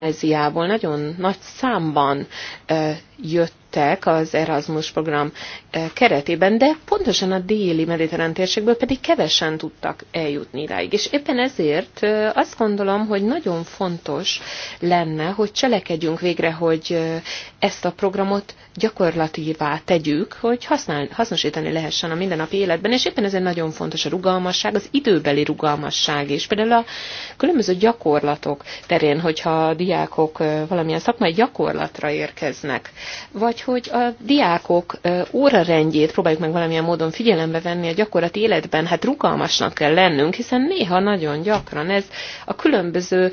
Indonéziából nagyon nagy számban jött jöttek az Erasmus program eh, keretében, de pontosan a déli mediterrán térségből pedig kevesen tudtak eljutni ráig. És éppen ezért eh, azt gondolom, hogy nagyon fontos lenne, hogy cselekedjünk végre, hogy eh, ezt a programot gyakorlatívá tegyük, hogy használ, hasznosítani lehessen a mindennapi életben, és éppen ezért nagyon fontos a rugalmasság, az időbeli rugalmasság is. Például a különböző gyakorlatok terén, hogyha a diákok valamilyen szakmai gyakorlatra érkeznek, vagy vagy hogy a diákok órarendjét próbáljuk meg valamilyen módon figyelembe venni a gyakorlati életben, hát rugalmasnak kell lennünk, hiszen néha nagyon gyakran ez a különböző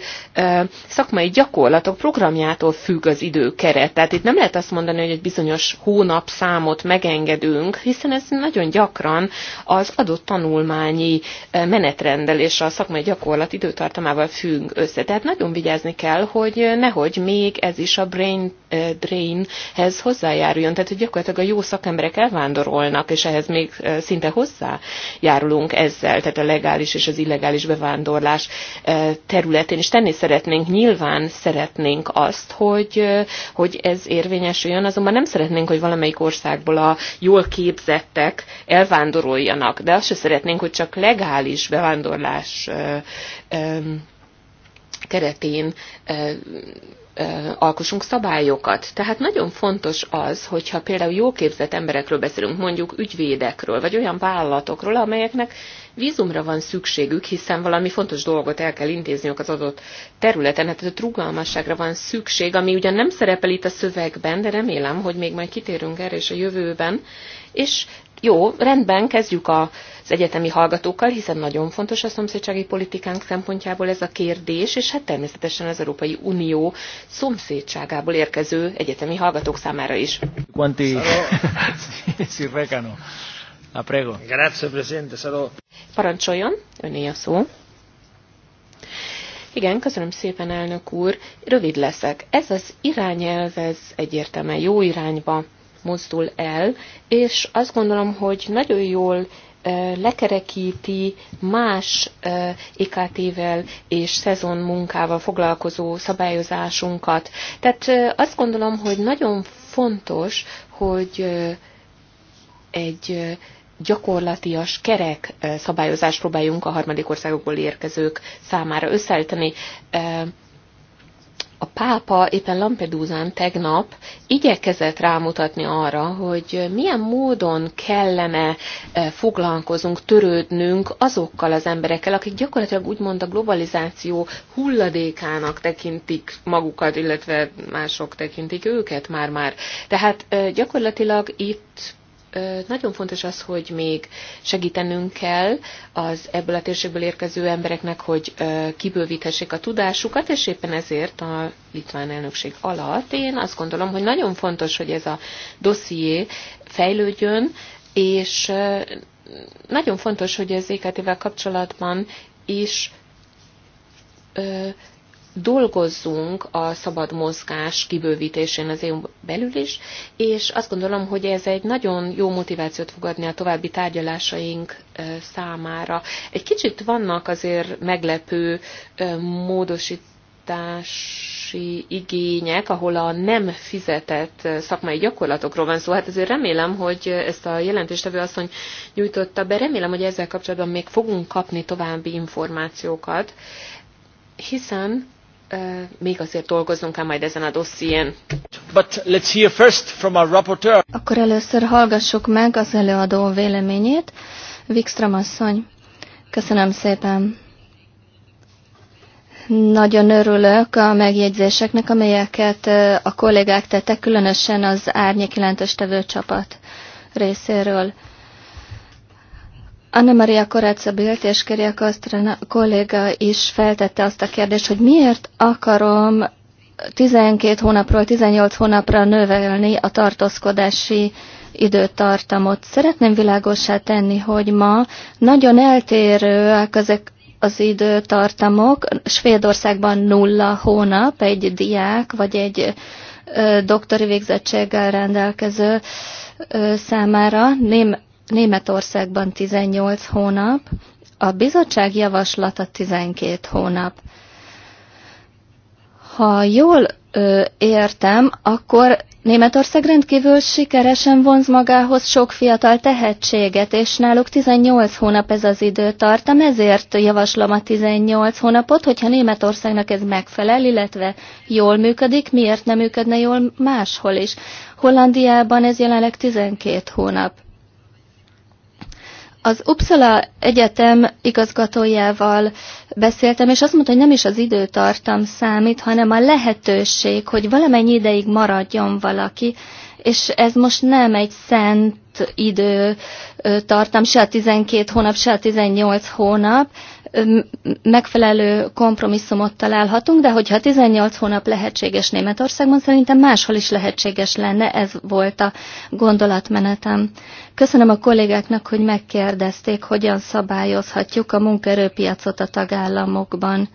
szakmai gyakorlatok programjától függ az időkeret. Tehát itt nem lehet azt mondani, hogy egy bizonyos hónap számot megengedünk, hiszen ez nagyon gyakran az adott tanulmányi menetrendel és a szakmai gyakorlat időtartamával függ össze. Tehát nagyon vigyázni kell, hogy nehogy még ez is a brain drainhez hozzájáruljon. Tehát, hogy gyakorlatilag a jó szakemberek elvándorolnak, és ehhez még szinte hozzájárulunk ezzel, tehát a legális és az illegális bevándorlás területén is tenni szeretnénk. Nyilván szeretnénk azt, hogy, hogy ez érvényesüljön, azonban nem szeretnénk, hogy valamelyik országból a jól képzettek elvándoroljanak, de azt se szeretnénk, hogy csak legális bevándorlás keretén alkossunk szabályokat. Tehát nagyon fontos az, hogyha például jó képzett emberekről beszélünk, mondjuk ügyvédekről, vagy olyan vállalatokról, amelyeknek vízumra van szükségük, hiszen valami fontos dolgot el kell intézniük az adott területen, hát a rugalmasságra van szükség, ami ugyan nem szerepel itt a szövegben, de remélem, hogy még majd kitérünk erre is a jövőben, és jó, rendben, kezdjük a az egyetemi hallgatókkal, hiszen nagyon fontos a szomszédsági politikánk szempontjából ez a kérdés, és hát természetesen az Európai Unió szomszédságából érkező egyetemi hallgatók számára is. Quanti... A prego. Grazie, Presidente. Sarò... Parancsoljon, öné a szó. Igen, köszönöm szépen, elnök úr. Rövid leszek. Ez az irányelv, ez egyértelműen jó irányba mozdul el, és azt gondolom, hogy nagyon jól lekerekíti más IKT-vel és szezon munkával foglalkozó szabályozásunkat. Tehát azt gondolom, hogy nagyon fontos, hogy egy gyakorlatias kerek szabályozást próbáljunk a harmadik országokból érkezők számára összeállítani a pápa éppen Lampedusán tegnap igyekezett rámutatni arra, hogy milyen módon kellene e, foglalkozunk, törődnünk azokkal az emberekkel, akik gyakorlatilag úgymond a globalizáció hulladékának tekintik magukat, illetve mások tekintik őket már-már. Tehát e, gyakorlatilag itt nagyon fontos az, hogy még segítenünk kell az ebből a térségből érkező embereknek, hogy kibővíthessék a tudásukat, és éppen ezért a litván elnökség alatt én azt gondolom, hogy nagyon fontos, hogy ez a dosszié fejlődjön, és nagyon fontos, hogy az EKT-vel kapcsolatban is dolgozzunk a szabad mozgás kibővítésén az EU belül is, és azt gondolom, hogy ez egy nagyon jó motivációt fog adni a további tárgyalásaink számára. Egy kicsit vannak azért meglepő módosítások, igények, ahol a nem fizetett szakmai gyakorlatokról van szó. Hát azért remélem, hogy ezt a jelentéstevő asszony nyújtotta be, remélem, hogy ezzel kapcsolatban még fogunk kapni további információkat, hiszen még azért dolgoznunk kell majd ezen a dosszién. But let's hear first from our rapporteur. Akkor először hallgassuk meg az előadó véleményét. Wikström asszony, köszönöm szépen. Nagyon örülök a megjegyzéseknek, amelyeket a kollégák tettek, különösen az árnyék jelentős tevő csapat részéről. Anna Maria Koráca Bilt és Kiriak Asztrana kolléga is feltette azt a kérdést, hogy miért akarom 12 hónapról 18 hónapra növelni a tartózkodási időtartamot. Szeretném világosá tenni, hogy ma nagyon eltérőek ezek az időtartamok. Svédországban nulla hónap egy diák vagy egy doktori végzettséggel rendelkező számára. Ném Németországban 18 hónap, a bizottság javaslata 12 hónap. Ha jól ö, értem, akkor Németország rendkívül sikeresen vonz magához sok fiatal tehetséget, és náluk 18 hónap ez az időtartam, ezért javaslom a 18 hónapot, hogyha Németországnak ez megfelel, illetve jól működik, miért nem működne jól máshol is. Hollandiában ez jelenleg 12 hónap. Az Uppsala Egyetem igazgatójával beszéltem, és azt mondta, hogy nem is az időtartam számít, hanem a lehetőség, hogy valamennyi ideig maradjon valaki, és ez most nem egy szent időtartam, se a 12 hónap, se a 18 hónap, megfelelő kompromisszumot találhatunk, de hogyha 18 hónap lehetséges Németországban, szerintem máshol is lehetséges lenne, ez volt a gondolatmenetem. Köszönöm a kollégáknak, hogy megkérdezték, hogyan szabályozhatjuk a munkaerőpiacot a tagállamokban.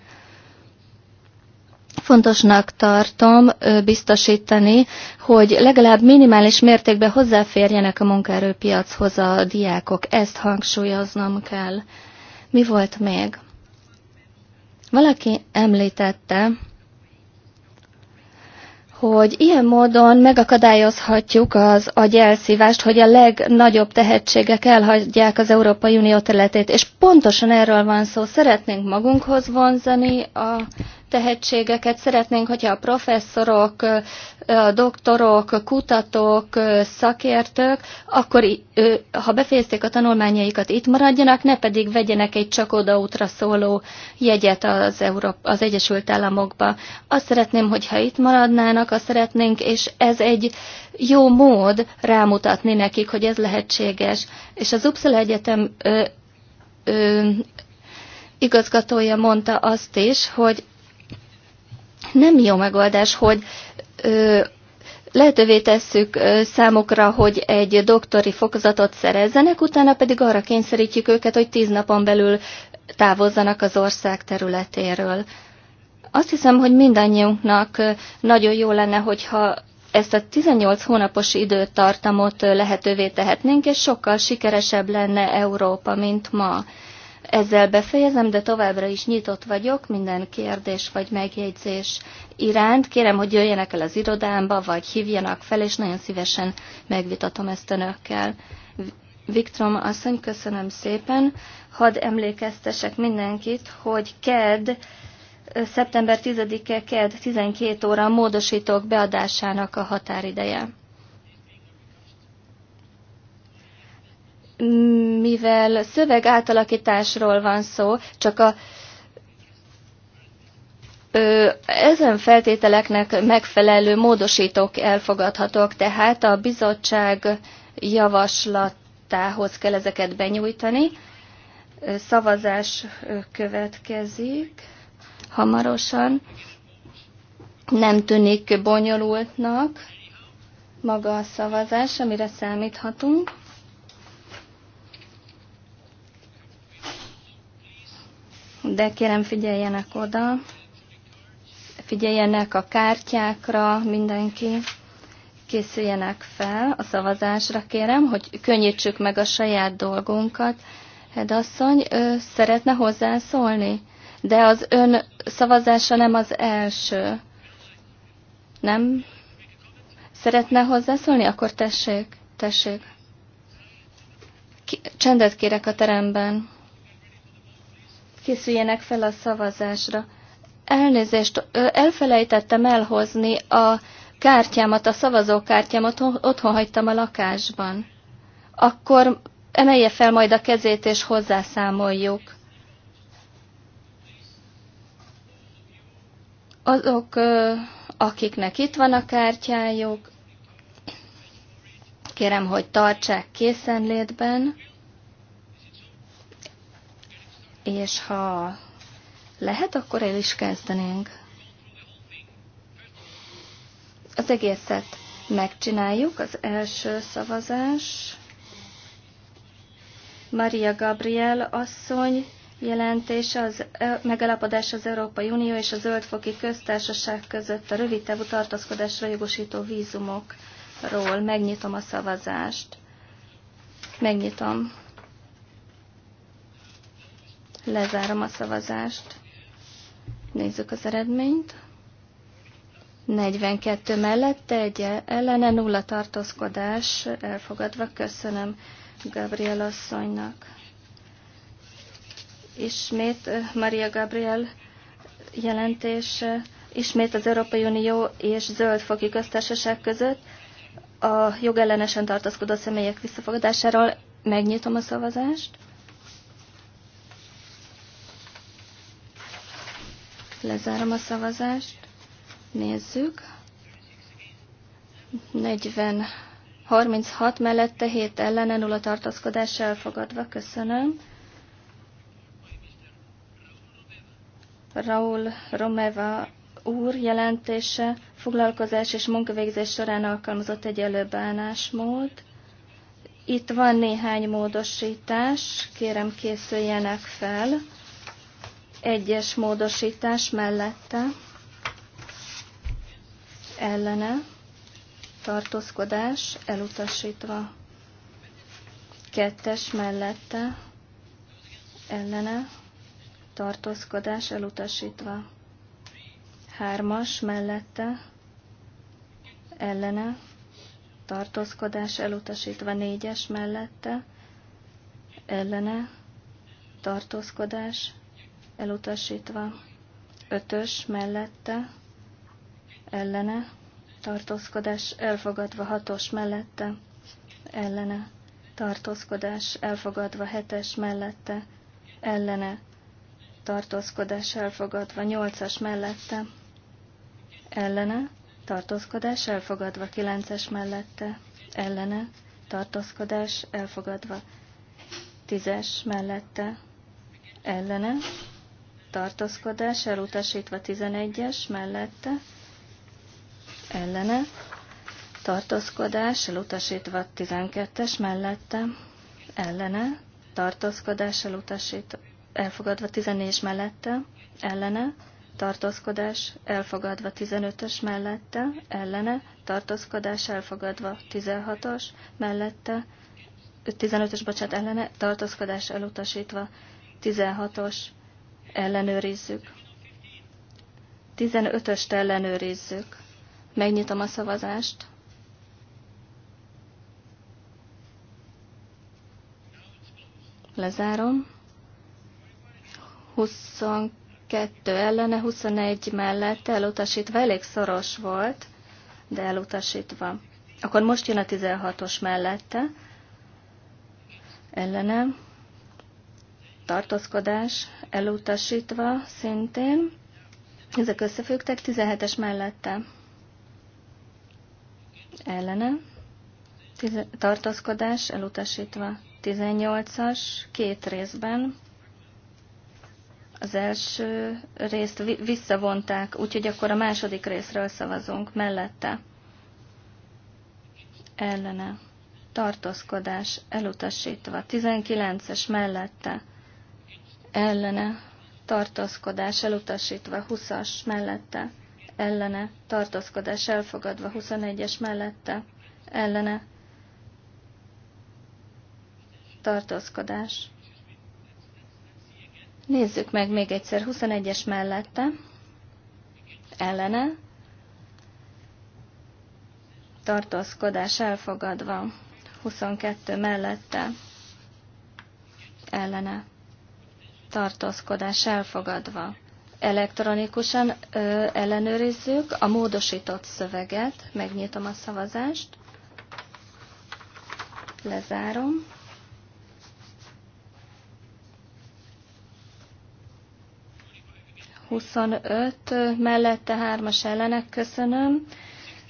Fontosnak tartom biztosítani, hogy legalább minimális mértékben hozzáférjenek a munkaerőpiachoz a diákok. Ezt hangsúlyoznom kell. Mi volt még? Valaki említette, hogy ilyen módon megakadályozhatjuk az agyelszívást, hogy a legnagyobb tehetségek elhagyják az Európai Unió területét. És pontosan erről van szó. Szeretnénk magunkhoz vonzani a tehetségeket. Szeretnénk, hogyha a professzorok, a doktorok, kutatók, szakértők, akkor ha befejezték a tanulmányaikat, itt maradjanak, ne pedig vegyenek egy csak odaútra szóló jegyet az, Európa, az Egyesült Államokba. Azt szeretném, hogyha itt maradnának, azt szeretnénk, és ez egy jó mód rámutatni nekik, hogy ez lehetséges. És az Uppsala Egyetem ö, ö, igazgatója mondta azt is, hogy nem jó megoldás, hogy ö, lehetővé tesszük számukra, hogy egy doktori fokozatot szerezzenek, utána pedig arra kényszerítjük őket, hogy tíz napon belül távozzanak az ország területéről. Azt hiszem, hogy mindannyiunknak nagyon jó lenne, hogyha ezt a 18 hónapos időtartamot lehetővé tehetnénk, és sokkal sikeresebb lenne Európa, mint ma. Ezzel befejezem, de továbbra is nyitott vagyok minden kérdés vagy megjegyzés iránt. Kérem, hogy jöjjenek el az irodámba, vagy hívjanak fel, és nagyon szívesen megvitatom ezt önökkel. Viktrom asszony, köszönöm szépen. Hadd emlékeztesek mindenkit, hogy KED szeptember 10-e KED 12 óra módosítók beadásának a határideje. mivel szöveg átalakításról van szó, csak a Ö, ezen feltételeknek megfelelő módosítók elfogadhatók, tehát a bizottság javaslatához kell ezeket benyújtani. Szavazás következik hamarosan. Nem tűnik bonyolultnak maga a szavazás, amire számíthatunk. de kérem figyeljenek oda, figyeljenek a kártyákra mindenki, készüljenek fel a szavazásra, kérem, hogy könnyítsük meg a saját dolgunkat. Hedasszony, ő szeretne hozzászólni, de az ön szavazása nem az első. Nem? Szeretne hozzászólni? Akkor tessék, tessék. Ki, csendet kérek a teremben készüljenek fel a szavazásra. Elnézést, elfelejtettem elhozni a kártyámat, a szavazókártyámat, otthon hagytam a lakásban. Akkor emelje fel majd a kezét, és hozzászámoljuk. Azok, akiknek itt van a kártyájuk, kérem, hogy tartsák készenlétben és ha lehet, akkor el is kezdenénk. Az egészet megcsináljuk, az első szavazás. Maria Gabriel asszony jelentése az megalapodás az Európai Unió és a Zöldfoki Köztársaság között a rövid távú tartózkodásra jogosító vízumokról. Megnyitom a szavazást. Megnyitom. Lezárom a szavazást. Nézzük az eredményt. 42 mellette egy ellene nulla tartózkodás elfogadva. Köszönöm Gabriel asszonynak. Ismét Maria Gabriel jelentése, ismét az Európai Unió és Zöld Foki Köztársaság között a jogellenesen tartózkodó személyek visszafogadásáról megnyitom a szavazást. Lezárom a szavazást. Nézzük. 40, 36 mellette, 7 ellene, 0 tartózkodás elfogadva. Köszönöm. Raúl Romeva úr jelentése, foglalkozás és munkavégzés során alkalmazott egy bánásmód. Itt van néhány módosítás, kérem készüljenek fel. Egyes módosítás mellette ellene tartózkodás elutasítva. Kettes mellette ellene tartózkodás elutasítva. Hármas mellette ellene tartózkodás elutasítva. Négyes mellette ellene tartózkodás elutasítva, ötös mellette, ellene, tartózkodás elfogadva, hatos mellette, ellene, tartózkodás elfogadva, hetes mellette, ellene, tartózkodás elfogadva, nyolcas mellette, ellene, tartózkodás elfogadva, kilences mellette, ellene, tartózkodás elfogadva, tízes mellette, ellene, tartózkodás elutasítva 11-es mellette, ellene, tartózkodás elutasítva 12-es mellette, ellene, tartózkodás elutasítva, elfogadva 14-es mellette, ellene, tartózkodás elfogadva 15-ös mellette, ellene, tartózkodás elfogadva 16-os mellette, 15-ös, bocsánat, ellene, tartózkodás elutasítva 16-os ellenőrizzük. 15-öst ellenőrizzük. Megnyitom a szavazást. Lezárom. 22 ellene, 21 mellett elutasítva. Elég szoros volt, de elutasítva. Akkor most jön a 16-os mellette. Ellenem tartózkodás elutasítva szintén. Ezek összefügtek 17-es mellette ellene, tartózkodás elutasítva 18-as két részben. Az első részt visszavonták, úgyhogy akkor a második részről szavazunk mellette. Ellene tartózkodás elutasítva, 19-es mellette ellene tartózkodás elutasítva 20-as mellette, ellene tartózkodás elfogadva 21-es mellette, ellene tartózkodás. Nézzük meg még egyszer 21-es mellette, ellene tartózkodás elfogadva 22 mellette, ellene tartózkodás elfogadva. Elektronikusan ö, ellenőrizzük a módosított szöveget, megnyitom a szavazást, lezárom. Huszonöt mellette hármas ellenek köszönöm.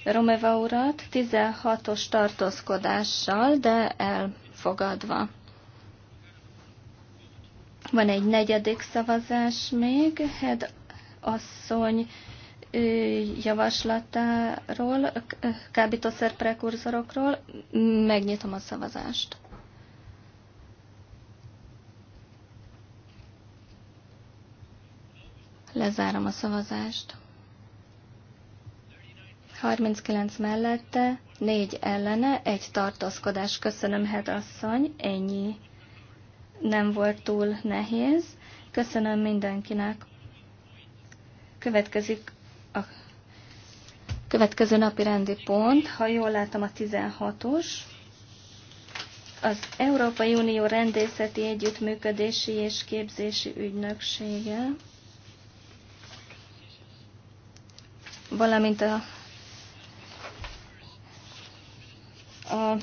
Romeva urat 16-os tartózkodással, de elfogadva. Van egy negyedik szavazás még, Hed asszony javaslatáról, kábítószer prekurzorokról. Megnyitom a szavazást. Lezárom a szavazást. 39 mellette, 4 ellene, egy tartózkodás. Köszönöm, Hed asszony, ennyi nem volt túl nehéz. Köszönöm mindenkinek. Következik a következő napi rendi pont, ha jól látom a 16-os. Az Európai Unió Rendészeti Együttműködési és Képzési Ügynöksége, valamint a, a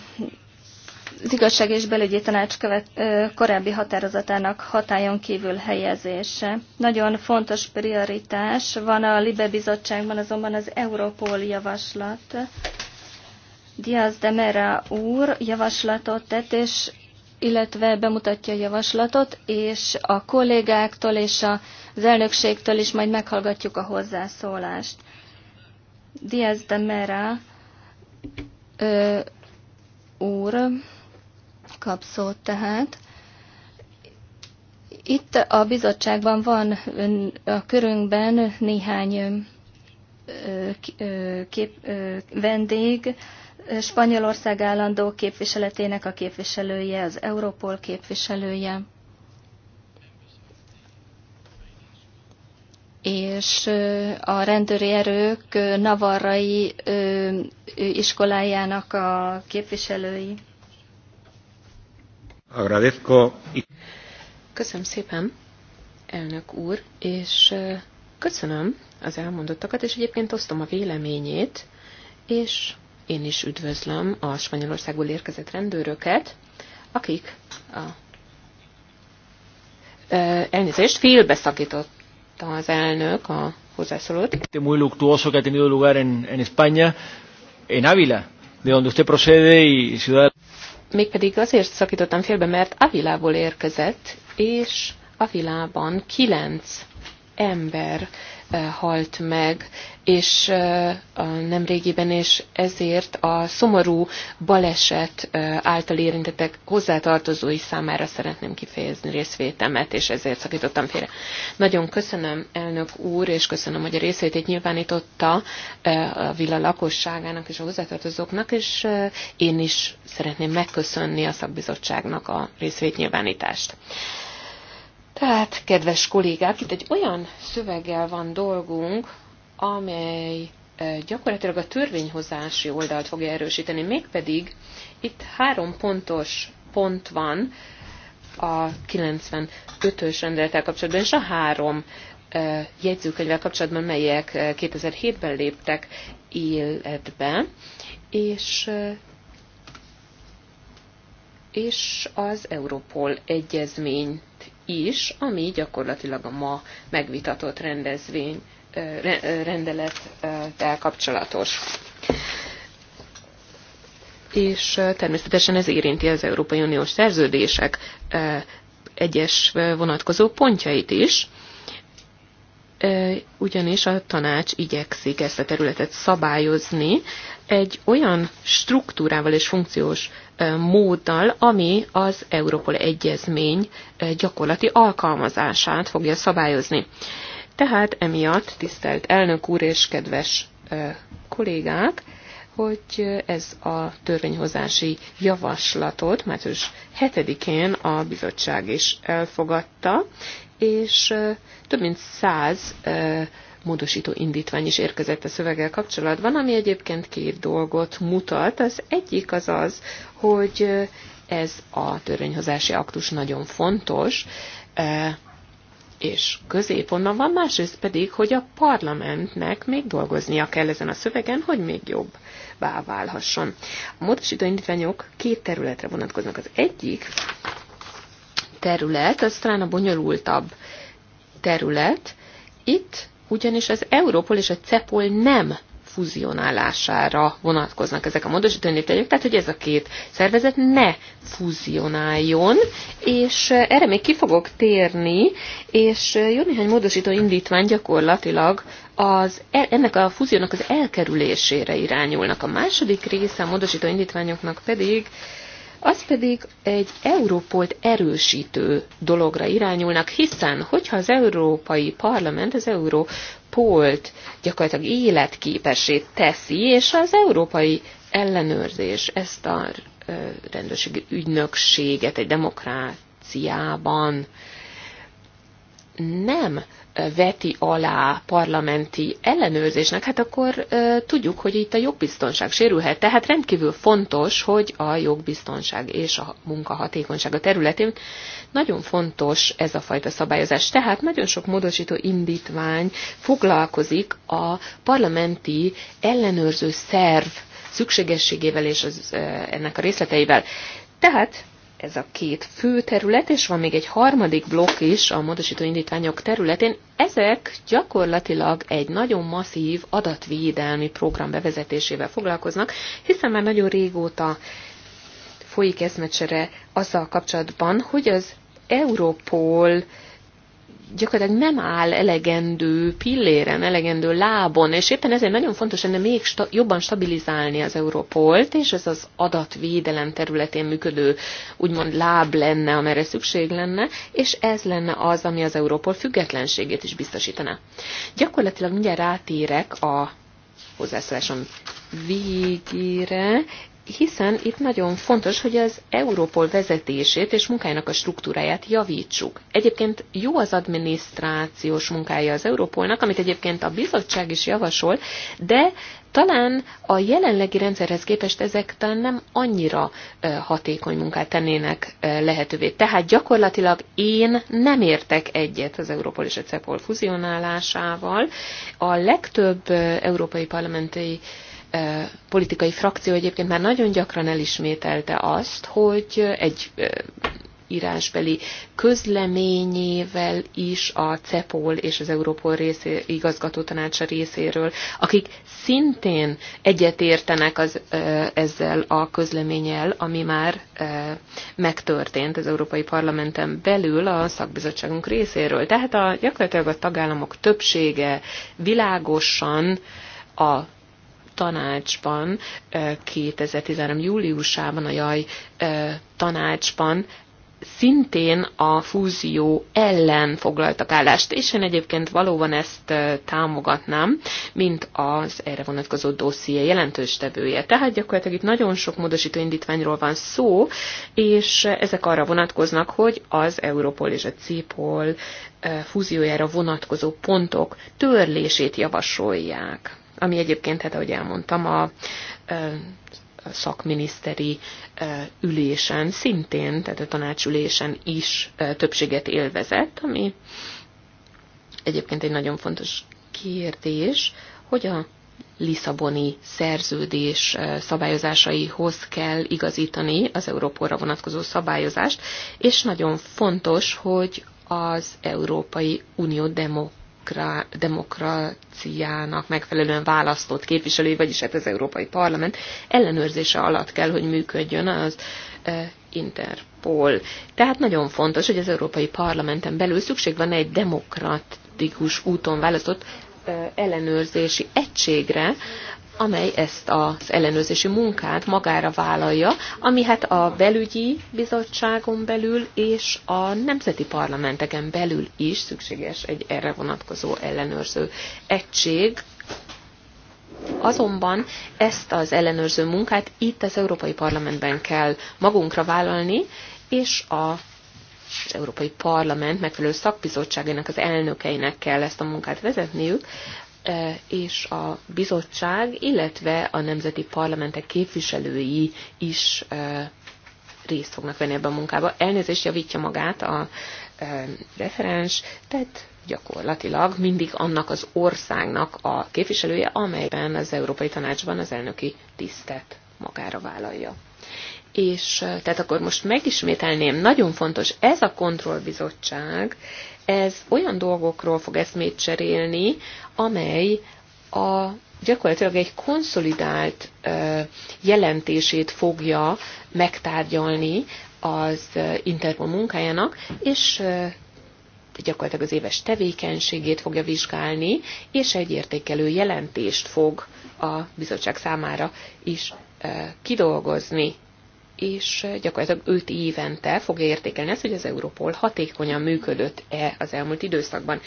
az igazság és belügyi tanács követ, korábbi határozatának hatályon kívül helyezése. Nagyon fontos prioritás van a Libe Bizottságban azonban az Európol javaslat. Diaz de Mera úr javaslatot tett, és illetve bemutatja a javaslatot, és a kollégáktól és az elnökségtől is majd meghallgatjuk a hozzászólást. Diaz de Mera ö, úr kap szót tehát. Itt a bizottságban van a körünkben néhány kép, vendég, Spanyolország állandó képviseletének a képviselője, az Europol képviselője, és a rendőri erők navarrai iskolájának a képviselői. Köszönöm szépen, elnök úr, és köszönöm az elmondottakat, és egyébként osztom a véleményét, és én is üdvözlöm a Spanyolországból érkezett rendőröket, akik a elnézést, félbeszakított az elnök a hozzászólót. Este muy luctuoso que ha tenido lugar en, en España, en Ávila, de donde usted procede y ciudad mégpedig azért szakítottam félbe, mert Avilából érkezett, és Avilában kilenc ember halt meg, és nemrégiben, és ezért a szomorú baleset által érintettek hozzátartozói számára szeretném kifejezni részvétemet, és ezért szakítottam félre. Nagyon köszönöm, elnök úr, és köszönöm, hogy a részvétét nyilvánította a villa lakosságának és a hozzátartozóknak, és én is szeretném megköszönni a szakbizottságnak a részvétnyilvánítást. Tehát, kedves kollégák, itt egy olyan szöveggel van dolgunk, amely gyakorlatilag a törvényhozási oldalt fogja erősíteni, mégpedig itt három pontos pont van a 95-ös rendelettel kapcsolatban, és a három jegyzőkönyvvel kapcsolatban, melyek 2007-ben léptek életbe, és és az Europol egyezményt is, ami gyakorlatilag a ma megvitatott rendezvény rendelettel kapcsolatos. És természetesen ez érinti az Európai Uniós szerződések egyes vonatkozó pontjait is, ugyanis a tanács igyekszik ezt a területet szabályozni egy olyan struktúrával és funkciós móddal, ami az Európol Egyezmény gyakorlati alkalmazását fogja szabályozni. Tehát emiatt, tisztelt elnök úr és kedves kollégák, hogy ez a törvényhozási javaslatot március 7-én a bizottság is elfogadta, és több mint száz módosító indítvány is érkezett a szöveggel kapcsolatban, ami egyébként két dolgot mutat. Az egyik az az, hogy ez a törvényhozási aktus nagyon fontos, e, és középonnan van, másrészt pedig, hogy a parlamentnek még dolgoznia kell ezen a szövegen, hogy még jobb válhasson. A módosító indítványok két területre vonatkoznak. Az egyik terület, az talán a bonyolultabb terület. Itt ugyanis az Európol és a CEPOL nem fúzionálására vonatkoznak ezek a módosítóindítványok, tehát hogy ez a két szervezet ne fúzionáljon, és eh, erre még ki fogok térni, és eh, jó néhány módosító indítvány gyakorlatilag az, ennek a fúziónak az elkerülésére irányulnak. A második része a módosító indítványoknak pedig az pedig egy Európolt erősítő dologra irányulnak, hiszen hogyha az Európai Parlament az Európolt gyakorlatilag életképessé teszi, és az európai ellenőrzés ezt a rendőrségi ügynökséget egy demokráciában nem veti alá parlamenti ellenőrzésnek, hát akkor tudjuk, hogy itt a jogbiztonság sérülhet. Tehát rendkívül fontos, hogy a jogbiztonság és a munkahatékonyság a területén nagyon fontos ez a fajta szabályozás. Tehát nagyon sok módosító indítvány foglalkozik a parlamenti ellenőrző szerv szükségességével és az, ennek a részleteivel. Tehát ez a két fő terület, és van még egy harmadik blokk is a módosító indítványok területén. Ezek gyakorlatilag egy nagyon masszív adatvédelmi program bevezetésével foglalkoznak, hiszen már nagyon régóta folyik eszmecsere azzal kapcsolatban, hogy az Europol gyakorlatilag nem áll elegendő pilléren, elegendő lábon, és éppen ezért nagyon fontos lenne még sta- jobban stabilizálni az Európolt, és ez az adatvédelem területén működő úgymond láb lenne, amire szükség lenne, és ez lenne az, ami az Európol függetlenségét is biztosítaná. Gyakorlatilag mindjárt rátérek a hozzászólásom végére, hiszen itt nagyon fontos, hogy az Európol vezetését és munkájának a struktúráját javítsuk. Egyébként jó az adminisztrációs munkája az Európolnak, amit egyébként a bizottság is javasol, de talán a jelenlegi rendszerhez képest ezek talán nem annyira hatékony munkát tennének lehetővé. Tehát gyakorlatilag én nem értek egyet az Európol és a CEPOL fuzionálásával. A legtöbb európai parlamenti politikai frakció egyébként már nagyon gyakran elismételte azt, hogy egy írásbeli közleményével is a CEPOL és az Európol részé, igazgató tanácsa részéről, akik szintén egyetértenek az, ezzel a közleményel, ami már megtörtént az Európai Parlamenten belül a szakbizottságunk részéről. Tehát a, gyakorlatilag a tagállamok többsége világosan a tanácsban 2013. júliusában a JAJ tanácsban szintén a fúzió ellen foglaltak állást, és én egyébként valóban ezt támogatnám, mint az erre vonatkozó dosszié jelentős tevője. Tehát gyakorlatilag itt nagyon sok módosító indítványról van szó, és ezek arra vonatkoznak, hogy az Europol és a CIPOL fúziójára vonatkozó pontok törlését javasolják ami egyébként, hát ahogy elmondtam, a szakminiszteri ülésen szintén, tehát a tanácsülésen is többséget élvezett, ami egyébként egy nagyon fontos kérdés, hogy a Lisszaboni szerződés szabályozásaihoz kell igazítani az Európóra vonatkozó szabályozást, és nagyon fontos, hogy az Európai Unió demok demokra, demokráciának megfelelően választott képviselői, vagyis hát az Európai Parlament ellenőrzése alatt kell, hogy működjön az Interpol. Tehát nagyon fontos, hogy az Európai Parlamenten belül szükség van egy demokratikus úton választott ellenőrzési egységre, amely ezt az ellenőrzési munkát magára vállalja, ami hát a belügyi bizottságon belül és a nemzeti parlamenteken belül is szükséges egy erre vonatkozó ellenőrző egység, Azonban ezt az ellenőrző munkát itt az Európai Parlamentben kell magunkra vállalni, és a az Európai Parlament megfelelő szakbizottságainak az elnökeinek kell ezt a munkát vezetniük, E, és a bizottság, illetve a nemzeti parlamentek képviselői is e, részt fognak venni ebben a munkában. Elnézést javítja magát a e, referens, tehát gyakorlatilag mindig annak az országnak a képviselője, amelyben az Európai Tanácsban az elnöki tisztet magára vállalja. És tehát akkor most megismételném, nagyon fontos, ez a kontrollbizottság, ez olyan dolgokról fog eszmét cserélni, amely a gyakorlatilag egy konszolidált jelentését fogja megtárgyalni az Interpol munkájának, és gyakorlatilag az éves tevékenységét fogja vizsgálni, és egy értékelő jelentést fog a bizottság számára is kidolgozni és eh, gyakorlatilag 5 évente fogja értékelni ezt, hogy az Europol hatékonyan működött-e az elmúlt időszakban.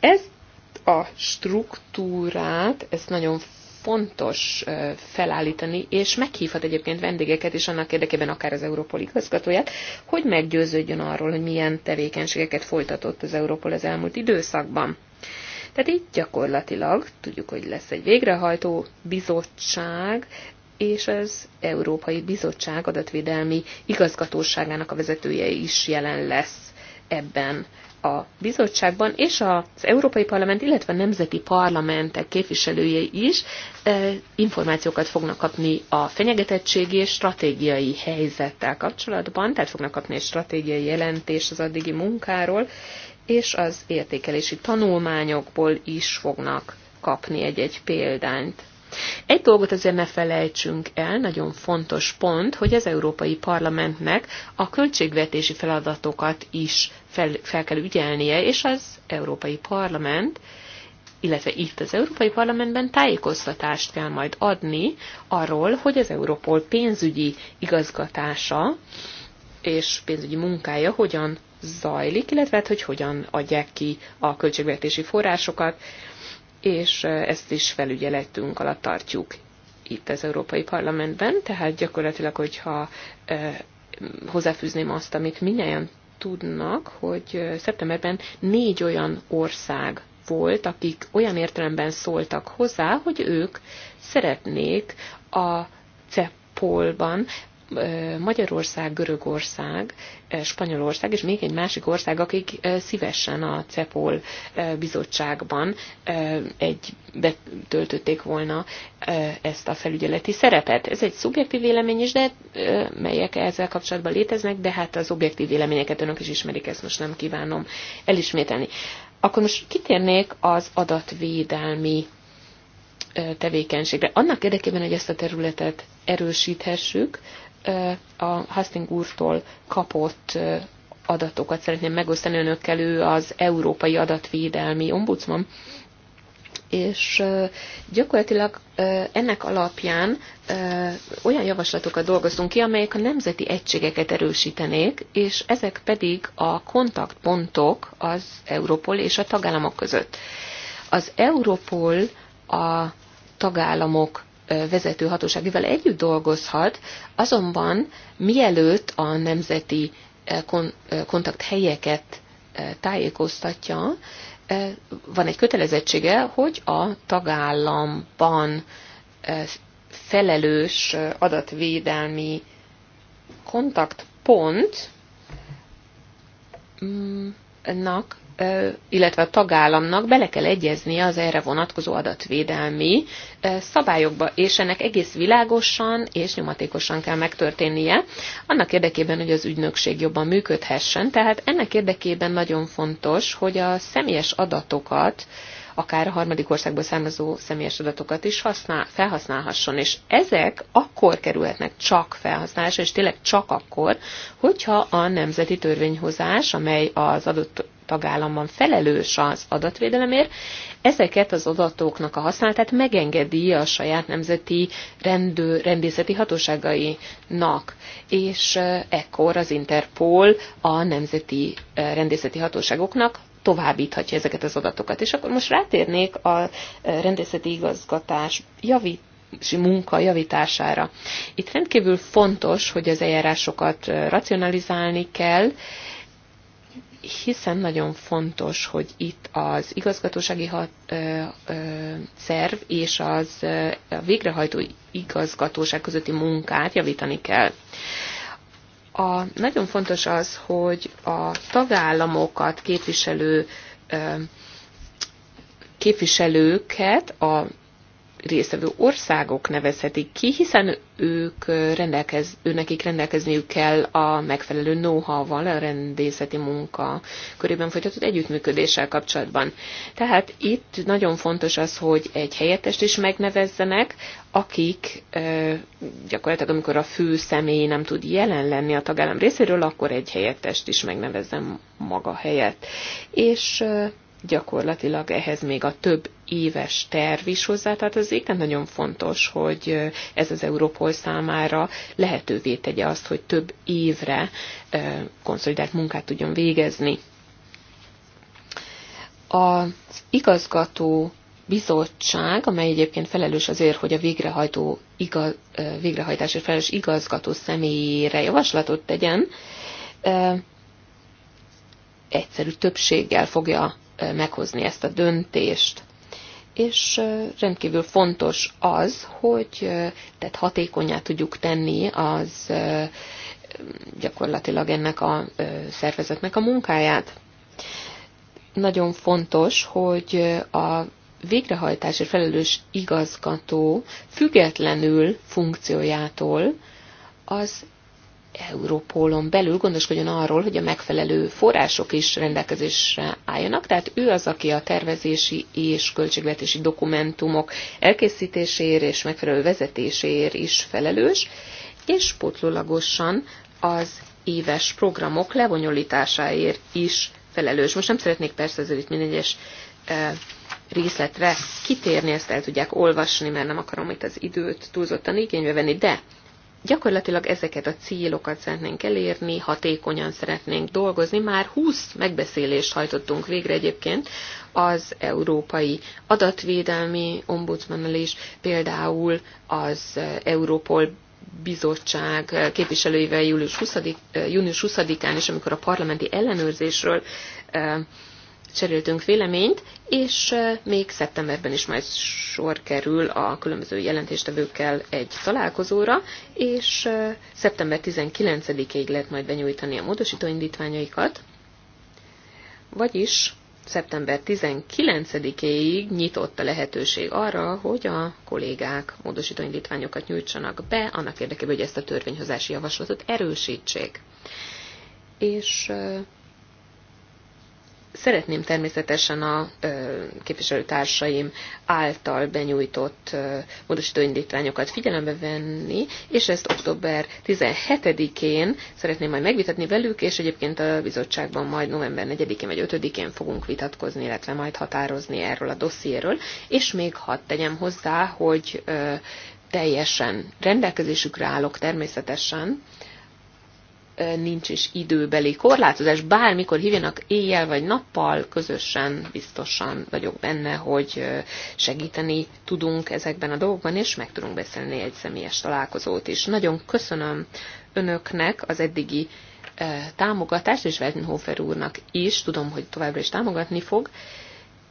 Ez a struktúrát, ez nagyon fontos eh, felállítani, és meghívhat egyébként vendégeket is annak érdekében, akár az Európol igazgatóját, hogy meggyőződjön arról, hogy milyen tevékenységeket folytatott az Európol az elmúlt időszakban. Tehát így gyakorlatilag tudjuk, hogy lesz egy végrehajtó bizottság, és az Európai Bizottság adatvédelmi igazgatóságának a vezetője is jelen lesz ebben a bizottságban, és az Európai Parlament, illetve a nemzeti parlamentek képviselője is e, információkat fognak kapni a fenyegetettségi és stratégiai helyzettel kapcsolatban, tehát fognak kapni egy stratégiai jelentést az addigi munkáról, és az értékelési tanulmányokból is fognak kapni egy-egy példányt. Egy dolgot azért ne felejtsünk el, nagyon fontos pont, hogy az Európai Parlamentnek a költségvetési feladatokat is fel, fel kell ügyelnie, és az Európai Parlament illetve itt az Európai Parlamentben tájékoztatást kell majd adni arról, hogy az Európol pénzügyi igazgatása és pénzügyi munkája hogyan zajlik, illetve hát, hogy hogyan adják ki a költségvetési forrásokat, és ezt is felügyeletünk alatt tartjuk itt az Európai Parlamentben, tehát gyakorlatilag, hogyha hozzáfűzném azt, amit minnyáján tudnak, hogy szeptemberben négy olyan ország volt, akik olyan értelemben szóltak hozzá, hogy ők szeretnék a CEPOL-ban Magyarország, Görögország, Spanyolország és még egy másik ország, akik szívesen a CEPOL bizottságban egy betöltötték volna ezt a felügyeleti szerepet. Ez egy szubjektív vélemény is, de melyek ezzel kapcsolatban léteznek, de hát az objektív véleményeket önök is ismerik, ezt most nem kívánom elismételni. Akkor most kitérnék az adatvédelmi tevékenységre. Annak érdekében, hogy ezt a területet erősíthessük, a Hastings úrtól kapott adatokat szeretném megosztani önökkel. Ő az Európai Adatvédelmi Ombudsman, és gyakorlatilag ennek alapján olyan javaslatokat dolgoztunk ki, amelyek a nemzeti egységeket erősítenék, és ezek pedig a kontaktpontok az Európol és a tagállamok között. Az Európol a tagállamok vezető hatóságival együtt dolgozhat, azonban mielőtt a nemzeti kontakthelyeket tájékoztatja, van egy kötelezettsége, hogy a tagállamban felelős adatvédelmi kontaktpontnak mm, illetve a tagállamnak bele kell egyeznie az erre vonatkozó adatvédelmi szabályokba, és ennek egész világosan és nyomatékosan kell megtörténnie, annak érdekében, hogy az ügynökség jobban működhessen. Tehát ennek érdekében nagyon fontos, hogy a személyes adatokat, akár a harmadik országból származó személyes adatokat is használ, felhasználhasson. És ezek akkor kerülhetnek csak felhasználásra, és tényleg csak akkor, hogyha a nemzeti törvényhozás, amely az adott tagállamban felelős az adatvédelemért, ezeket az adatoknak a használatát megengedi a saját nemzeti rendő, rendészeti hatóságainak, és ekkor az Interpol a nemzeti rendészeti hatóságoknak továbbíthatja ezeket az adatokat. És akkor most rátérnék a rendészeti igazgatás javít munka javítására. Itt rendkívül fontos, hogy az eljárásokat racionalizálni kell, hiszen nagyon fontos, hogy itt az igazgatósági hat, ö, ö, szerv és az ö, a végrehajtó igazgatóság közötti munkát javítani kell. A, nagyon fontos az, hogy a tagállamokat képviselő ö, képviselőket a részevő országok nevezhetik ki, hiszen ők rendelkez, őnekik rendelkezniük kell a megfelelő know-how-val a rendészeti munka körében folytatott együttműködéssel kapcsolatban. Tehát itt nagyon fontos az, hogy egy helyettest is megnevezzenek, akik gyakorlatilag amikor a fő személy nem tud jelen lenni a tagállam részéről, akkor egy helyettest is megnevezzen maga helyett. És gyakorlatilag ehhez még a több éves terv is hozzá, tehát nagyon fontos, hogy ez az Európol számára lehetővé tegye azt, hogy több évre konszolidált munkát tudjon végezni. Az igazgató bizottság, amely egyébként felelős azért, hogy a végrehajtó igaz, végrehajtási felelős igazgató személyére javaslatot tegyen, egyszerű többséggel fogja meghozni ezt a döntést és rendkívül fontos az, hogy tehát hatékonyá tudjuk tenni az gyakorlatilag ennek a szervezetnek a munkáját. Nagyon fontos, hogy a végrehajtási felelős igazgató függetlenül funkciójától az Európólon belül gondoskodjon arról, hogy a megfelelő források is rendelkezésre álljanak, tehát ő az, aki a tervezési és költségvetési dokumentumok elkészítéséért és megfelelő vezetéséért is felelős, és potlólagosan az éves programok lebonyolításáért is felelős. Most nem szeretnék persze ezért itt minden egyes e, részletre kitérni, ezt el tudják olvasni, mert nem akarom itt az időt túlzottan igénybe venni, de gyakorlatilag ezeket a célokat szeretnénk elérni, hatékonyan szeretnénk dolgozni. Már 20 megbeszélést hajtottunk végre egyébként az Európai Adatvédelmi Ombudsmannal is, például az Európol bizottság képviselőivel július 20, 20-án és amikor a parlamenti ellenőrzésről eh, cseréltünk véleményt, és még szeptemberben is majd sor kerül a különböző jelentéstevőkkel egy találkozóra, és szeptember 19-ig lehet majd benyújtani a módosítóindítványaikat, vagyis szeptember 19 ig nyitott a lehetőség arra, hogy a kollégák módosítóindítványokat nyújtsanak be, annak érdekében, hogy ezt a törvényhozási javaslatot erősítsék. És Szeretném természetesen a képviselőtársaim által benyújtott módosítóindítványokat indítványokat figyelembe venni, és ezt október 17-én szeretném majd megvitatni velük, és egyébként a bizottságban majd november 4-én vagy 5-én fogunk vitatkozni, illetve majd határozni erről a dossziéről, és még hadd tegyem hozzá, hogy teljesen rendelkezésükre állok természetesen, nincs is időbeli korlátozás. Bármikor hívjanak éjjel vagy nappal, közösen biztosan vagyok benne, hogy segíteni tudunk ezekben a dolgokban, és meg tudunk beszélni egy személyes találkozót is. Nagyon köszönöm önöknek az eddigi támogatást, és Weidenhofer úrnak is, tudom, hogy továbbra is támogatni fog,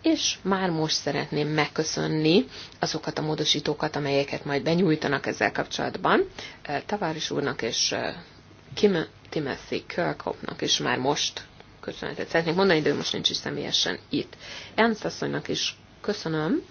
és már most szeretném megköszönni azokat a módosítókat, amelyeket majd benyújtanak ezzel kapcsolatban. Taváris úrnak és Kim Timothy Kirkhopnak is már most köszönetet szeretnék mondani, de ő most nincs is személyesen itt. Ernst asszonynak is köszönöm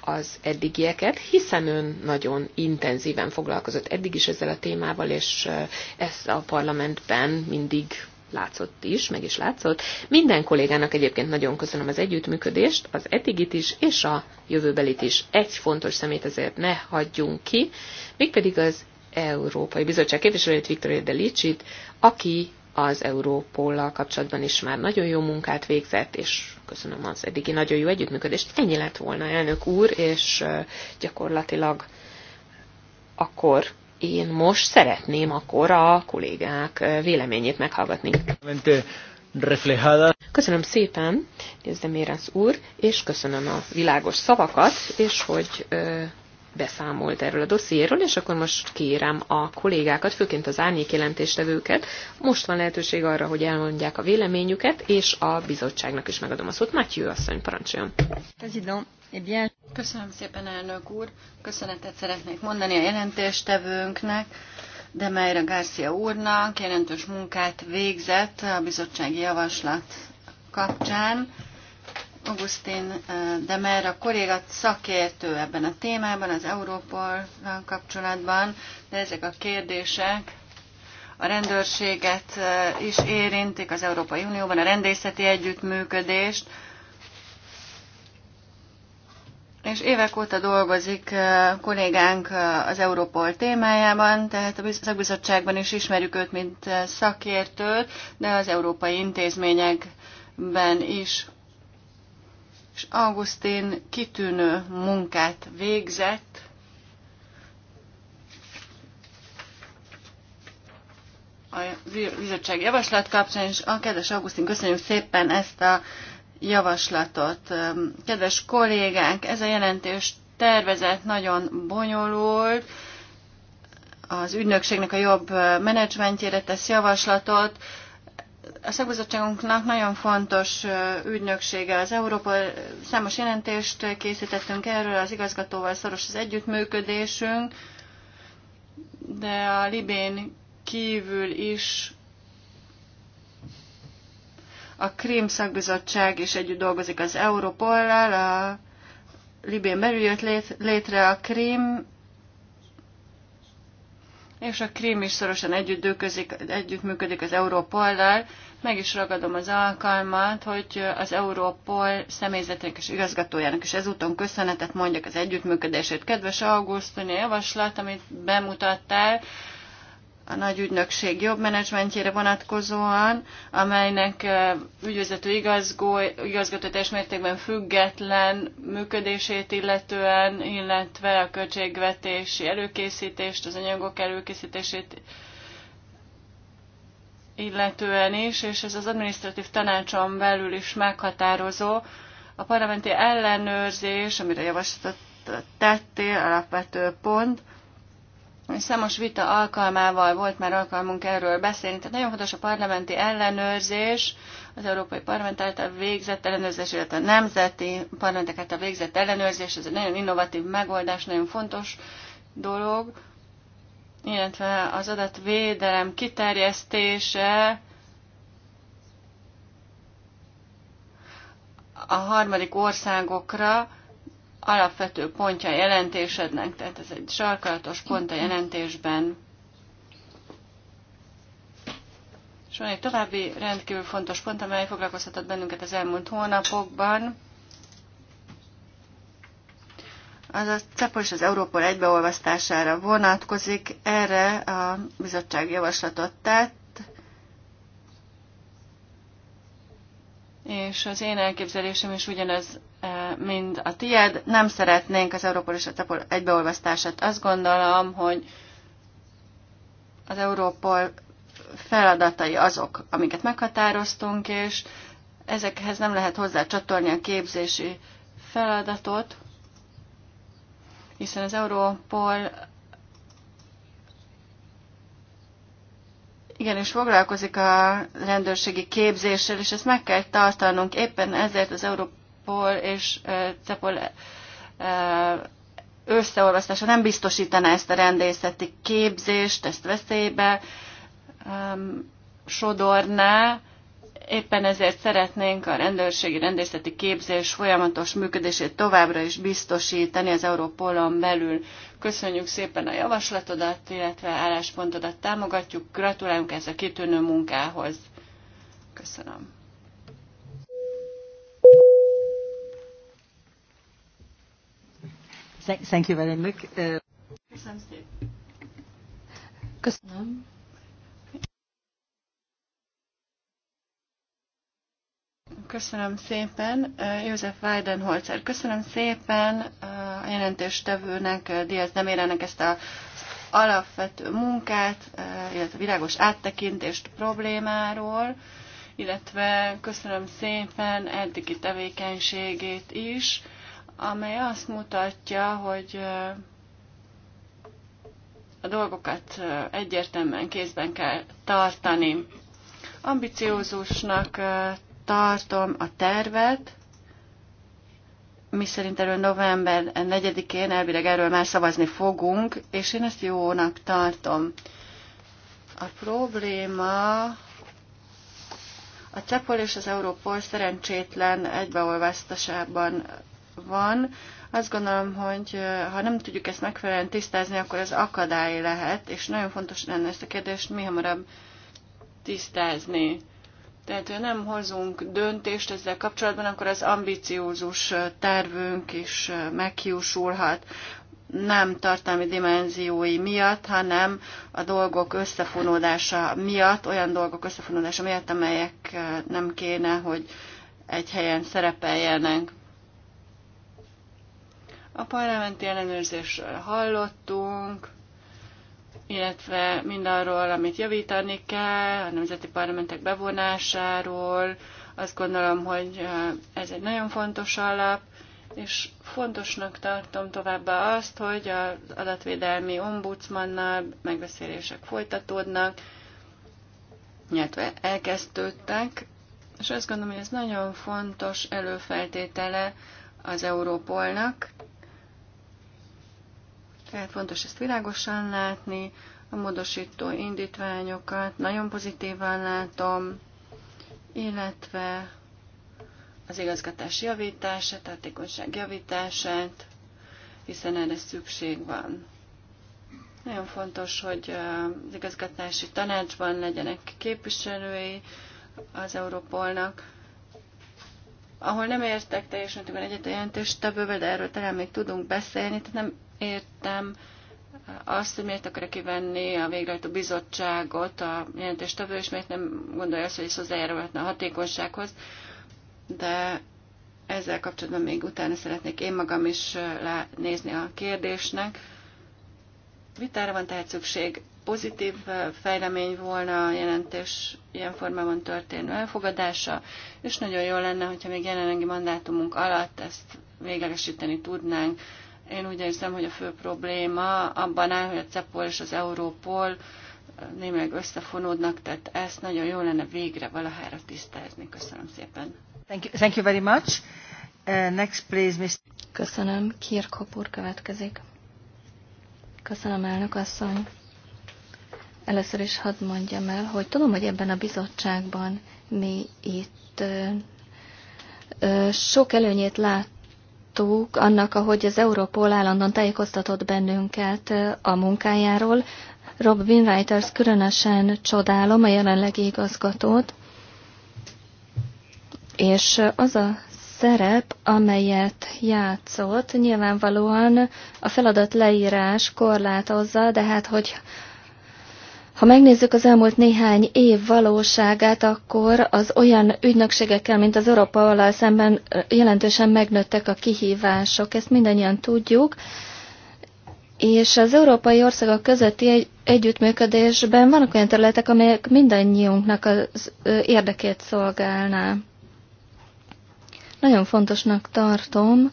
az eddigieket, hiszen ön nagyon intenzíven foglalkozott eddig is ezzel a témával, és eh, ez a parlamentben mindig látszott is, meg is látszott. Minden kollégának egyébként nagyon köszönöm az együttműködést, az eddigit is, és a jövőbelit is. Egy fontos szemét azért ne hagyjunk ki, mégpedig az Európai Bizottság képviselőjét, Viktor Delicsit, aki az Európollal kapcsolatban is már nagyon jó munkát végzett, és köszönöm az eddigi nagyon jó együttműködést. Ennyi lett volna, elnök úr, és gyakorlatilag akkor én most szeretném akkor a kollégák véleményét meghallgatni. Köszönöm szépen, Dézdemérez úr, és köszönöm a világos szavakat, és hogy beszámolt erről a dossziéről, és akkor most kérem a kollégákat, főként az árnyék jelentéstevőket, most van lehetőség arra, hogy elmondják a véleményüket, és a bizottságnak is megadom a szót. Matyő asszony, parancsoljon! Eh Köszönöm szépen, elnök úr! Köszönetet szeretnék mondani a jelentéstevőnknek, de Meira Garcia úrnak jelentős munkát végzett a bizottsági javaslat kapcsán Augustin de Mer, a kolléga szakértő ebben a témában, az Európol kapcsolatban, de ezek a kérdések a rendőrséget is érintik az Európai Unióban, a rendészeti együttműködést, és évek óta dolgozik kollégánk az Európol témájában, tehát a szakbizottságban is ismerjük őt, mint szakértőt, de az európai intézményekben is és Augustin kitűnő munkát végzett, a bizottság javaslat kapcsán, és a kedves Augustin, köszönjük szépen ezt a javaslatot. Kedves kollégánk, ez a jelentős tervezet nagyon bonyolult, az ügynökségnek a jobb menedzsmentjére tesz javaslatot, a szakbizottságunknak nagyon fontos ügynöksége az Európa Számos jelentést készítettünk erről, az igazgatóval szoros az együttműködésünk, de a Libén kívül is a Krím szakbizottság is együtt dolgozik az Európollal, a Libén belül jött lét, létre a Krím, és a Krím is szorosan együtt, dőközik, együtt működik az Európollal, meg is ragadom az alkalmat, hogy az Európol személyzetének és igazgatójának is ezúton köszönetet mondjak az együttműködését. Kedves Augustoni javaslat, amit bemutattál, a nagy ügynökség jobb menedzsmentjére vonatkozóan, amelynek eh, ügyvezető igazgó, igazgató teljes mértékben független működését illetően, illetve a költségvetési előkészítést, az anyagok előkészítését illetően is, és ez az adminisztratív tanácson belül is meghatározó. A parlamenti ellenőrzés, amire javaslatot tettél, alapvető pont, és számos vita alkalmával volt már alkalmunk erről beszélni, tehát nagyon fontos a parlamenti ellenőrzés, az Európai Parlament által végzett ellenőrzés, illetve a nemzeti parlamentek által végzett ellenőrzés, ez egy nagyon innovatív megoldás, nagyon fontos dolog illetve az adatvédelem kiterjesztése a harmadik országokra alapvető pontja jelentésednek, tehát ez egy sarkalatos pont a jelentésben. És van egy további rendkívül fontos pont, amely foglalkoztatott bennünket az elmúlt hónapokban az a és az Európol egybeolvasztására vonatkozik, erre a bizottság javaslatot tett, és az én elképzelésem is ugyanaz, eh, mint a tied. Nem szeretnénk az Európol és a CEPOL egybeolvasztását. Azt gondolom, hogy az Európol feladatai azok, amiket meghatároztunk, és ezekhez nem lehet hozzá csatolni a képzési feladatot, hiszen az Európol igenis foglalkozik a rendőrségi képzéssel, és ezt meg kell tartanunk. Éppen ezért az Európol és Cepol összeolvasztása nem biztosítaná ezt a rendészeti képzést, ezt veszélybe sodorná, Éppen ezért szeretnénk a rendőrségi rendészeti képzés folyamatos működését továbbra is biztosítani az Európolon belül. Köszönjük szépen a javaslatodat, illetve álláspontodat támogatjuk. Gratulálunk ez a kitűnő munkához. Köszönöm. Thank you very much. Uh, köszönöm Köszönöm. Köszönöm szépen. Eh, József Weidenholzer, köszönöm szépen eh, a jelentéstevőnek, eh, Diaz Demérenek ezt a alapvető munkát, illetve világos áttekintést problémáról, illetve köszönöm szépen eddigi tevékenységét is, amely azt mutatja, hogy a dolgokat egyértelműen kézben kell tartani ambiciózusnak tartom a tervet, mi szerint erről november 4-én elvileg erről már szavazni fogunk, és én ezt jónak tartom. A probléma a CEPOL és az Európol szerencsétlen egybeolvasztásában van. Azt gondolom, hogy ha nem tudjuk ezt megfelelően tisztázni, akkor ez akadály lehet, és nagyon fontos lenne ezt a kérdést mi hamarabb tisztázni. Tehát, ha nem hozunk döntést ezzel kapcsolatban, akkor az ambiciózus tervünk is meghiúsulhat nem tartalmi dimenziói miatt, hanem a dolgok összefonódása miatt, olyan dolgok összefonódása miatt, amelyek nem kéne, hogy egy helyen szerepeljenek. A parlamenti ellenőrzésről hallottunk, illetve mindarról, amit javítani kell, a nemzeti parlamentek bevonásáról. Azt gondolom, hogy ez egy nagyon fontos alap, és fontosnak tartom továbbá azt, hogy az adatvédelmi ombudsmannal megbeszélések folytatódnak, illetve elkezdődtek, és azt gondolom, hogy ez nagyon fontos előfeltétele az Európolnak, tehát fontos ezt világosan látni, a módosító indítványokat nagyon pozitívan látom, illetve az igazgatás javítását, a hatékonyság javítását, hiszen erre szükség van. Nagyon fontos, hogy az igazgatási tanácsban legyenek képviselői az Európolnak, ahol nem értek teljesen, mértékben egyet a jelentéstevővel, de erről talán még tudunk beszélni, tehát nem értem azt, hogy miért akarja kivenni a végrehajtó bizottságot a jelentéstevő, és miért nem gondolja azt, hogy ez hozzájárulhatna a hatékonysághoz, de ezzel kapcsolatban még utána szeretnék én magam is nézni a kérdésnek. Vitára van tehát szükség. Pozitív fejlemény volna a jelentés ilyen formában történő elfogadása, és nagyon jó lenne, hogyha még jelenlegi mandátumunk alatt ezt véglegesíteni tudnánk, én úgy érzem, hogy a fő probléma abban áll, hogy a CEPOL és az Európol némileg összefonódnak, tehát ezt nagyon jó lenne végre valahára tisztázni. Köszönöm szépen. Thank you, thank you very much. Uh, next, please, Mr. Köszönöm. úr következik. Köszönöm, elnök asszony. Először is hadd mondjam el, hogy tudom, hogy ebben a bizottságban mi itt ö, ö, sok előnyét lát láttuk annak, ahogy az Európol állandóan tájékoztatott bennünket a munkájáról. Rob Winwriters különösen csodálom a jelenlegi igazgatót, és az a szerep, amelyet játszott, nyilvánvalóan a feladat leírás korlátozza, de hát hogy ha megnézzük az elmúlt néhány év valóságát, akkor az olyan ügynökségekkel, mint az európa alá szemben jelentősen megnőttek a kihívások. Ezt mindannyian tudjuk. És az európai országok közötti egy együttműködésben vannak olyan területek, amelyek mindannyiunknak az érdekét szolgálná. Nagyon fontosnak tartom,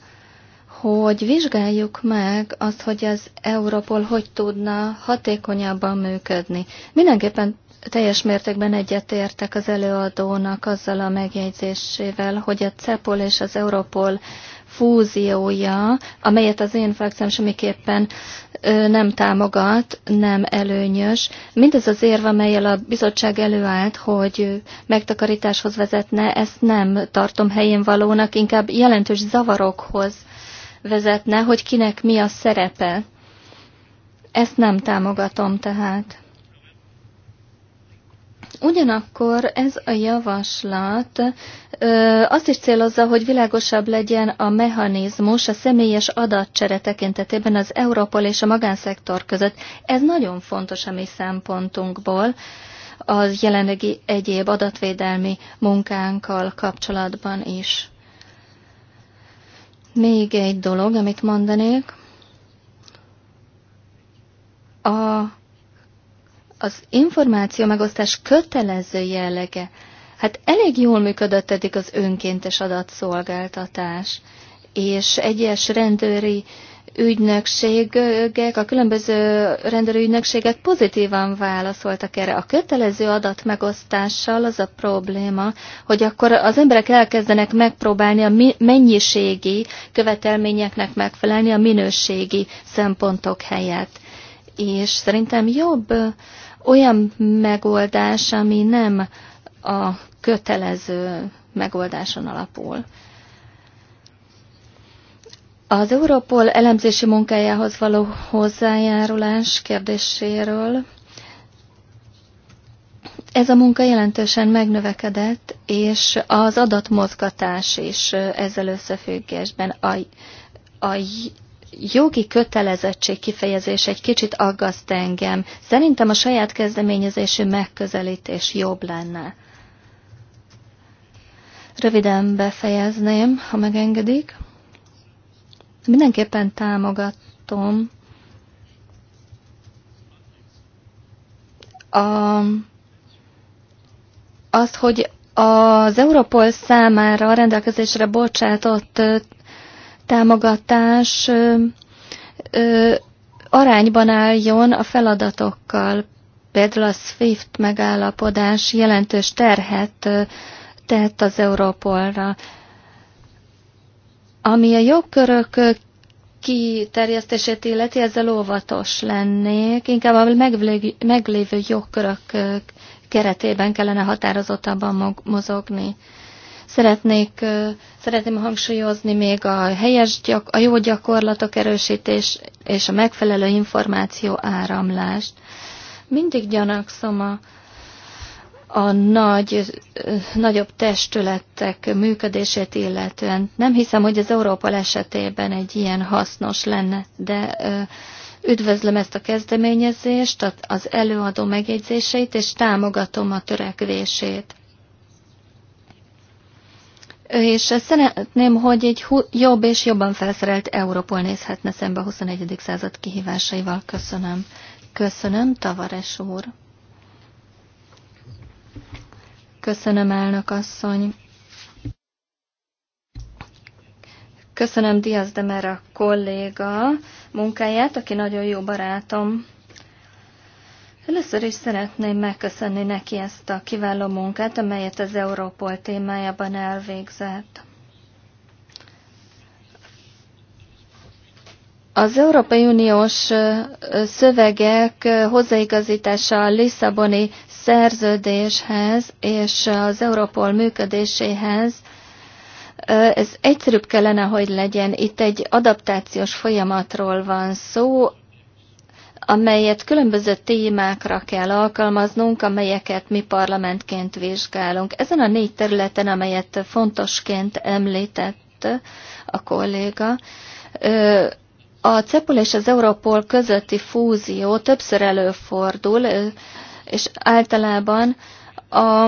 hogy vizsgáljuk meg azt, hogy az Europol hogy tudna hatékonyabban működni. Mindenképpen teljes mértékben egyetértek az előadónak azzal a megjegyzésével, hogy a CEPOL és az Europol fúziója, amelyet az én frakcióm semmiképpen nem támogat, nem előnyös. Mindez az érv, amelyel a bizottság előállt, hogy megtakarításhoz vezetne, ezt nem tartom helyén valónak, inkább jelentős zavarokhoz vezetne, hogy kinek mi a szerepe. Ezt nem támogatom tehát. Ugyanakkor ez a javaslat ö, azt is célozza, hogy világosabb legyen a mechanizmus a személyes adatcsere tekintetében az Európol és a magánszektor között. Ez nagyon fontos a mi szempontunkból az jelenlegi egyéb adatvédelmi munkánkkal kapcsolatban is. Még egy dolog, amit mondanék. A, az információ megosztás kötelező jellege. Hát elég jól működött eddig az önkéntes adatszolgáltatás, és egyes rendőri uh, ügynökségek, a különböző rendelőügynökségek pozitívan válaszoltak erre. A kötelező adat megosztással az a probléma, hogy akkor az emberek elkezdenek megpróbálni a mennyiségi követelményeknek megfelelni a minőségi szempontok helyett. És szerintem jobb olyan megoldás, ami nem a kötelező megoldáson alapul. Az Europol elemzési munkájához való hozzájárulás kérdéséről ez a munka jelentősen megnövekedett, és az adatmozgatás is ezzel összefüggésben a, a jogi kötelezettség kifejezés egy kicsit aggaszt engem. Szerintem a saját kezdeményezésű megközelítés jobb lenne. Röviden befejezném, ha megengedik. Mindenképpen támogatom a, az, hogy az Europol számára a rendelkezésre bocsátott támogatás arányban álljon a feladatokkal. Például a SWIFT megállapodás jelentős terhet tett az Europolra. Ami a jogkörök kiterjesztését illeti, ezzel óvatos lennék. Inkább a meglévő jogkörök keretében kellene határozottabban mozogni. Szeretnék, szeretném hangsúlyozni még a helyes, gyak, a jó gyakorlatok erősítés és a megfelelő információ áramlást. Mindig gyanakszom a a nagy, nagyobb testületek működését illetően. Nem hiszem, hogy az Európa esetében egy ilyen hasznos lenne, de üdvözlöm ezt a kezdeményezést, az előadó megjegyzéseit, és támogatom a törekvését. És szeretném, hogy egy jobb és jobban felszerelt Európol nézhetne szembe a 21. század kihívásaival. Köszönöm. Köszönöm, Tavares úr. Köszönöm, elnök asszony. Köszönöm Diaz de Mera kolléga munkáját, aki nagyon jó barátom. Először is szeretném megköszönni neki ezt a kiváló munkát, amelyet az Európol témájában elvégzett. Az Európai Uniós szövegek hozzáigazítása a Lisszaboni szerződéshez és az Europol működéséhez ez egyszerűbb kellene, hogy legyen. Itt egy adaptációs folyamatról van szó, amelyet különböző témákra kell alkalmaznunk, amelyeket mi parlamentként vizsgálunk. Ezen a négy területen, amelyet fontosként említett a kolléga, a CEPOL és az Europol közötti fúzió többször előfordul, és általában a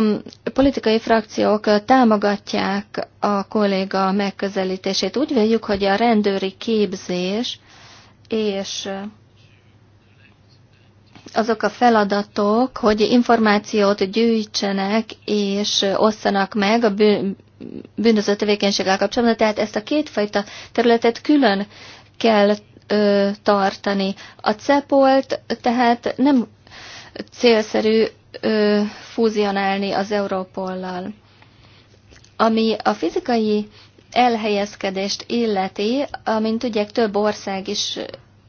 politikai frakciók támogatják a kolléga megközelítését. Úgy véljük, hogy a rendőri képzés és azok a feladatok, hogy információt gyűjtsenek és osszanak meg a bűnöző tevékenységgel kapcsolatban, tehát ezt a kétfajta területet külön kell tartani. A cepolt tehát nem célszerű ö, fúzionálni az Európollal. Ami a fizikai elhelyezkedést illeti, amint tudják, több ország is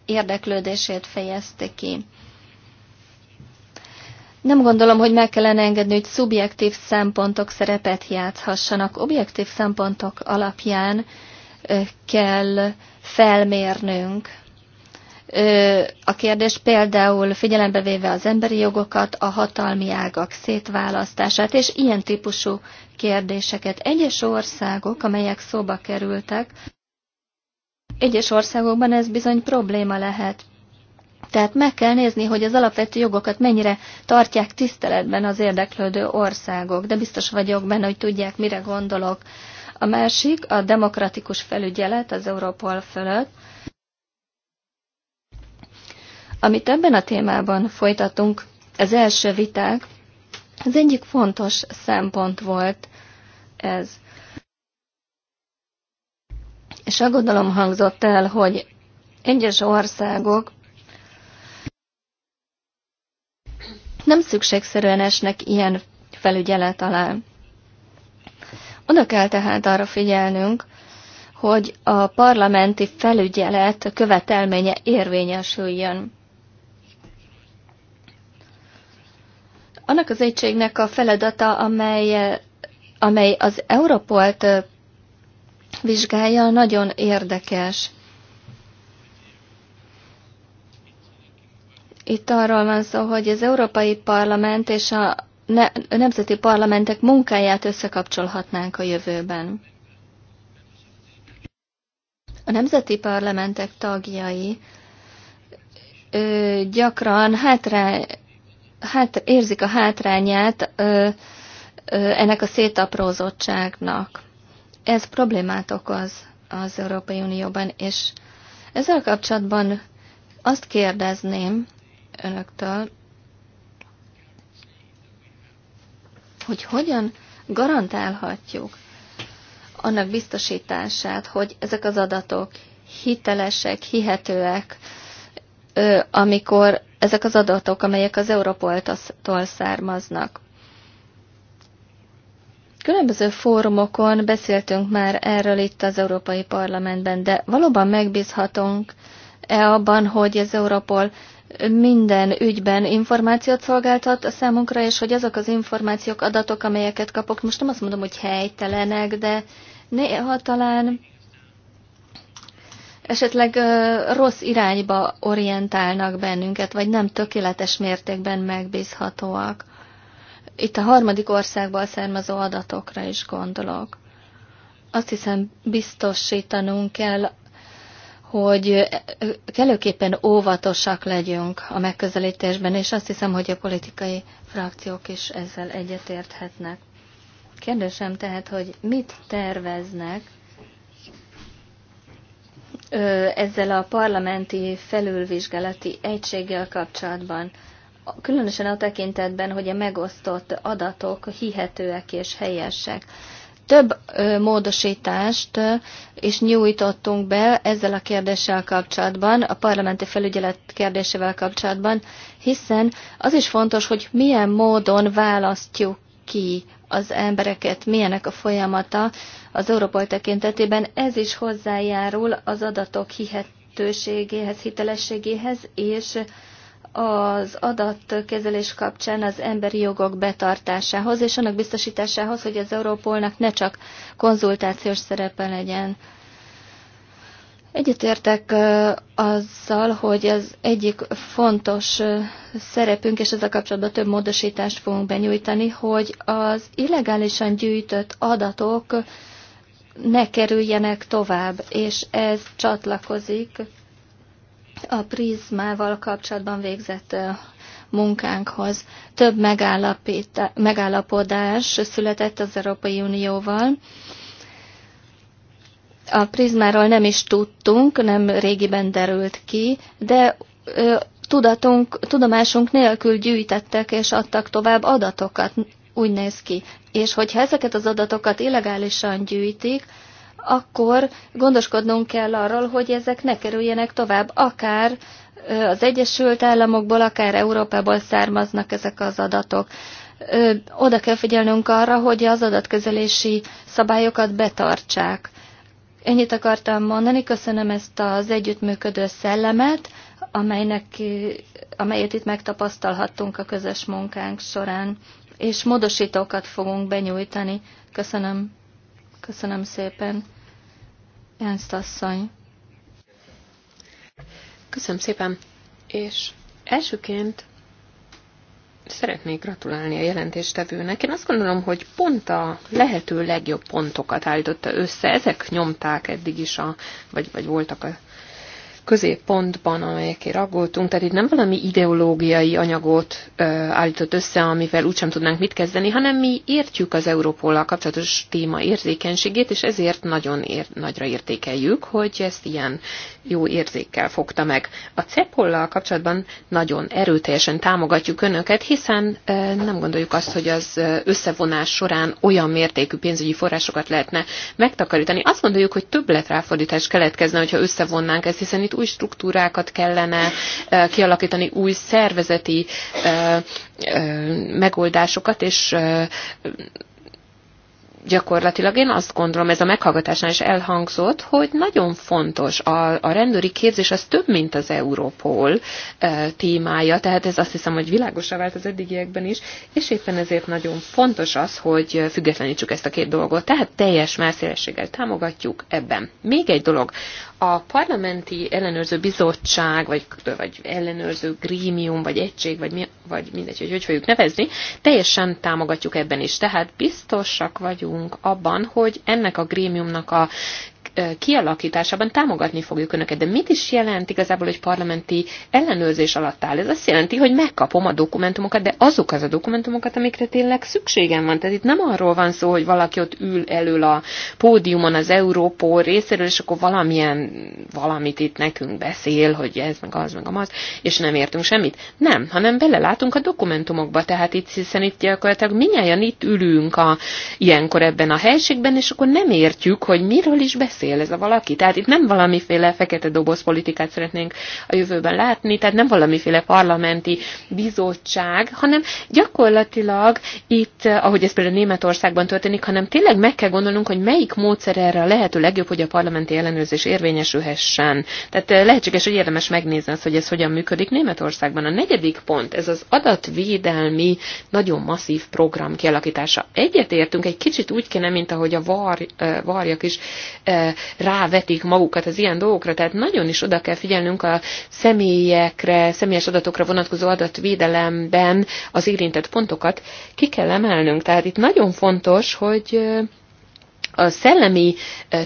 érdeklődését fejezte ki. Nem gondolom, hogy meg kellene engedni, hogy szubjektív szempontok szerepet játszhassanak. Objektív szempontok alapján kell felmérnünk a kérdés például figyelembe véve az emberi jogokat, a hatalmi ágak szétválasztását és ilyen típusú kérdéseket. Egyes országok, amelyek szóba kerültek, egyes országokban ez bizony probléma lehet. Tehát meg kell nézni, hogy az alapvető jogokat mennyire tartják tiszteletben az érdeklődő országok, de biztos vagyok benne, hogy tudják, mire gondolok. A másik a demokratikus felügyelet az Európol fölött. Amit ebben a témában folytatunk, az első viták, az egyik fontos szempont volt ez. És aggodalom hangzott el, hogy egyes országok nem szükségszerűen esnek ilyen felügyelet alá. Oda kell tehát arra figyelnünk, hogy a parlamenti felügyelet követelménye érvényesüljön. annak az egységnek a feladata, amely, amely az Europolt vizsgálja, nagyon érdekes. Itt arról van szó, hogy az Európai Parlament és a ne, nemzeti parlamentek munkáját összekapcsolhatnánk a jövőben. A nemzeti parlamentek tagjai ö, gyakran hátrány, hát, érzik a hátrányát ö, ö, ennek a szétaprózottságnak. Ez problémát okoz az Európai Unióban, és ezzel kapcsolatban azt kérdezném önöktől, hogy hogyan garantálhatjuk annak biztosítását, hogy ezek az adatok hitelesek, hihetőek, amikor ezek az adatok, amelyek az Europoltól származnak. Különböző fórumokon beszéltünk már erről itt az Európai Parlamentben, de valóban megbízhatunk-e abban, hogy az Europol minden ügyben információt szolgáltat a számunkra, és hogy azok az információk, adatok, amelyeket kapok, most nem azt mondom, hogy helytelenek, de néha talán esetleg rossz irányba orientálnak bennünket, vagy nem tökéletes mértékben megbízhatóak. Itt a harmadik országból származó adatokra is gondolok. Azt hiszem biztosítanunk kell, hogy kellőképpen óvatosak legyünk a megközelítésben, és azt hiszem, hogy a politikai frakciók is ezzel egyetérthetnek. Kérdésem tehát, hogy mit terveznek ezzel a parlamenti felülvizsgálati egységgel kapcsolatban. Különösen a tekintetben, hogy a megosztott adatok hihetőek és helyesek. Több módosítást is nyújtottunk be ezzel a kérdéssel kapcsolatban, a parlamenti felügyelet kérdésével kapcsolatban, hiszen az is fontos, hogy milyen módon választjuk ki az embereket, milyenek a folyamata az Europol tekintetében. Ez is hozzájárul az adatok hihetőségéhez, hitelességéhez, és az adatkezelés kapcsán az emberi jogok betartásához és annak biztosításához, hogy az Európolnak ne csak konzultációs szerepe legyen. Egyetértek azzal, hogy az egyik fontos szerepünk, és ezzel kapcsolatban több módosítást fogunk benyújtani, hogy az illegálisan gyűjtött adatok ne kerüljenek tovább, és ez csatlakozik a prizmával kapcsolatban végzett munkánkhoz. Több megállapodás született az Európai Unióval, a prizmáról nem is tudtunk, nem régiben derült ki, de tudatunk, tudomásunk nélkül gyűjtettek és adtak tovább adatokat, úgy néz ki. És hogyha ezeket az adatokat illegálisan gyűjtik, akkor gondoskodnunk kell arról, hogy ezek ne kerüljenek tovább, akár az Egyesült Államokból, akár Európából származnak ezek az adatok. Oda kell figyelnünk arra, hogy az adatkezelési szabályokat betartsák. Ennyit akartam mondani, köszönöm ezt az együttműködő szellemet, amelynek, amelyet itt megtapasztalhattunk a közös munkánk során, és módosítókat fogunk benyújtani. Köszönöm, köszönöm szépen, Ernst asszony. Köszönöm szépen, és elsőként Szeretnék gratulálni a jelentéstevőnek. Én azt gondolom, hogy pont a lehető legjobb pontokat állította össze. Ezek nyomták eddig is, a, vagy, vagy voltak a középpontban, amelyekért aggódtunk, tehát itt nem valami ideológiai anyagot ö, állított össze, amivel úgysem tudnánk mit kezdeni, hanem mi értjük az Európollal kapcsolatos téma érzékenységét, és ezért nagyon ér, nagyra értékeljük, hogy ezt ilyen jó érzékkel fogta meg. A CEPOL-lal kapcsolatban nagyon erőteljesen támogatjuk önöket, hiszen ö, nem gondoljuk azt, hogy az összevonás során olyan mértékű pénzügyi forrásokat lehetne megtakarítani. Azt gondoljuk, hogy többlet ráfordítás keletkezne, hogyha összevonnánk ezt, hiszen itt új struktúrákat kellene kialakítani, új szervezeti megoldásokat, és gyakorlatilag én azt gondolom, ez a meghallgatásnál is elhangzott, hogy nagyon fontos a, a rendőri képzés, az több, mint az Európol e, témája, tehát ez azt hiszem, hogy világosra vált az eddigiekben is, és éppen ezért nagyon fontos az, hogy függetlenítsük ezt a két dolgot, tehát teljes mászélességgel támogatjuk ebben. Még egy dolog, a parlamenti ellenőrző bizottság, vagy, vagy ellenőrző grémium, vagy egység, vagy, mi, vagy mindegy, hogy hogy fogjuk nevezni, teljesen támogatjuk ebben is, tehát biztosak vagyunk, magunk abban, hogy ennek a grémiumnak a kialakításában támogatni fogjuk önöket. De mit is jelent igazából, hogy parlamenti ellenőrzés alatt áll? Ez azt jelenti, hogy megkapom a dokumentumokat, de azok az a dokumentumokat, amikre tényleg szükségem van. Tehát itt nem arról van szó, hogy valaki ott ül elől a pódiumon az Európó részéről, és akkor valamilyen valamit itt nekünk beszél, hogy ez, meg az, meg az, és nem értünk semmit. Nem, hanem belelátunk a dokumentumokba, tehát itt, hiszen itt gyakorlatilag minnyáján itt ülünk a, ilyenkor ebben a helységben, és akkor nem értjük, hogy miről is beszél beszél ez a valaki. Tehát itt nem valamiféle fekete doboz politikát szeretnénk a jövőben látni, tehát nem valamiféle parlamenti bizottság, hanem gyakorlatilag itt, ahogy ez például Németországban történik, hanem tényleg meg kell gondolnunk, hogy melyik módszer erre a lehető legjobb, hogy a parlamenti ellenőrzés érvényesülhessen. Tehát eh, lehetséges, hogy érdemes megnézni azt, hogy ez hogyan működik Németországban. A negyedik pont, ez az adatvédelmi nagyon masszív program kialakítása. Egyetértünk, egy kicsit úgy kéne, mint ahogy a var, eh, varjak is eh, rávetik magukat az ilyen dolgokra, tehát nagyon is oda kell figyelnünk a személyekre, személyes adatokra vonatkozó adatvédelemben az érintett pontokat ki kell emelnünk. Tehát itt nagyon fontos, hogy a szellemi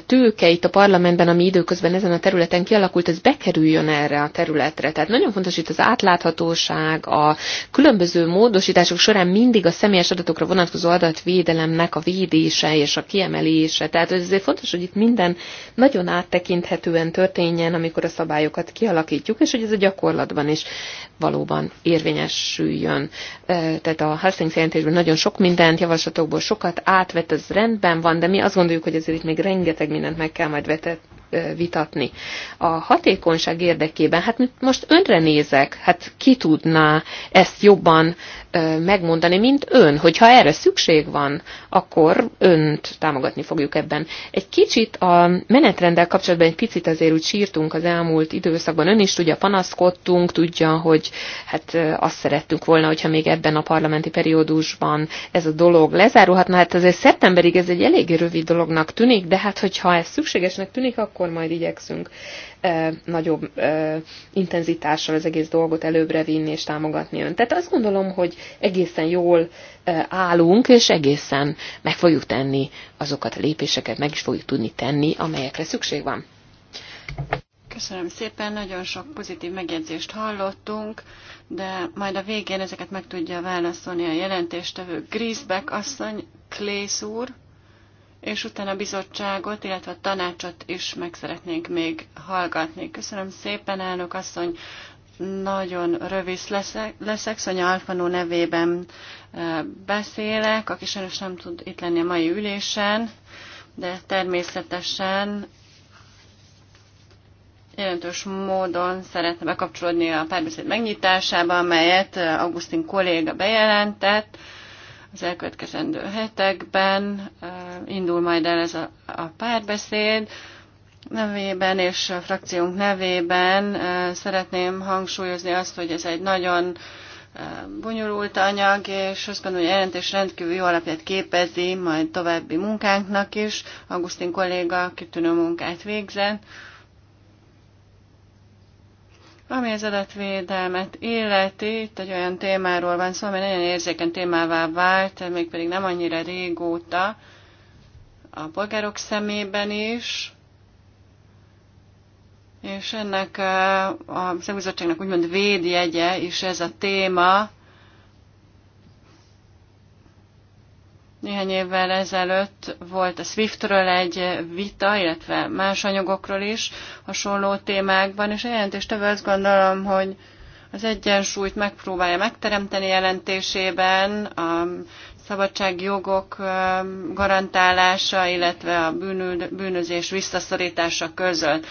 tőke itt a parlamentben, ami időközben ezen a területen kialakult, ez bekerüljön erre a területre. Tehát nagyon fontos itt az átláthatóság, a különböző módosítások során mindig a személyes adatokra vonatkozó adatvédelemnek a védése és a kiemelése. Tehát azért fontos, hogy itt minden nagyon áttekinthetően történjen, amikor a szabályokat kialakítjuk, és hogy ez a gyakorlatban is valóban érvényesüljön. Tehát a Hastings jelentésben nagyon sok mindent, javaslatokból sokat átvett, ez rendben van, de mi azt gondoljuk, hogy ezért itt még rengeteg mindent meg kell majd vetetni vitatni. A hatékonyság érdekében, hát most önre nézek, hát ki tudná ezt jobban megmondani, mint ön, hogyha erre szükség van, akkor önt támogatni fogjuk ebben. Egy kicsit a menetrenddel kapcsolatban egy picit azért úgy sírtunk az elmúlt időszakban, ön is tudja, panaszkodtunk, tudja, hogy hát azt szerettünk volna, hogyha még ebben a parlamenti periódusban ez a dolog lezárulhatna, hát azért szeptemberig ez egy eléggé rövid dolognak tűnik, de hát hogyha ez szükségesnek tűnik, akkor akkor majd igyekszünk nagyobb intenzitással az egész dolgot előbbre vinni és támogatni ön. Tehát azt gondolom, hogy egészen jól állunk, és egészen meg fogjuk tenni azokat a lépéseket, meg is fogjuk tudni tenni, amelyekre szükség van. Köszönöm szépen, nagyon sok pozitív megjegyzést hallottunk, de majd a végén ezeket meg tudja válaszolni a jelentéstevő Grisbeck asszony, Klész úr és utána a bizottságot, illetve a tanácsot is meg szeretnénk még hallgatni. Köszönöm szépen, elnök asszony, nagyon rövid leszek, leszek Szonya Alfanó nevében e, beszélek, aki sajnos nem tud itt lenni a mai ülésen, de természetesen jelentős módon szeretne bekapcsolódni a párbeszéd megnyitásába, amelyet e, Augustin kolléga bejelentett az elkövetkezendő hetekben eh, indul majd el ez a, a párbeszéd nevében és a frakciónk nevében eh, szeretném hangsúlyozni azt, hogy ez egy nagyon eh, bonyolult anyag, és azt gondolom, hogy jelentés rendkívül jó alapját képezi majd további munkánknak is. Augustin kolléga kitűnő munkát végzett. Ami az adatvédelmet illeti, itt egy olyan témáról van szó, ami nagyon érzékeny témává vált, mégpedig nem annyira régóta a polgárok szemében is, és ennek eh, a szemüzottságnak úgymond védjegye is ez a téma, Néhány évvel ezelőtt volt a Swiftről egy vita, illetve más anyagokról is hasonló témákban, és a jelentéstevő azt gondolom, hogy az egyensúlyt megpróbálja megteremteni jelentésében, a szabadságjogok garantálása, illetve a bűnözés visszaszorítása között.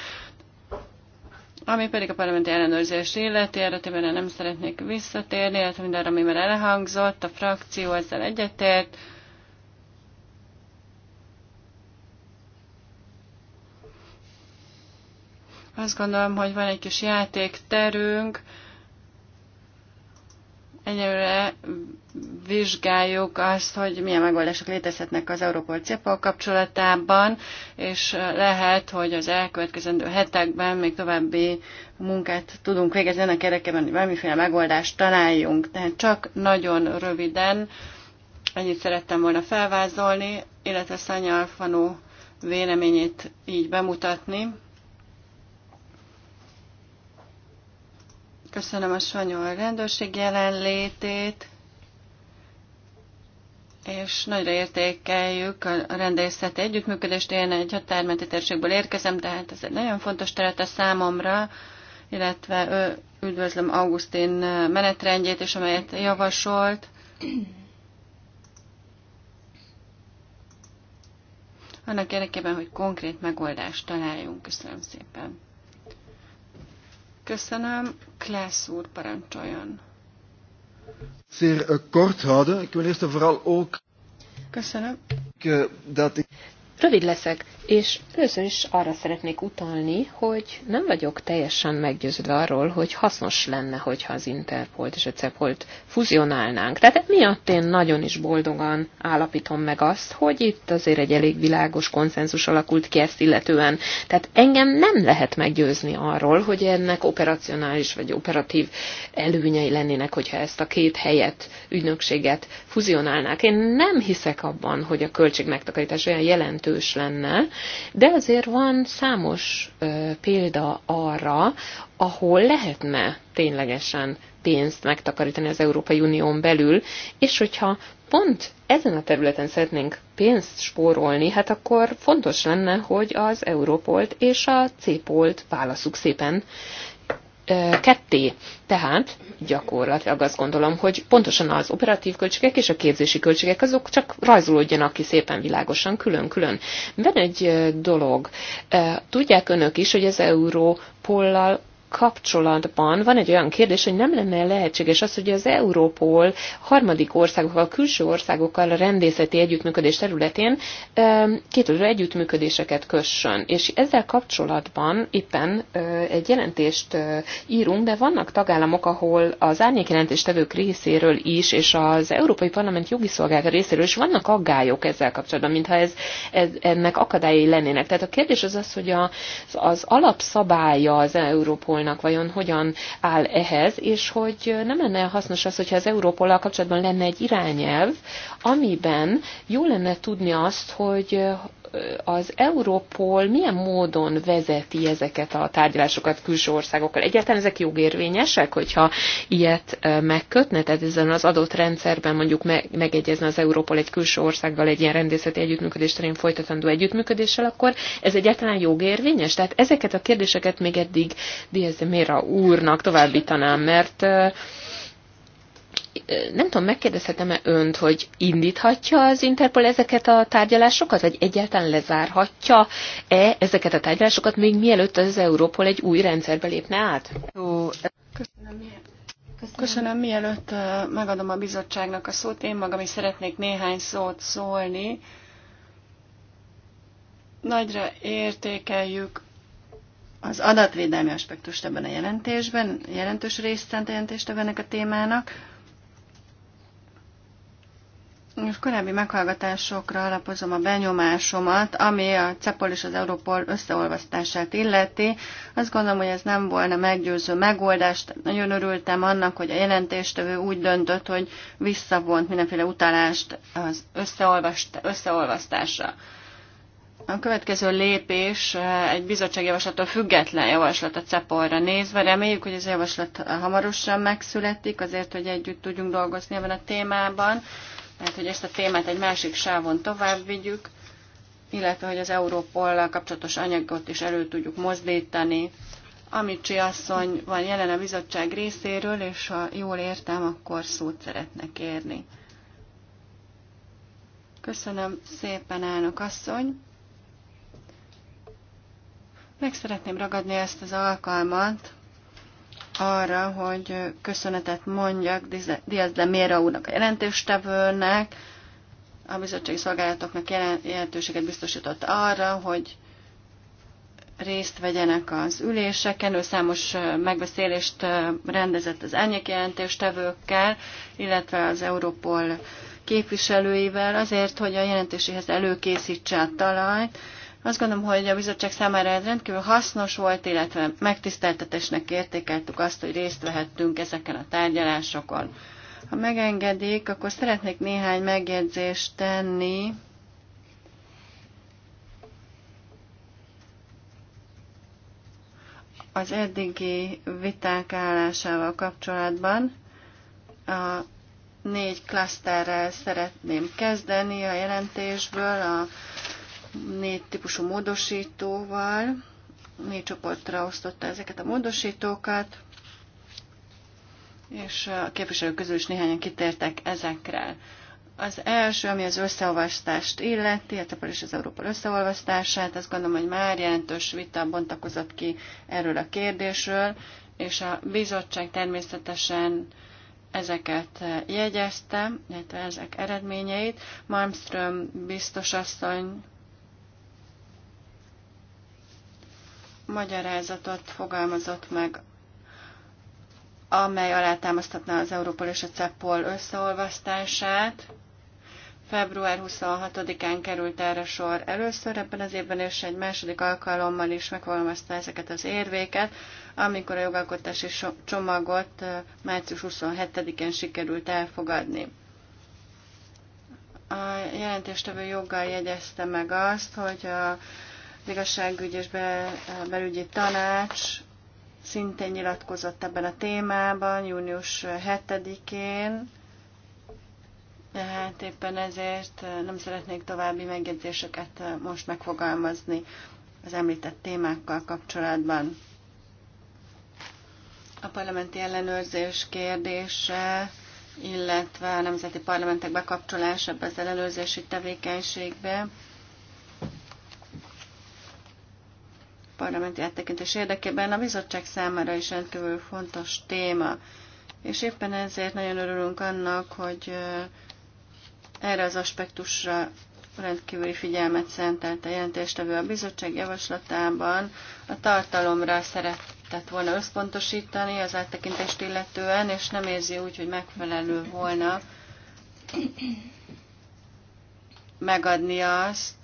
Ami pedig a parlamenti ellenőrzés illeti, eredetében nem szeretnék visszatérni, illetve mindenre, ami már elhangzott, a frakció ezzel egyetért, Azt gondolom, hogy van egy kis játékterünk, Egyelőre vizsgáljuk azt, hogy milyen megoldások létezhetnek az Európol CEPA kapcsolatában, és lehet, hogy az elkövetkezendő hetekben még további munkát tudunk végezni ennek érdekében, hogy valamiféle megoldást találjunk. Tehát csak nagyon röviden ennyit szerettem volna felvázolni, illetve Szanya Alfanó véleményét így bemutatni. Köszönöm a Sanyol rendőrség jelenlétét, és nagyra értékeljük a rendészeti együttműködést. Én egy határmenti térségből érkezem, tehát ez egy nagyon fontos terület a számomra, illetve ő, üdvözlöm Augustin menetrendjét és amelyet javasolt. Annak érdekében, hogy konkrét megoldást találjunk. Köszönöm szépen. Köszönöm. Klaas úr, parancsoljon. Zeer uh, kort houden. Ik wil eerst en vooral ook... Köszönöm. ik... Uh, dat Rövid leszek. És először is arra szeretnék utalni, hogy nem vagyok teljesen meggyőződve arról, hogy hasznos lenne, hogyha az Interpolt és a Cepolt fuzionálnánk. Tehát miatt én nagyon is boldogan állapítom meg azt, hogy itt azért egy elég világos konszenzus alakult ki ezt illetően. Tehát engem nem lehet meggyőzni arról, hogy ennek operacionális vagy operatív előnyei lennének, hogyha ezt a két helyet, ügynökséget fuzionálnák. Én nem hiszek abban, hogy a költség megtakarítás olyan jelentős lenne, de azért van számos példa arra, ahol lehetne ténylegesen pénzt megtakarítani az Európai Unión belül, és hogyha pont ezen a területen szeretnénk pénzt spórolni, hát akkor fontos lenne, hogy az Európolt és a Cépolt válaszuk szépen ketté. Tehát gyakorlatilag azt gondolom, hogy pontosan az operatív költségek és a képzési költségek azok csak rajzolódjanak ki szépen világosan, külön-külön. Van egy dolog. Tudják önök is, hogy az pollal kapcsolatban van egy olyan kérdés, hogy nem lenne lehetséges az, hogy az Európol harmadik országokkal, külső országokkal a rendészeti együttműködés területén olyan együttműködéseket kössön. És ezzel kapcsolatban éppen egy jelentést írunk, de vannak tagállamok, ahol az jelentéstevők részéről is, és az Európai Parlament jogi szolgálata részéről is vannak aggályok ezzel kapcsolatban, mintha ez, ez ennek akadályai lennének. Tehát a kérdés az az, hogy az, az alapszabálya az Európol Európolnak vajon hogyan áll ehhez, és hogy nem lenne hasznos az, hogyha az Európollal kapcsolatban lenne egy irányelv, amiben jó lenne tudni azt, hogy az Európol milyen módon vezeti ezeket a tárgyalásokat külső országokkal? Egyáltalán ezek jogérvényesek, hogyha ilyet megkötne, tehát ezen az adott rendszerben mondjuk megegyezne az Európol egy külső országgal egy ilyen rendészeti együttműködés terén folytatandó együttműködéssel, akkor ez egyáltalán jogérvényes? Tehát ezeket a kérdéseket még eddig Diaz de Mera úrnak továbbítanám, mert nem tudom, megkérdezhetem-e önt, hogy indíthatja az Interpol ezeket a tárgyalásokat, vagy egyáltalán lezárhatja-e ezeket a tárgyalásokat, még mielőtt az Európol egy új rendszerbe lépne át? Köszönöm. Köszönöm. Köszönöm. Mielőtt megadom a bizottságnak a szót, én magam is szeretnék néhány szót szólni. Nagyra értékeljük az adatvédelmi aspektust ebben a jelentésben, jelentős részt szent a jelentést ebben a témának. Most korábbi meghallgatásokra alapozom a benyomásomat, ami a CEPOL és az Europol összeolvasztását illeti. Azt gondolom, hogy ez nem volna meggyőző megoldást. Nagyon örültem annak, hogy a jelentéstevő úgy döntött, hogy visszavont mindenféle utalást az összeolvasztásra. A következő lépés eh, egy bizottságjavaslattól független javaslat a CEPOL-ra nézve. Reméljük, hogy ez a javaslat hamarosan megszületik, azért, hogy együtt tudjunk dolgozni ebben a témában lehet, hogy ezt a témát egy másik sávon tovább vigyük, illetve hogy az Európollal kapcsolatos anyagot is elő tudjuk mozdítani. Amicsi asszony van jelen a bizottság részéről, és ha jól értem, akkor szót szeretne kérni. Köszönöm szépen, elnök asszony! Meg szeretném ragadni ezt az alkalmat, arra, hogy köszönetet mondjak Diaz de Mera úrnak a jelentéstevőnek, a bizottsági szolgálatoknak jelentőséget biztosított arra, hogy részt vegyenek az üléseken, ő számos megbeszélést rendezett az jelentéstevőkkel, illetve az Európol képviselőivel azért, hogy a jelentéséhez előkészítse a talajt, azt gondolom, hogy a bizottság számára ez rendkívül hasznos volt, illetve megtiszteltetésnek értékeltük azt, hogy részt vehettünk ezeken a tárgyalásokon. Ha megengedik, akkor szeretnék néhány megjegyzést tenni. az eddigi viták állásával kapcsolatban. A négy klaszterrel szeretném kezdeni a jelentésből, a két típusú módosítóval, négy csoportra osztotta ezeket a módosítókat, és a képviselők közül is néhányan kitértek ezekre. Az első, ami az összeolvasztást illeti, a Cepol és az Európa összeolvasztását, azt gondolom, hogy már jelentős vita bontakozott ki erről a kérdésről, és a bizottság természetesen ezeket jegyezte, illetve ezek eredményeit. Malmström asszony magyarázatot fogalmazott meg, amely alátámasztatná az Európol és a CEPOL összeolvasztását. Február 26-án került erre sor először ebben az évben, és egy második alkalommal is megfogalmazta ezeket az érvéket, amikor a jogalkotási csomagot március 27-én sikerült elfogadni. A jelentéstevő joggal jegyezte meg azt, hogy a az igazságügy és eh, belügyi tanács szintén nyilatkozott ebben a témában június 7-én, tehát éppen ezért eh, nem szeretnék további megjegyzéseket eh, most megfogalmazni az említett témákkal kapcsolatban. A parlamenti ellenőrzés kérdése, illetve a nemzeti parlamentek bekapcsolása ebbe az ellenőrzési tevékenységbe parlamenti áttekintés érdekében a bizottság számára is rendkívül fontos téma. És éppen ezért nagyon örülünk annak, hogy erre az aspektusra rendkívüli figyelmet szentelt a jelentéstevő a bizottság javaslatában. A tartalomra szeretett volna összpontosítani az áttekintést illetően, és nem érzi úgy, hogy megfelelő volna megadni azt,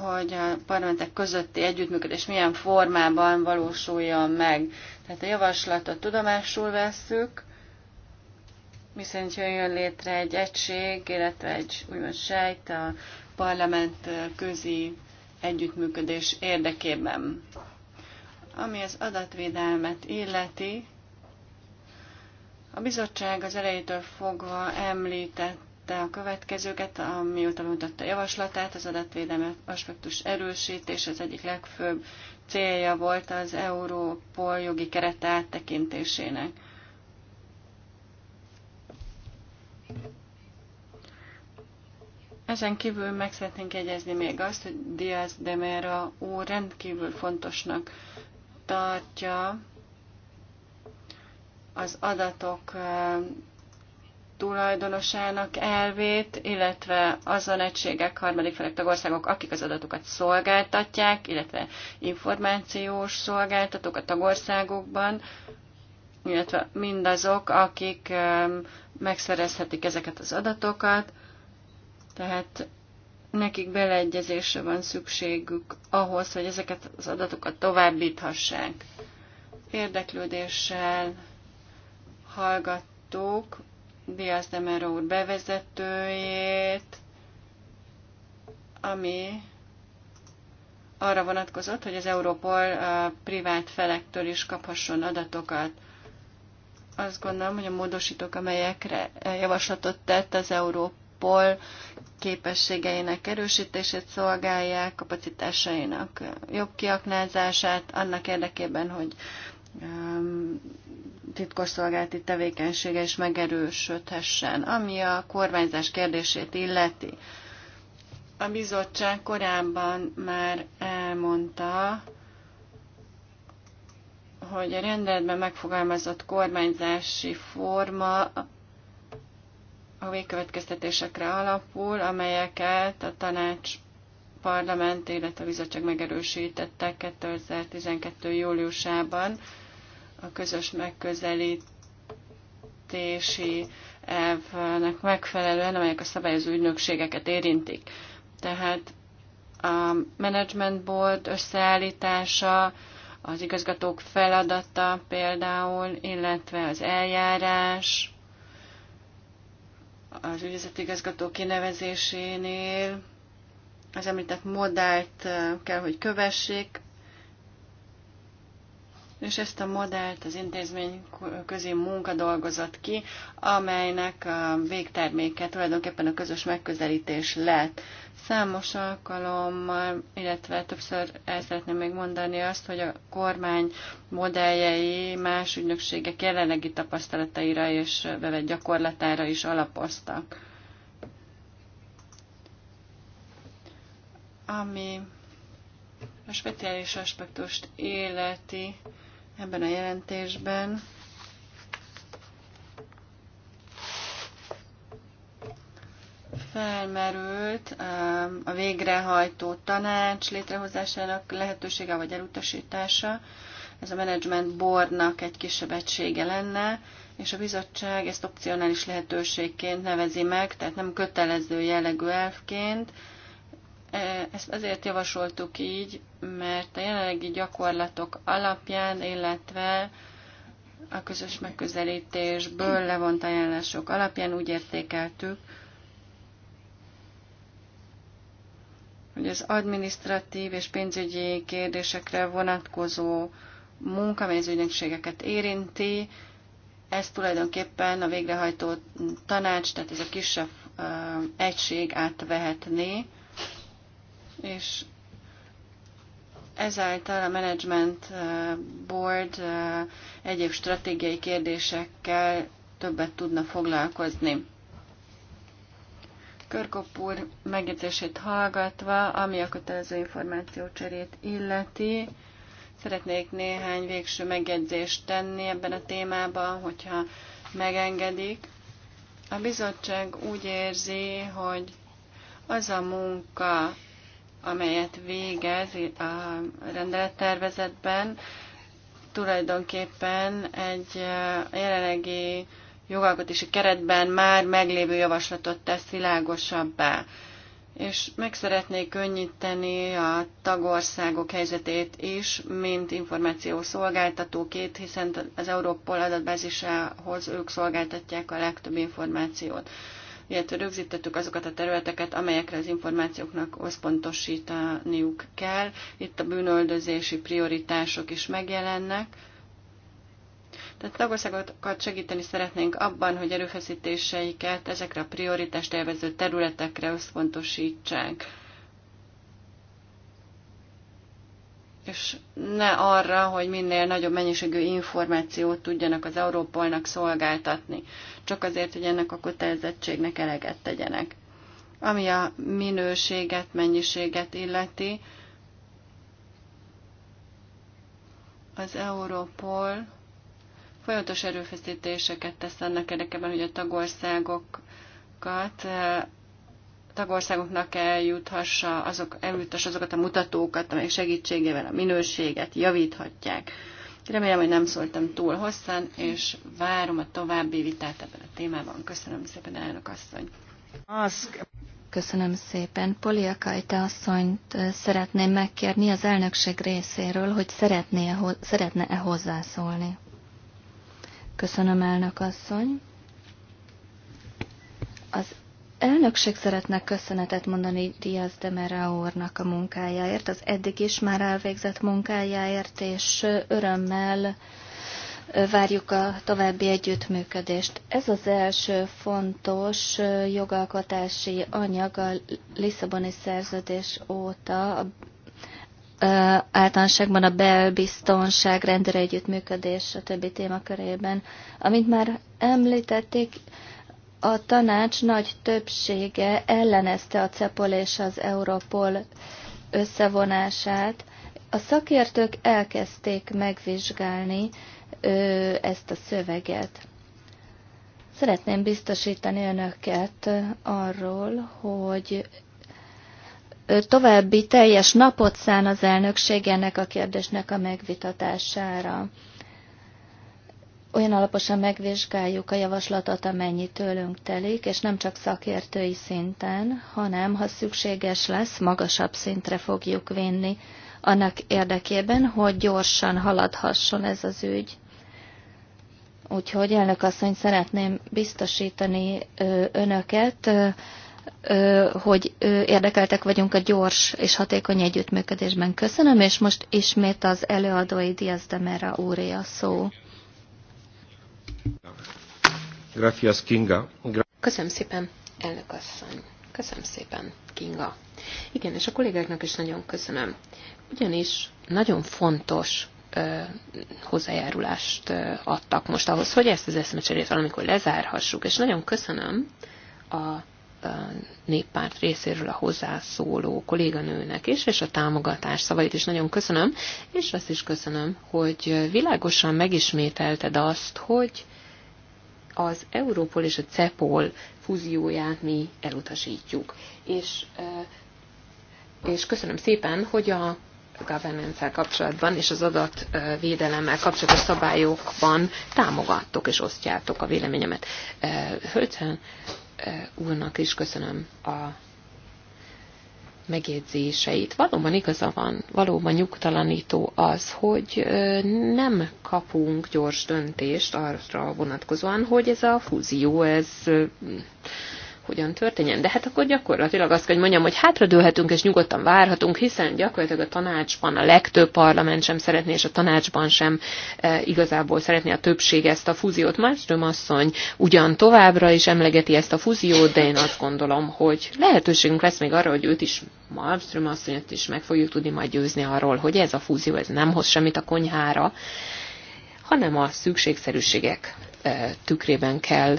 hogy a parlamentek közötti együttműködés milyen formában valósuljon meg. Tehát a javaslatot tudomásul vesszük, viszont jön létre egy egység, illetve egy úgymond sejt a parlament közi együttműködés érdekében. Ami az adatvédelmet illeti, a bizottság az elejétől fogva említett említette a következőket, amióta mutatta javaslatát, az adatvédelmi aspektus erősítés az egyik legfőbb célja volt az Európol jogi kerete áttekintésének. Ezen kívül meg szeretnénk jegyezni még azt, hogy Diaz de Mera úr rendkívül fontosnak tartja az adatok tulajdonosának elvét, illetve azon egységek, harmadik felek tagországok, akik az adatokat szolgáltatják, illetve információs szolgáltatók a tagországokban, illetve mindazok, akik megszerezhetik ezeket az adatokat, tehát nekik beleegyezésre van szükségük ahhoz, hogy ezeket az adatokat továbbíthassák. Érdeklődéssel hallgattuk Diaz de Mero úr bevezetőjét, ami arra vonatkozott, hogy az Európol a privát felektől is kaphasson adatokat. Azt gondolom, hogy a módosítók, amelyekre javaslatot tett az Európol képességeinek erősítését szolgálják, kapacitásainak jobb kiaknázását, annak érdekében, hogy um, titkosszolgálati tevékenysége is megerősödhessen. Ami a kormányzás kérdését illeti, a bizottság korábban már elmondta, hogy a rendeletben megfogalmazott kormányzási forma a végkövetkeztetésekre alapul, amelyeket a tanács parlament, illetve a bizottság megerősítette 2012. júliusában a közös megközelítési elvnek megfelelően, amelyek a szabályozó ügynökségeket érintik. Tehát a management board összeállítása, az igazgatók feladata például, illetve az eljárás, az ügyvezető igazgató kinevezésénél az említett modellt kell, hogy kövessék, és ezt a modellt az intézmény közé munka dolgozott ki, amelynek a végterméke tulajdonképpen a közös megközelítés lett. Számos alkalommal, illetve többször el szeretném még mondani azt, hogy a kormány modelljei más ügynökségek jelenlegi tapasztalataira és bevett gyakorlatára is alapoztak. Ami a speciális aspektust életi ebben a jelentésben. felmerült a végrehajtó tanács létrehozásának lehetősége vagy elutasítása. Ez a management boardnak egy kisebb egysége lenne, és a bizottság ezt opcionális lehetőségként nevezi meg, tehát nem kötelező jellegű elfként, E, ezt azért javasoltuk így, mert a jelenlegi gyakorlatok alapján, illetve a közös megközelítésből levont ajánlások alapján úgy értékeltük, hogy az administratív és pénzügyi kérdésekre vonatkozó munka, amely az ügynökségeket érinti, ez tulajdonképpen a végrehajtó tanács, tehát ez a kisebb egység átvehetné, és ezáltal a Management eh, Board eh, egyéb stratégiai kérdésekkel többet tudna foglalkozni. Körkop úr megjegyzését hallgatva, ami a kötelező információcserét illeti, szeretnék néhány végső megjegyzést tenni ebben a témában, hogyha megengedik. A bizottság úgy érzi, hogy az a munka, amelyet végez a rendelettervezetben, tulajdonképpen egy jelenlegi jogalkotási keretben már meglévő javaslatot tesz világosabbá. És meg szeretnék könnyíteni a tagországok helyzetét is, mint szolgáltatókét, hiszen az Európol adatbázisához ők szolgáltatják a legtöbb információt illetve rögzítettük azokat a területeket, amelyekre az információknak összpontosítaniuk kell. Itt a bűnöldözési prioritások is megjelennek. Tehát tagországokat segíteni szeretnénk abban, hogy erőfeszítéseiket ezekre a prioritást élvező területekre összpontosítsák. és ne arra, hogy minél nagyobb mennyiségű információt tudjanak az Európolnak szolgáltatni, csak azért, hogy ennek a kötelezettségnek eleget tegyenek. Ami a minőséget, mennyiséget illeti, az Európol folyamatos erőfeszítéseket tesz annak érdekében, hogy a tagországokat tagországoknak eljuthassa azok, eljuthassa azokat a mutatókat, amelyek segítségével a minőséget javíthatják. Remélem, hogy nem szóltam túl hosszan, és várom a további vitát ebben a témában. Köszönöm szépen, elnök asszony. Ask. Köszönöm szépen. Polia Kajta asszonyt szeretném megkérni az elnökség részéről, hogy szeretné-e, szeretne-e hozzászólni. Köszönöm, elnök asszony. Az elnökség szeretne köszönetet mondani Diaz de Mera úrnak a munkájáért, az eddig is már elvégzett munkájáért, és örömmel várjuk a további együttműködést. Ez az első fontos jogalkotási anyag a Lisszaboni szerződés óta a általánosságban a belbiztonság, rendőre együttműködés, a többi témakörében. Amint már említették, a tanács nagy többsége ellenezte a CEPOL és az Europol összevonását. A szakértők elkezdték megvizsgálni ö, ezt a szöveget. Szeretném biztosítani önöket arról, hogy további teljes napot szán az elnökség ennek a kérdésnek a megvitatására olyan alaposan megvizsgáljuk a javaslatot, amennyi tőlünk telik, és nem csak szakértői szinten, hanem, ha szükséges lesz, magasabb szintre fogjuk vinni annak érdekében, hogy gyorsan haladhasson ez az ügy. Úgyhogy elnök asszony, szeretném biztosítani önöket, hogy érdekeltek vagyunk a gyors és hatékony együttműködésben. Köszönöm, és most ismét az előadói Diaz de Mera úré a szó. Gracias, Kinga. Gra Köszönöm szépen, elnök asszony. Köszönöm szépen, Kinga. Igen, és a kollégáknak is nagyon köszönöm. Ugyanis nagyon fontos ö, hozzájárulást ö, adtak most ahhoz, hogy ezt az eszmecserét valamikor lezárhassuk, és nagyon köszönöm a néppárt részéről a hozzászóló kolléganőnek is, és a támogatás szavait is nagyon köszönöm, és azt is köszönöm, hogy világosan megismételted azt, hogy az Európol és a CEPOL fúzióját mi elutasítjuk. És, és köszönöm szépen, hogy a governance kapcsolatban és az adatvédelemmel kapcsolatos szabályokban támogattok és osztjátok a véleményemet. Hölgyen úrnak is köszönöm a megjegyzéseit. Valóban igaza van, valóban nyugtalanító az, hogy nem kapunk gyors döntést arra vonatkozóan, hogy ez a fúzió, ez hogyan történjen. De hát akkor gyakorlatilag azt kell, hogy mondjam, hogy hátradőlhetünk és nyugodtan várhatunk, hiszen gyakorlatilag a tanácsban a legtöbb parlament sem szeretné, és a tanácsban sem e, igazából szeretné a többség ezt a fúziót. Márström asszony ugyan továbbra is emlegeti ezt a fúziót, de én azt gondolom, hogy lehetőségünk lesz még arra, hogy őt is, Malmström asszonyt is meg fogjuk tudni majd győzni arról, hogy ez a fúzió ez nem hoz semmit a konyhára, hanem a szükségszerűségek tükrében kell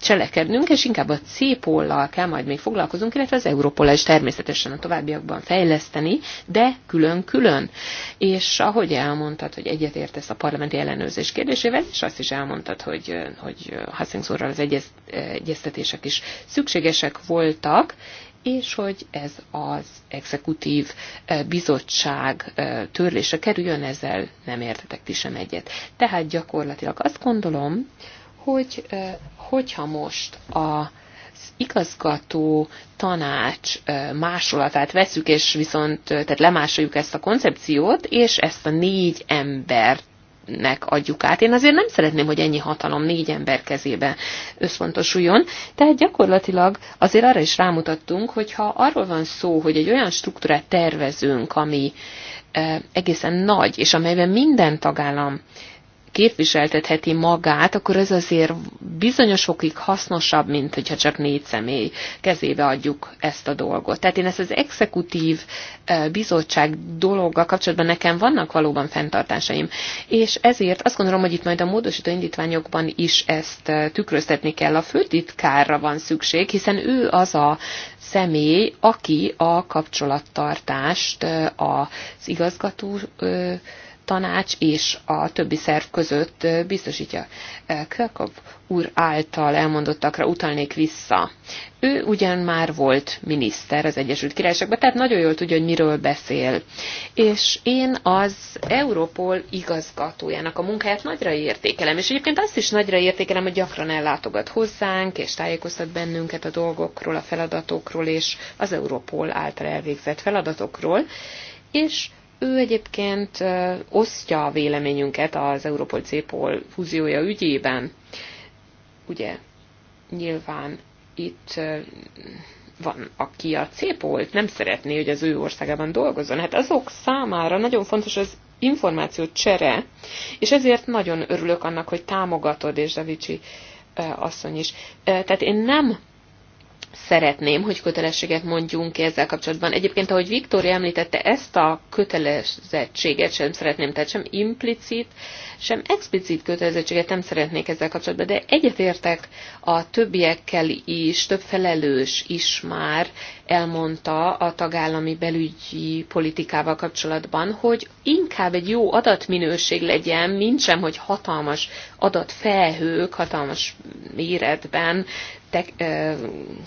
cselekednünk, és inkább a c lal kell majd még foglalkozunk, illetve az Európol is természetesen a továbbiakban fejleszteni, de külön-külön. És ahogy elmondtad, hogy egyetértesz a parlamenti ellenőrzés kérdésével, és azt is elmondtad, hogy, hogy Hastings úrral az egyeztetések is szükségesek voltak, és hogy ez az exekutív eh, bizottság eh, törlése kerüljön, ezzel nem értetek ti sem egyet. Tehát gyakorlatilag azt gondolom, hogy eh, hogyha most a az igazgató tanács másolatát veszük, és viszont tehát lemásoljuk ezt a koncepciót, és ezt a négy embert nek adjuk át. Én azért nem szeretném, hogy ennyi hatalom négy ember kezébe összpontosuljon, tehát gyakorlatilag azért arra is rámutattunk, hogyha arról van szó, hogy egy olyan struktúrát tervezünk, ami eh, egészen nagy, és amelyben minden tagállam képviseltetheti magát, akkor ez azért bizonyosokig hasznosabb, mint hogyha csak négy személy kezébe adjuk ezt a dolgot. Tehát én ezt az exekutív eh, bizottság dologgal kapcsolatban nekem vannak valóban fenntartásaim, és ezért azt gondolom, hogy itt majd a módosító indítványokban is ezt eh, tükröztetni kell. A főtitkárra van szükség, hiszen ő az a személy, aki a kapcsolattartást eh, az igazgató tanács és a többi szerv között biztosítja. Krakov úr által elmondottakra utalnék vissza. Ő ugyan már volt miniszter az Egyesült Királyságban, tehát nagyon jól tudja, hogy miről beszél. És én az Europol igazgatójának a munkáját nagyra értékelem, és egyébként azt is nagyra értékelem, hogy gyakran ellátogat hozzánk, és tájékoztat bennünket a dolgokról, a feladatokról, és az Europol által elvégzett feladatokról, és ő egyébként osztja a véleményünket az Európol Cépol fúziója ügyében. Ugye nyilván itt van, aki a Cépolt nem szeretné, hogy az ő országában dolgozzon. Hát azok számára nagyon fontos az információ csere, és ezért nagyon örülök annak, hogy támogatod, és Davicsi asszony is. Tehát én nem szeretném, hogy kötelességet mondjunk ki ezzel kapcsolatban. Egyébként, ahogy Viktória említette, ezt a kötelezettséget sem szeretném, tehát sem implicit, sem explicit kötelezettséget nem szeretnék ezzel kapcsolatban, de egyetértek a többiekkel is, több felelős is már elmondta a tagállami belügyi politikával kapcsolatban, hogy inkább egy jó adatminőség legyen, mint sem, hogy hatalmas adatfelhők, hatalmas méretben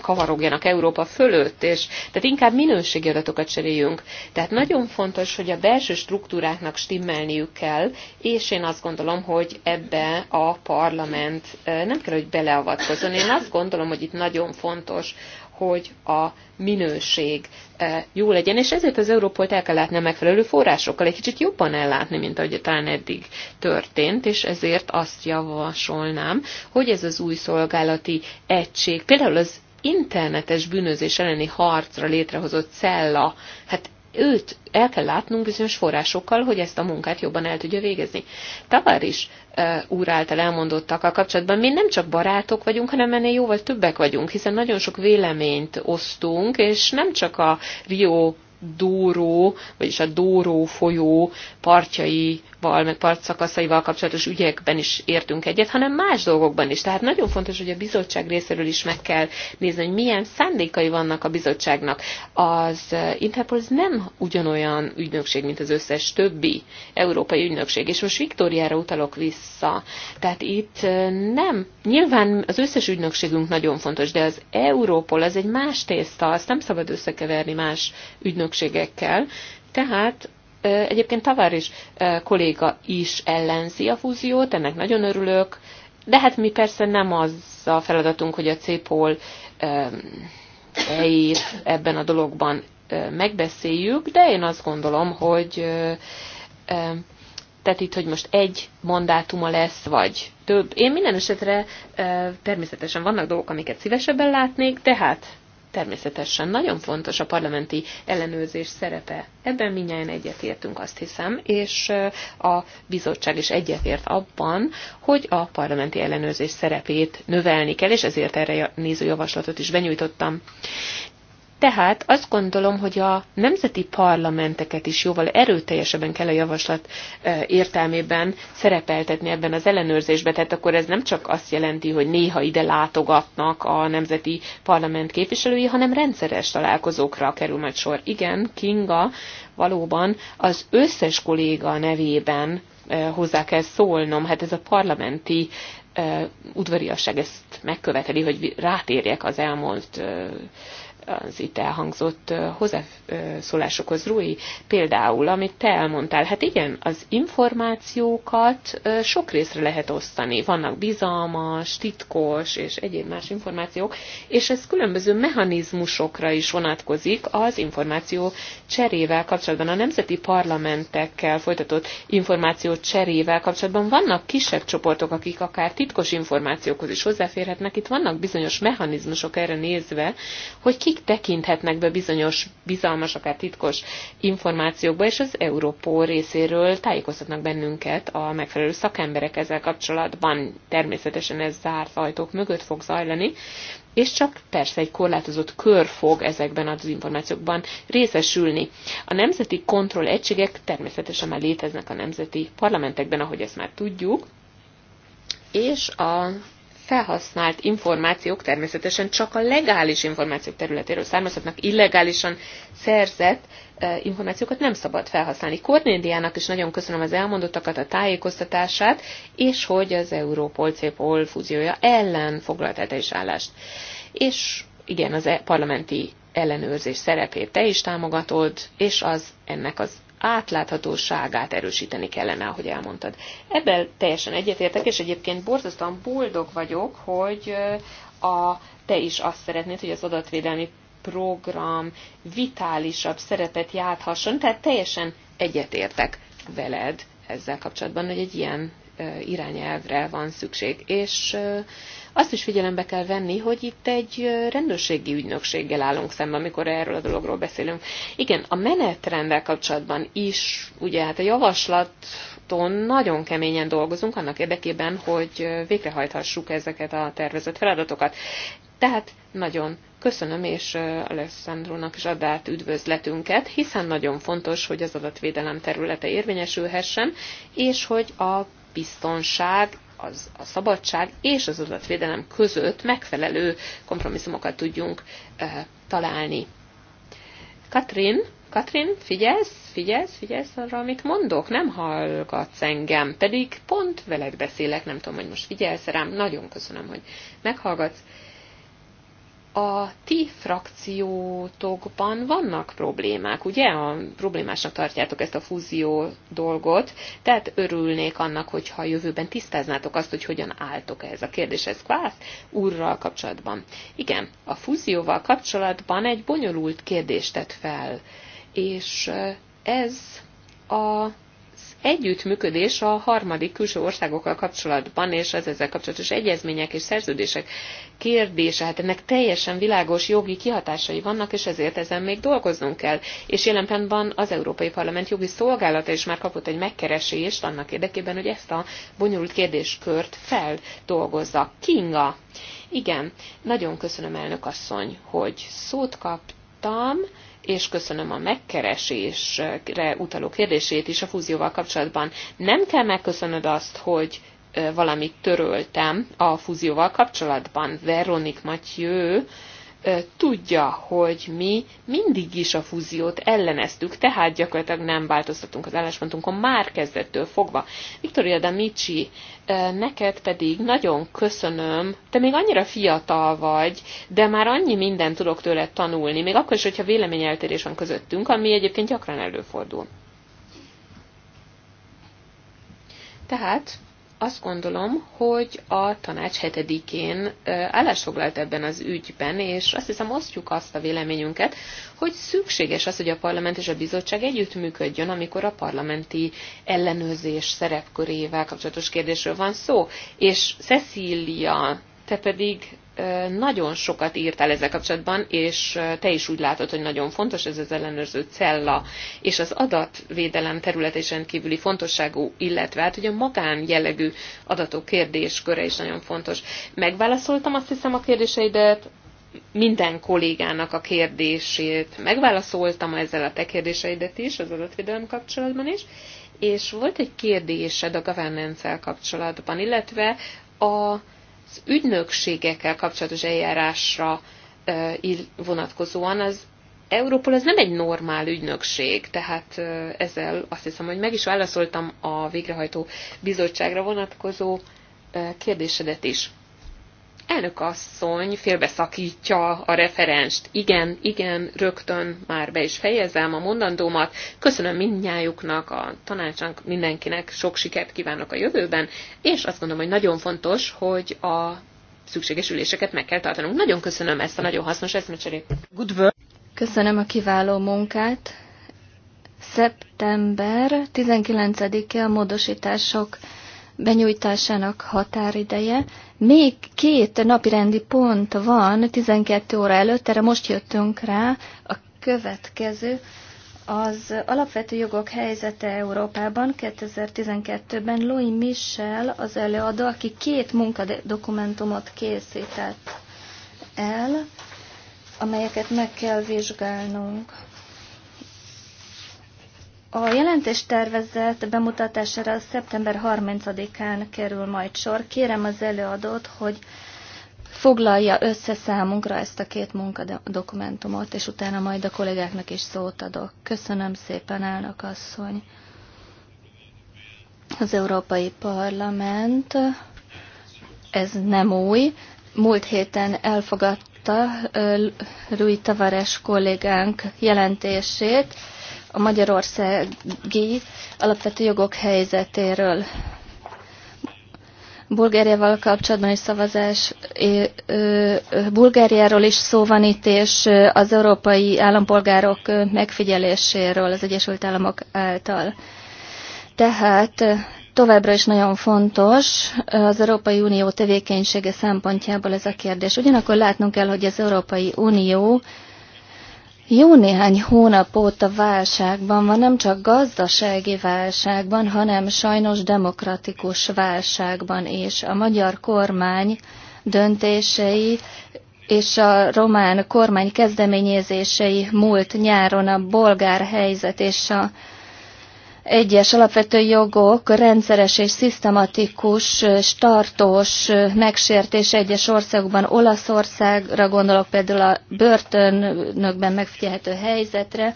kavarogjanak Európa fölött, és tehát inkább minőségi adatokat cseréljünk. Tehát nagyon fontos, hogy a belső struktúráknak stimmelniük kell, és én azt gondolom, hogy ebbe a parlament nem kell, hogy beleavatkozzon. Én azt gondolom, hogy itt nagyon fontos hogy a minőség e, jó legyen, és ezért az Európolt el kell látni a megfelelő forrásokkal, egy kicsit jobban ellátni, mint ahogy talán eddig történt, és ezért azt javasolnám, hogy ez az új szolgálati egység, például az internetes bűnözés elleni harcra létrehozott cella, hát őt el kell látnunk bizonyos forrásokkal, hogy ezt a munkát jobban el tudja végezni. Tavar is e, úr által a kapcsolatban mi nem csak barátok vagyunk, hanem ennél jóval többek vagyunk, hiszen nagyon sok véleményt osztunk, és nem csak a Rio Dóró, vagyis a Dóró folyó partjai val, meg partszakaszaival kapcsolatos ügyekben is értünk egyet, hanem más dolgokban is. Tehát nagyon fontos, hogy a bizottság részéről is meg kell nézni, hogy milyen szándékai vannak a bizottságnak. Az Interpol nem ugyanolyan ügynökség, mint az összes többi európai ügynökség. És most Viktóriára utalok vissza. Tehát itt nem, nyilván az összes ügynökségünk nagyon fontos, de az Európol az egy más tészta, azt nem szabad összekeverni más ügynökségekkel. Tehát Egyébként Tavár is kolléga is ellenzi a fúziót, ennek nagyon örülök, de hát mi persze nem az a feladatunk, hogy a CEPOL helyét ebben a dologban megbeszéljük, de én azt gondolom, hogy tehát itt, hogy most egy mandátuma lesz, vagy több. Én minden esetre természetesen vannak dolgok, amiket szívesebben látnék, tehát természetesen nagyon fontos a parlamenti ellenőrzés szerepe. Ebben minnyáján egyetértünk, azt hiszem, és a bizottság is egyetért abban, hogy a parlamenti ellenőrzés szerepét növelni kell, és ezért erre néző javaslatot is benyújtottam. Tehát azt gondolom, hogy a nemzeti parlamenteket is jóval erőteljesebben kell a javaslat e, értelmében szerepeltetni ebben az ellenőrzésben. Tehát akkor ez nem csak azt jelenti, hogy néha ide látogatnak a nemzeti parlament képviselői, hanem rendszeres találkozókra kerül majd sor. Igen, Kinga valóban az összes kolléga nevében e, hozzá kell szólnom, hát ez a parlamenti e, udvariasság ezt megköveteli, hogy rátérjek az elmúlt az itt elhangzott hozzászólásokhoz, Rui, például, amit te elmondtál. Hát igen, az információkat sok részre lehet osztani. Vannak bizalmas, titkos és egyéb más információk, és ez különböző mechanizmusokra is vonatkozik az információ cserével kapcsolatban. A nemzeti parlamentekkel folytatott információ cserével kapcsolatban vannak kisebb csoportok, akik akár titkos információkhoz is hozzáférhetnek. Itt vannak bizonyos mechanizmusok erre nézve, hogy ki kik tekinthetnek be bizonyos, bizalmas, akár titkos információkba, és az Európó részéről tájékoztatnak bennünket a megfelelő szakemberek ezzel kapcsolatban. Természetesen ez zárt ajtók mögött fog zajlani, és csak persze egy korlátozott kör fog ezekben az információkban részesülni. A nemzeti kontroll egységek természetesen már léteznek a nemzeti parlamentekben, ahogy ezt már tudjuk, és a felhasznált információk természetesen csak a legális információk területéről származhatnak, illegálisan szerzett eh, információkat nem szabad felhasználni. Kornéliának is nagyon köszönöm az elmondottakat, a tájékoztatását, és hogy az európol Cépol fúziója ellen foglalt is állást. És igen, az e- parlamenti ellenőrzés szerepét te is támogatod, és az ennek az átláthatóságát erősíteni kellene, ahogy elmondtad. Ebben teljesen egyetértek, és egyébként borzasztóan boldog vagyok, hogy a, te is azt szeretnéd, hogy az adatvédelmi program vitálisabb szerepet játhasson, tehát teljesen egyetértek veled ezzel kapcsolatban, hogy egy ilyen irányelvre van szükség. És azt is figyelembe kell venni, hogy itt egy rendőrségi ügynökséggel állunk szemben, amikor erről a dologról beszélünk. Igen, a menetrendel kapcsolatban is, ugye hát a javaslaton nagyon keményen dolgozunk annak érdekében, hogy végrehajthassuk ezeket a tervezett feladatokat. Tehát nagyon köszönöm, és Alessandrónak is ad át üdvözletünket, hiszen nagyon fontos, hogy az adatvédelem területe érvényesülhessen, és hogy a biztonság, az, a szabadság és az adatvédelem között megfelelő kompromisszumokat tudjunk e, találni. Katrin, Katrin, figyelsz, figyelsz, figyelsz arra, amit mondok, nem hallgatsz engem, pedig pont veled beszélek, nem tudom, hogy most figyelsz rám, nagyon köszönöm, hogy meghallgatsz a ti frakciótokban vannak problémák, ugye? A problémásnak tartjátok ezt a fúzió dolgot, tehát örülnék annak, hogyha a jövőben tisztáznátok azt, hogy hogyan álltok ehhez a kérdéshez Kvász úrral kapcsolatban. Igen, a fúzióval kapcsolatban egy bonyolult kérdést tett fel, és ez a együttműködés a harmadik külső országokkal kapcsolatban, és az ezzel kapcsolatos egyezmények és szerződések kérdése, hát ennek teljesen világos jogi kihatásai vannak, és ezért ezen még dolgoznunk kell. És jelen pillanatban az Európai Parlament jogi szolgálata is már kapott egy megkeresést annak érdekében, hogy ezt a bonyolult kérdéskört feldolgozza. Kinga! Igen, nagyon köszönöm elnök asszony, hogy szót kaptam és köszönöm a megkeresésre utaló kérdését is a fúzióval kapcsolatban. Nem kell megköszönöd azt, hogy valamit töröltem a fúzióval kapcsolatban. Veronik Matyő tudja, hogy mi mindig is a fúziót elleneztük, tehát gyakorlatilag nem változtatunk az álláspontunkon már kezdettől fogva. Victoria D'Amici, neked pedig nagyon köszönöm, te még annyira fiatal vagy, de már annyi mindent tudok tőled tanulni, még akkor is, hogyha véleményeltérés van közöttünk, ami egyébként gyakran előfordul. Tehát azt gondolom, hogy a tanács hetedikén állásfoglalt ebben az ügyben, és azt hiszem osztjuk azt a véleményünket, hogy szükséges az, hogy a parlament és a bizottság együttműködjön, amikor a parlamenti ellenőrzés szerepkörével kapcsolatos kérdésről van szó. És Cecília, te pedig nagyon sokat írtál ezzel kapcsolatban, és te is úgy látod, hogy nagyon fontos ez az ellenőrző cella, és az adatvédelem területe is rendkívüli fontosságú, illetve hát hogy a magán jellegű adatok kérdésköre is nagyon fontos. Megválaszoltam azt hiszem a kérdéseidet, minden kollégának a kérdését megválaszoltam ezzel a te kérdéseidet is, az adatvédelem kapcsolatban is, és volt egy kérdésed a governance kapcsolatban, illetve a az ügynökségekkel kapcsolatos eljárásra vonatkozóan az Európol ez nem egy normál ügynökség, tehát ezzel azt hiszem, hogy meg is válaszoltam a végrehajtó bizottságra vonatkozó kérdésedet is. Elnök asszony félbeszakítja a referenst. Igen, igen, rögtön már be is fejezem a mondandómat. Köszönöm mindnyájuknak, a tanácsnak, mindenkinek sok sikert kívánok a jövőben, és azt gondolom, hogy nagyon fontos, hogy a szükséges üléseket meg kell tartanunk. Nagyon köszönöm ezt a nagyon hasznos eszmecserét. Good work. Köszönöm a kiváló munkát. Szeptember 19-e a módosítások benyújtásának határideje. Még két napirendi pont van 12 óra előtt, erre most jöttünk rá. A következő az alapvető jogok helyzete Európában 2012-ben Louis Michel az előadó, aki két munkadokumentumot készített el, amelyeket meg kell vizsgálnunk. A jelentés tervezett bemutatására szeptember 30-án kerül majd sor. Kérem az előadót, hogy foglalja össze számunkra ezt a két munkadokumentumot, és utána majd a kollégáknak is szót adok. Köszönöm szépen, elnök asszony. Az Európai Parlament, ez nem új, múlt héten elfogadta Rui Tavares kollégánk jelentését, a magyarországi alapvető jogok helyzetéről. Bulgáriával kapcsolatban is szavazás, Bulgáriáról is szó van itt, és az európai állampolgárok megfigyeléséről az Egyesült Államok által. Tehát továbbra is nagyon fontos az Európai Unió tevékenysége szempontjából ez a kérdés. Ugyanakkor látnunk kell, hogy az Európai Unió jó néhány hónap óta válságban van, nem csak gazdasági válságban, hanem sajnos demokratikus válságban is. A magyar kormány döntései és a román kormány kezdeményezései múlt nyáron a bolgár helyzet és a egyes alapvető jogok rendszeres és szisztematikus, startós megsértés egyes országokban. Olaszországra gondolok például a börtönökben megfigyelhető helyzetre.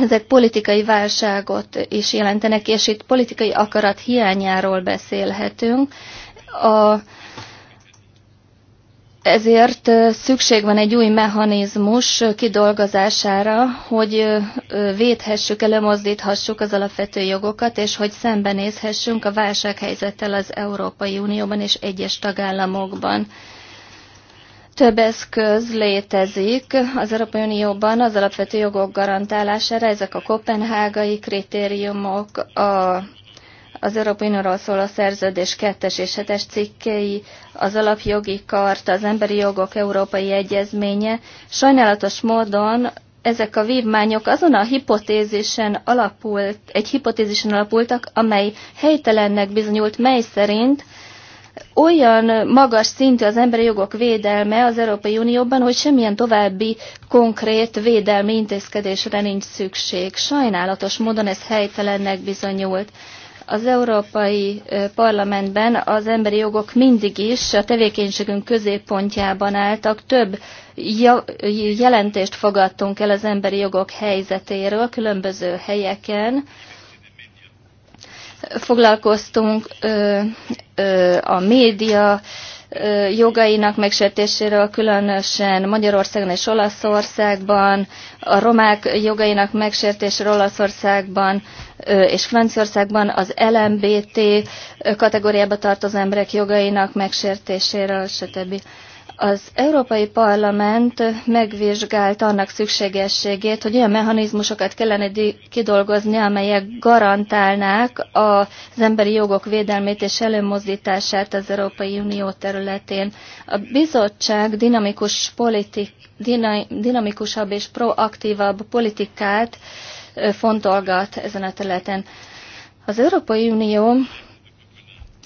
Ezek politikai válságot is jelentenek, és itt politikai akarat hiányáról beszélhetünk. A ezért szükség van egy új mechanizmus kidolgozására, hogy védhessük, előmozdíthassuk az alapvető jogokat, és hogy szembenézhessünk a válsághelyzettel az Európai Unióban és egyes tagállamokban. Több eszköz létezik az Európai Unióban az alapvető jogok garantálására, ezek a kopenhágai kritériumok, a az Európai Unióról a szerződés kettes és hetes cikkei, az alapjogi karta, az emberi jogok európai egyezménye. Sajnálatos módon ezek a vívmányok azon a hipotézisen alapult, egy hipotézisen alapultak, amely helytelennek bizonyult, mely szerint olyan magas szintű az emberi jogok védelme az Európai Unióban, hogy semmilyen további konkrét védelmi intézkedésre nincs szükség. Sajnálatos módon ez helytelennek bizonyult. Az Európai Parlamentben az emberi jogok mindig is a tevékenységünk középpontjában álltak. Több jelentést fogadtunk el az emberi jogok helyzetéről különböző helyeken. Foglalkoztunk ö, ö, a média, jogainak megsértéséről, különösen Magyarországon és Olaszországban, a romák jogainak megsértéséről Olaszországban és Franciaországban, az LMBT kategóriába tartozó emberek jogainak megsértéséről, stb. Az Európai Parlament megvizsgálta annak szükségességét, hogy olyan mechanizmusokat kellene kidolgozni, amelyek garantálnák az emberi jogok védelmét és előmozdítását az Európai Unió területén. A bizottság dinamikus politik, dinamikusabb és proaktívabb politikát fontolgat ezen a területen. Az Európai Unió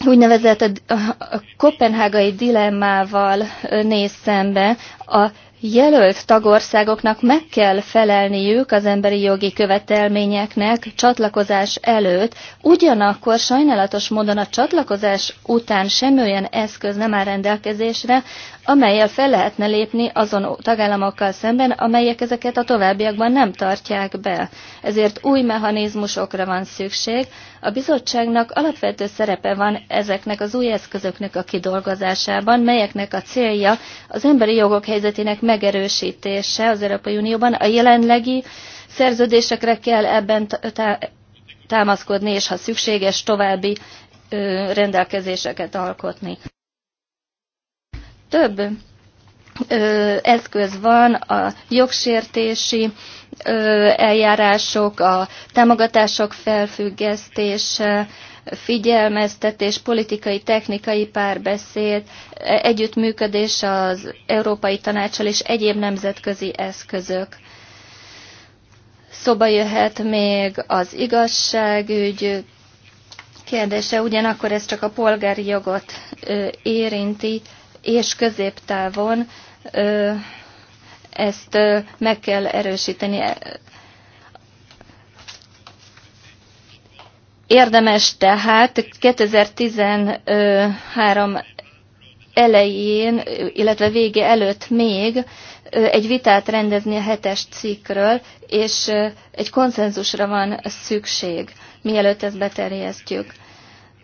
úgynevezett a kopenhágai dilemmával néz szembe. A jelölt tagországoknak meg kell felelniük az emberi jogi követelményeknek csatlakozás előtt, ugyanakkor sajnálatos módon a csatlakozás után semmilyen eszköz nem áll rendelkezésre, amelyel fel lehetne lépni azon tagállamokkal szemben, amelyek ezeket a továbbiakban nem tartják be. Ezért új mechanizmusokra van szükség. A bizottságnak alapvető szerepe van ezeknek az új eszközöknek a kidolgozásában, melyeknek a célja az emberi jogok helyzetének meg megerősítése az Európai Unióban. A jelenlegi szerződésekre kell ebben támaszkodni, és ha szükséges, további rendelkezéseket alkotni. Több eszköz van a jogsértési eljárások, a támogatások felfüggesztése, figyelmeztetés, politikai, technikai párbeszéd, e- együttműködés az Európai Tanácssal és egyéb nemzetközi eszközök. Szoba jöhet még az igazságügy kérdése, ugyanakkor ez csak a polgári jogot érinti, és középtávon ezt meg kell erősíteni Érdemes tehát 2013 elején, illetve vége előtt még egy vitát rendezni a hetes cikkről, és egy konszenzusra van szükség, mielőtt ezt beterjesztjük.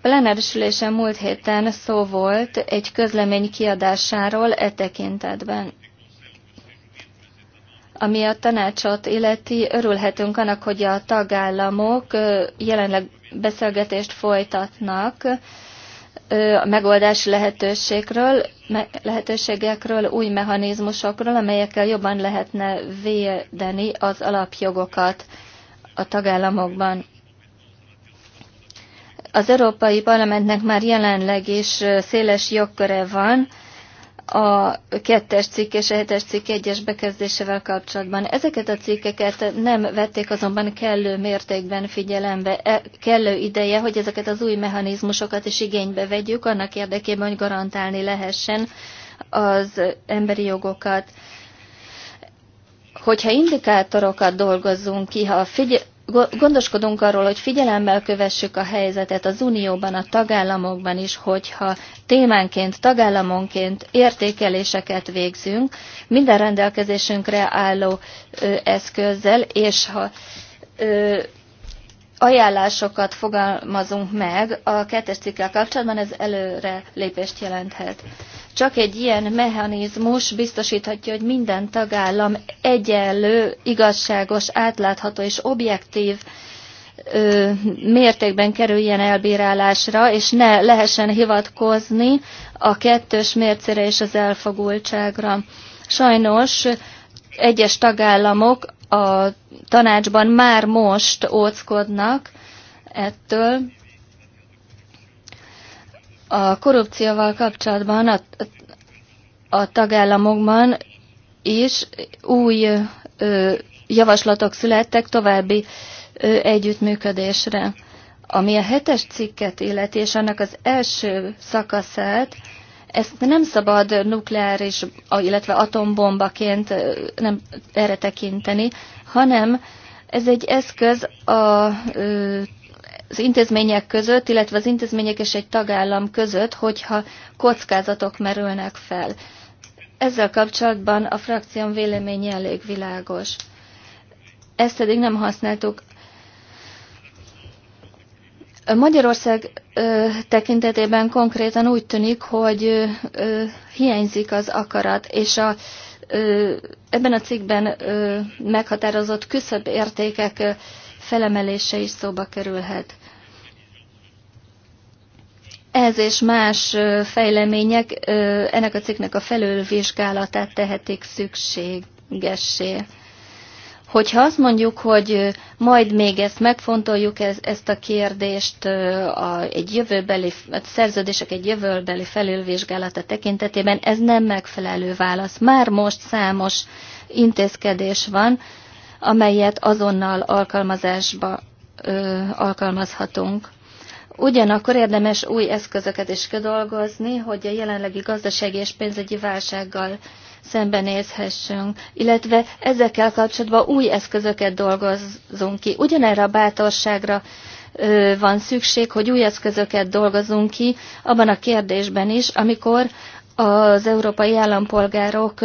Plenáris múlt héten szó volt egy közlemény kiadásáról e tekintetben. Ami a tanácsot illeti, örülhetünk annak, hogy a tagállamok jelenleg beszélgetést folytatnak a megoldási lehetőségről, lehetőségekről, új mechanizmusokról, amelyekkel jobban lehetne védeni az alapjogokat a tagállamokban. Az Európai Parlamentnek már jelenleg is széles jogköre van, a kettes cikk és a hetes cikk egyes bekezdésével kapcsolatban. Ezeket a cikkeket nem vették azonban kellő mértékben figyelembe, e, kellő ideje, hogy ezeket az új mechanizmusokat is igénybe vegyük, annak érdekében, hogy garantálni lehessen az emberi jogokat hogyha indikátorokat dolgozzunk ki, ha figy- gondoskodunk arról, hogy figyelemmel kövessük a helyzetet az Unióban, a tagállamokban is, hogyha témánként, tagállamonként értékeléseket végzünk, minden rendelkezésünkre álló eszközzel, és ha ajánlásokat fogalmazunk meg a kettes cikkel kapcsolatban, ez előre lépést jelenthet. Csak egy ilyen mechanizmus biztosíthatja, hogy minden tagállam egyenlő, igazságos, átlátható és objektív ö, mértékben kerüljen elbírálásra, és ne lehessen hivatkozni a kettős mércére és az elfogultságra. Sajnos egyes tagállamok a tanácsban már most óckodnak ettől, a korrupcióval kapcsolatban a, a tagállamokban is új ö, javaslatok születtek további ö, együttműködésre. Ami a hetes cikket illeti, és annak az első szakaszát, ezt nem szabad nukleáris, illetve atombombaként nem erre tekinteni, hanem ez egy eszköz a az intézmények között, illetve az intézmények és egy tagállam között, hogyha kockázatok merülnek fel. Ezzel kapcsolatban a frakcióm véleménye elég világos. Ezt pedig nem használtuk. Magyarország ö, tekintetében konkrétan úgy tűnik, hogy ö, ö, hiányzik az akarat, és a, ö, ebben a cikkben ö, meghatározott küszöbb értékek ö, felemelése is szóba kerülhet. Ez és más fejlemények ennek a cikknek a felülvizsgálatát tehetik szükségessé. Hogyha azt mondjuk, hogy majd még ezt megfontoljuk, ez, ezt a kérdést a, egy jövőbeli, a szerződések egy jövőbeli felülvizsgálata tekintetében, ez nem megfelelő válasz. Már most számos intézkedés van, amelyet azonnal alkalmazásba ö, alkalmazhatunk. Ugyanakkor érdemes új eszközöket is kidolgozni, hogy a jelenlegi gazdasági és pénzügyi válsággal szembenézhessünk, illetve ezekkel kapcsolatban új eszközöket dolgozzunk ki. Ugyanerre a bátorságra ö, van szükség, hogy új eszközöket dolgozunk ki abban a kérdésben is, amikor az európai állampolgárok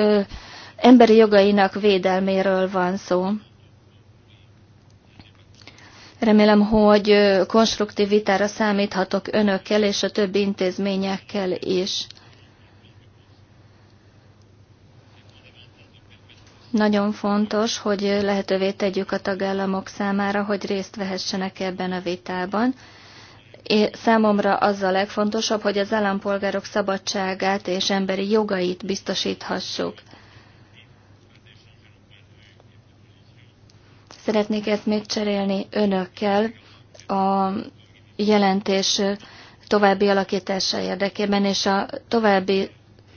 emberi jogainak védelméről van szó. Remélem, hogy konstruktív vitára számíthatok önökkel és a többi intézményekkel is. Nagyon fontos, hogy lehetővé tegyük a tagállamok számára, hogy részt vehessenek ebben a vitában. Számomra az a legfontosabb, hogy az állampolgárok szabadságát és emberi jogait biztosíthassuk. Szeretnék ezt még cserélni önökkel a jelentés további alakítása érdekében, és a további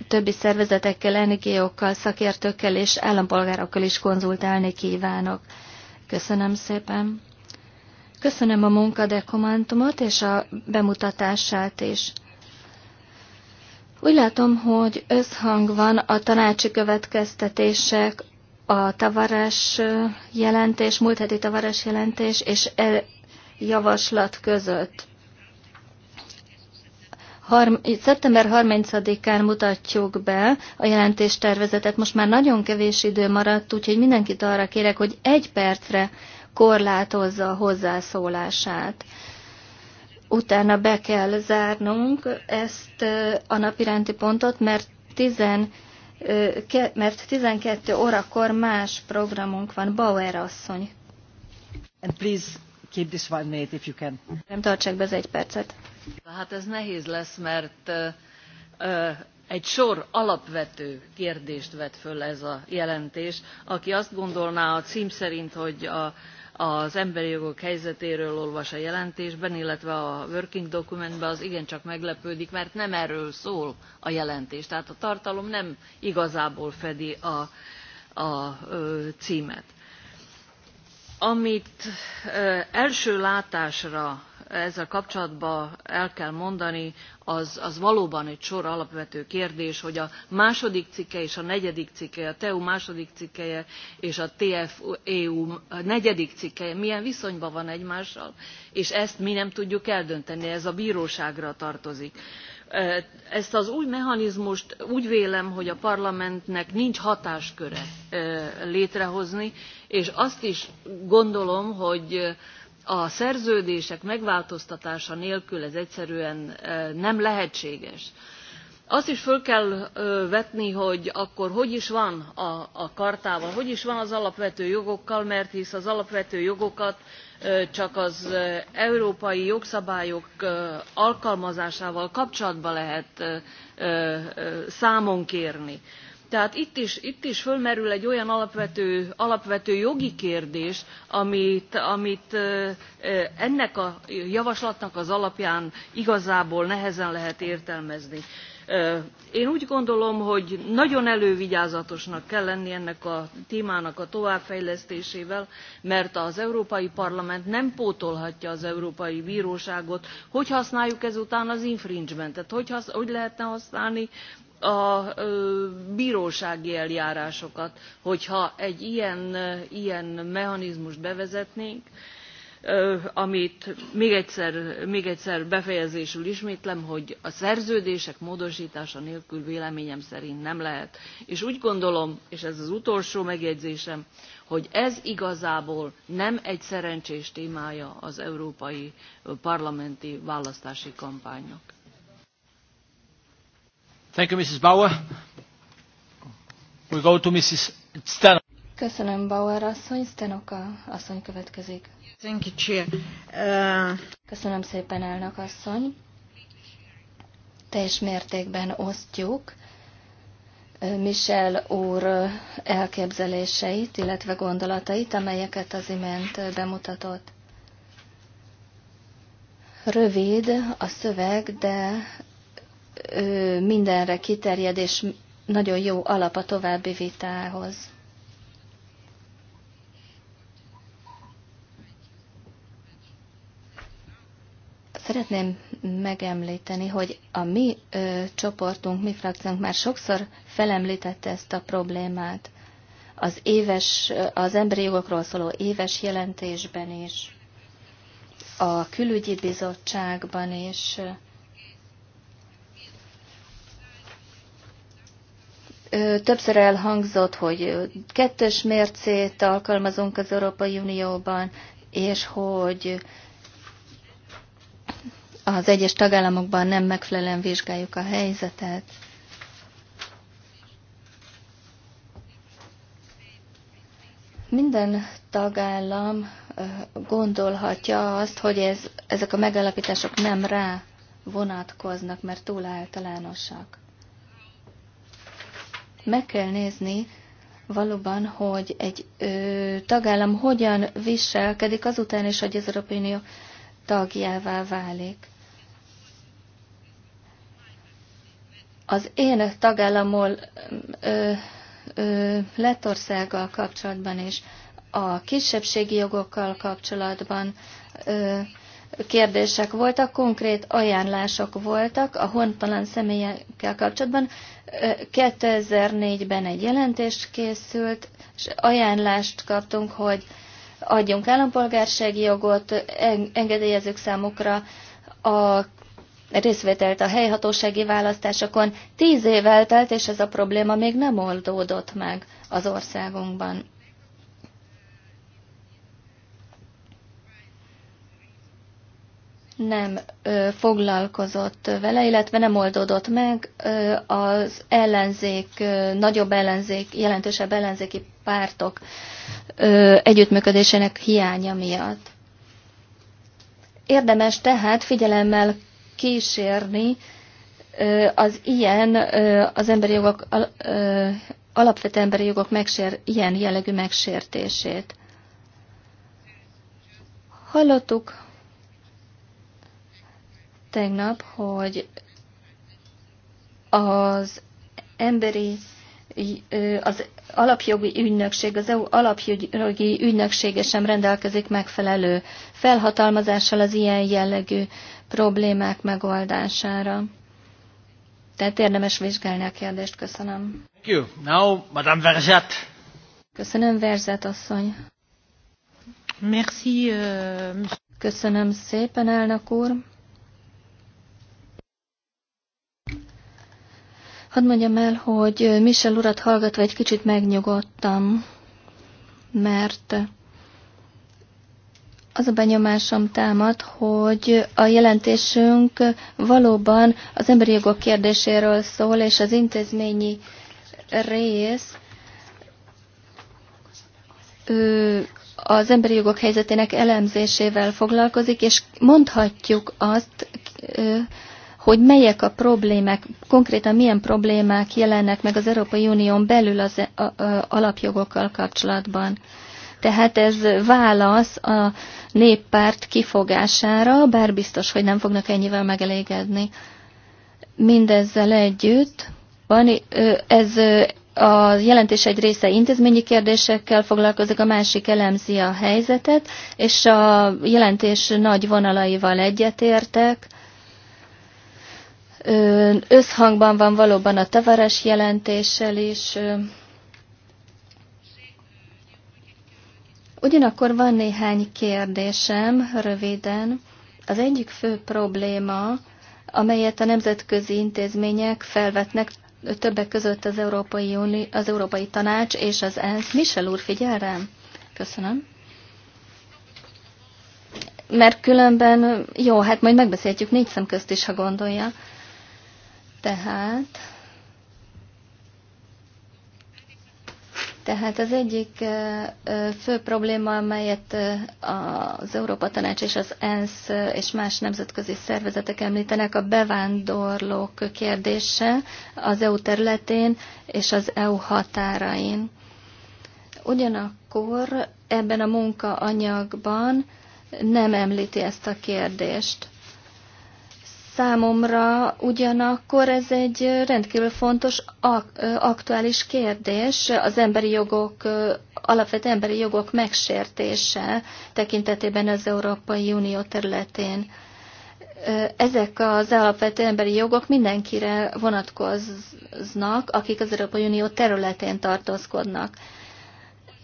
többi szervezetekkel, NGO-kkal, szakértőkkel és állampolgárokkal is konzultálni kívánok. Köszönöm szépen. Köszönöm a munkadekomantumot és a bemutatását is. Úgy látom, hogy összhang van a tanácsi következtetések, a tavarás jelentés, múlt heti tavarás jelentés és e javaslat között. Harm, szeptember 30-án mutatjuk be a jelentéstervezetet. Most már nagyon kevés idő maradt, úgyhogy mindenkit arra kérek, hogy egy percre korlátozza a hozzászólását. Utána be kell zárnunk ezt a napirendi pontot, mert 10 mert 12 órakor más programunk van, Bauer asszony. And please keep this one minute if you can. Nem tartsák be ez egy percet. Hát ez nehéz lesz, mert uh, uh, egy sor alapvető kérdést vet föl ez a jelentés. Aki azt gondolná a cím szerint, hogy a az emberi jogok helyzetéről olvas a jelentésben, illetve a working documentben, az igencsak meglepődik, mert nem erről szól a jelentés. Tehát a tartalom nem igazából fedi a, a ö, címet. Amit ö, első látásra ezzel kapcsolatban el kell mondani, az, az valóban egy sor alapvető kérdés, hogy a második cikke és a negyedik cikke, a TEU második cikkeje és a TFEU negyedik cikkeje milyen viszonyban van egymással, és ezt mi nem tudjuk eldönteni, ez a bíróságra tartozik ezt az új mechanizmust úgy vélem hogy a parlamentnek nincs hatásköre létrehozni és azt is gondolom hogy a szerződések megváltoztatása nélkül ez egyszerűen nem lehetséges. azt is föl kell vetni hogy akkor hogy is van a, a chartával hogy is van az alapvető jogokkal mert hisz az alapvető jogokat csak az európai jogszabályok alkalmazásával kapcsolatban lehet számon kérni tehát itt is, itt is fölmerül egy olyan alapvető, alapvető jogi kérdés, amit, amit ennek a javaslatnak az alapján igazából nehezen lehet értelmezni. Én úgy gondolom, hogy nagyon elővigyázatosnak kell lenni ennek a témának a továbbfejlesztésével, mert az Európai Parlament nem pótolhatja az Európai Bíróságot. Hogy használjuk ezután az infringementet? Hogy, hogy lehetne használni a brósági eljárásokat hogyha egy ilyen, ilyen mechanizmust bevezetnénk amit még egyszer, még egyszer befejezésül ismétlem hogy a szerződések módostása nélkül véleményem szerint nem lehet és úgy gondolom és ez az utolsó megjegyzésem hogy ez igazából nem egy szerencsés témája az európai parlamenti választási kampánynak. Thank you, Mrs. Bauer. We go to Mrs. Sten. Köszönöm, Bauer asszony. Stenoka asszony következik. Thank you, Chair. Uh... Köszönöm szépen, elnök asszony. Teljes mértékben osztjuk Michel úr elképzeléseit, illetve gondolatait, amelyeket az imént bemutatott. Rövid a szöveg, de mindenre kiterjed, és nagyon jó alap a további vitához. Szeretném megemlíteni, hogy a mi ö, csoportunk, mi frakciónk már sokszor felemlítette ezt a problémát. Az éves, az emberi jogokról szóló éves jelentésben is, a külügyi bizottságban is, Többször elhangzott, hogy kettős mércét alkalmazunk az Európai Unióban, és hogy az egyes tagállamokban nem megfelelően vizsgáljuk a helyzetet. Minden tagállam gondolhatja azt, hogy ez, ezek a megállapítások nem rá vonatkoznak, mert túl általánosak meg kell nézni valóban, hogy egy ö, tagállam hogyan viselkedik azután is, hogy az Európai Unió tagjává válik. Az én tagállamol Lettországgal kapcsolatban és a kisebbségi jogokkal kapcsolatban ö, kérdések voltak, konkrét ajánlások voltak a hontalan személyekkel kapcsolatban. 2004-ben egy jelentés készült, és ajánlást kaptunk, hogy adjunk állampolgársági jogot, engedélyezzük számukra a részvételt a helyhatósági választásokon. Tíz év eltelt, és ez a probléma még nem oldódott meg az országunkban. nem ö, foglalkozott vele, illetve nem oldódott meg. Ö, az ellenzék, ö, nagyobb ellenzék, jelentősebb ellenzéki pártok ö, együttműködésének hiánya miatt. Érdemes tehát figyelemmel kísérni ö, az ilyen, ö, az emberi jogok, al, ö, alapvető emberi jogok megsér, ilyen jellegű megsértését. Hallottuk tegnap, hogy az emberi az alapjogi ügynökség, az EU alapjogi ügynöksége sem rendelkezik megfelelő felhatalmazással az ilyen jellegű problémák megoldására. Tehát érdemes vizsgálni a kérdést. Köszönöm. Thank you. Now, Madame Verzet. Köszönöm, Verzet asszony. Merci. Uh... Köszönöm szépen, elnök úr. Hadd mondjam el, hogy Michel urat hallgatva egy kicsit megnyugodtam, mert az a benyomásom támad, hogy a jelentésünk valóban az emberi jogok kérdéséről szól, és az intézményi rész az emberi jogok helyzetének elemzésével foglalkozik, és mondhatjuk azt hogy melyek a problémák, konkrétan milyen problémák jelennek meg az Európai Unión belül az alapjogokkal kapcsolatban. Tehát ez válasz a néppárt kifogására, bár biztos, hogy nem fognak ennyivel megelégedni. Mindezzel együtt van, ez a jelentés egy része intézményi kérdésekkel foglalkozik, a másik elemzi a helyzetet, és a jelentés nagy vonalaival egyetértek, összhangban van valóban a tavares jelentéssel is. Ugyanakkor van néhány kérdésem, röviden. Az egyik fő probléma, amelyet a nemzetközi intézmények felvetnek, többek között az Európai, Uni, az Európai Tanács és az ENSZ. Michel úr, figyel rám? Köszönöm. Mert különben, jó, hát majd megbeszéltjük négy szem közt is, ha gondolja. Tehát, tehát az egyik fő probléma, amelyet az Európa Tanács és az ENSZ és más nemzetközi szervezetek említenek, a bevándorlók kérdése az EU területén és az EU határain. Ugyanakkor ebben a munkaanyagban nem említi ezt a kérdést. Számomra ugyanakkor ez egy rendkívül fontos, aktuális kérdés az emberi jogok, alapvető emberi jogok megsértése tekintetében az Európai Unió területén. Ezek az alapvető emberi jogok mindenkire vonatkoznak, akik az Európai Unió területén tartózkodnak.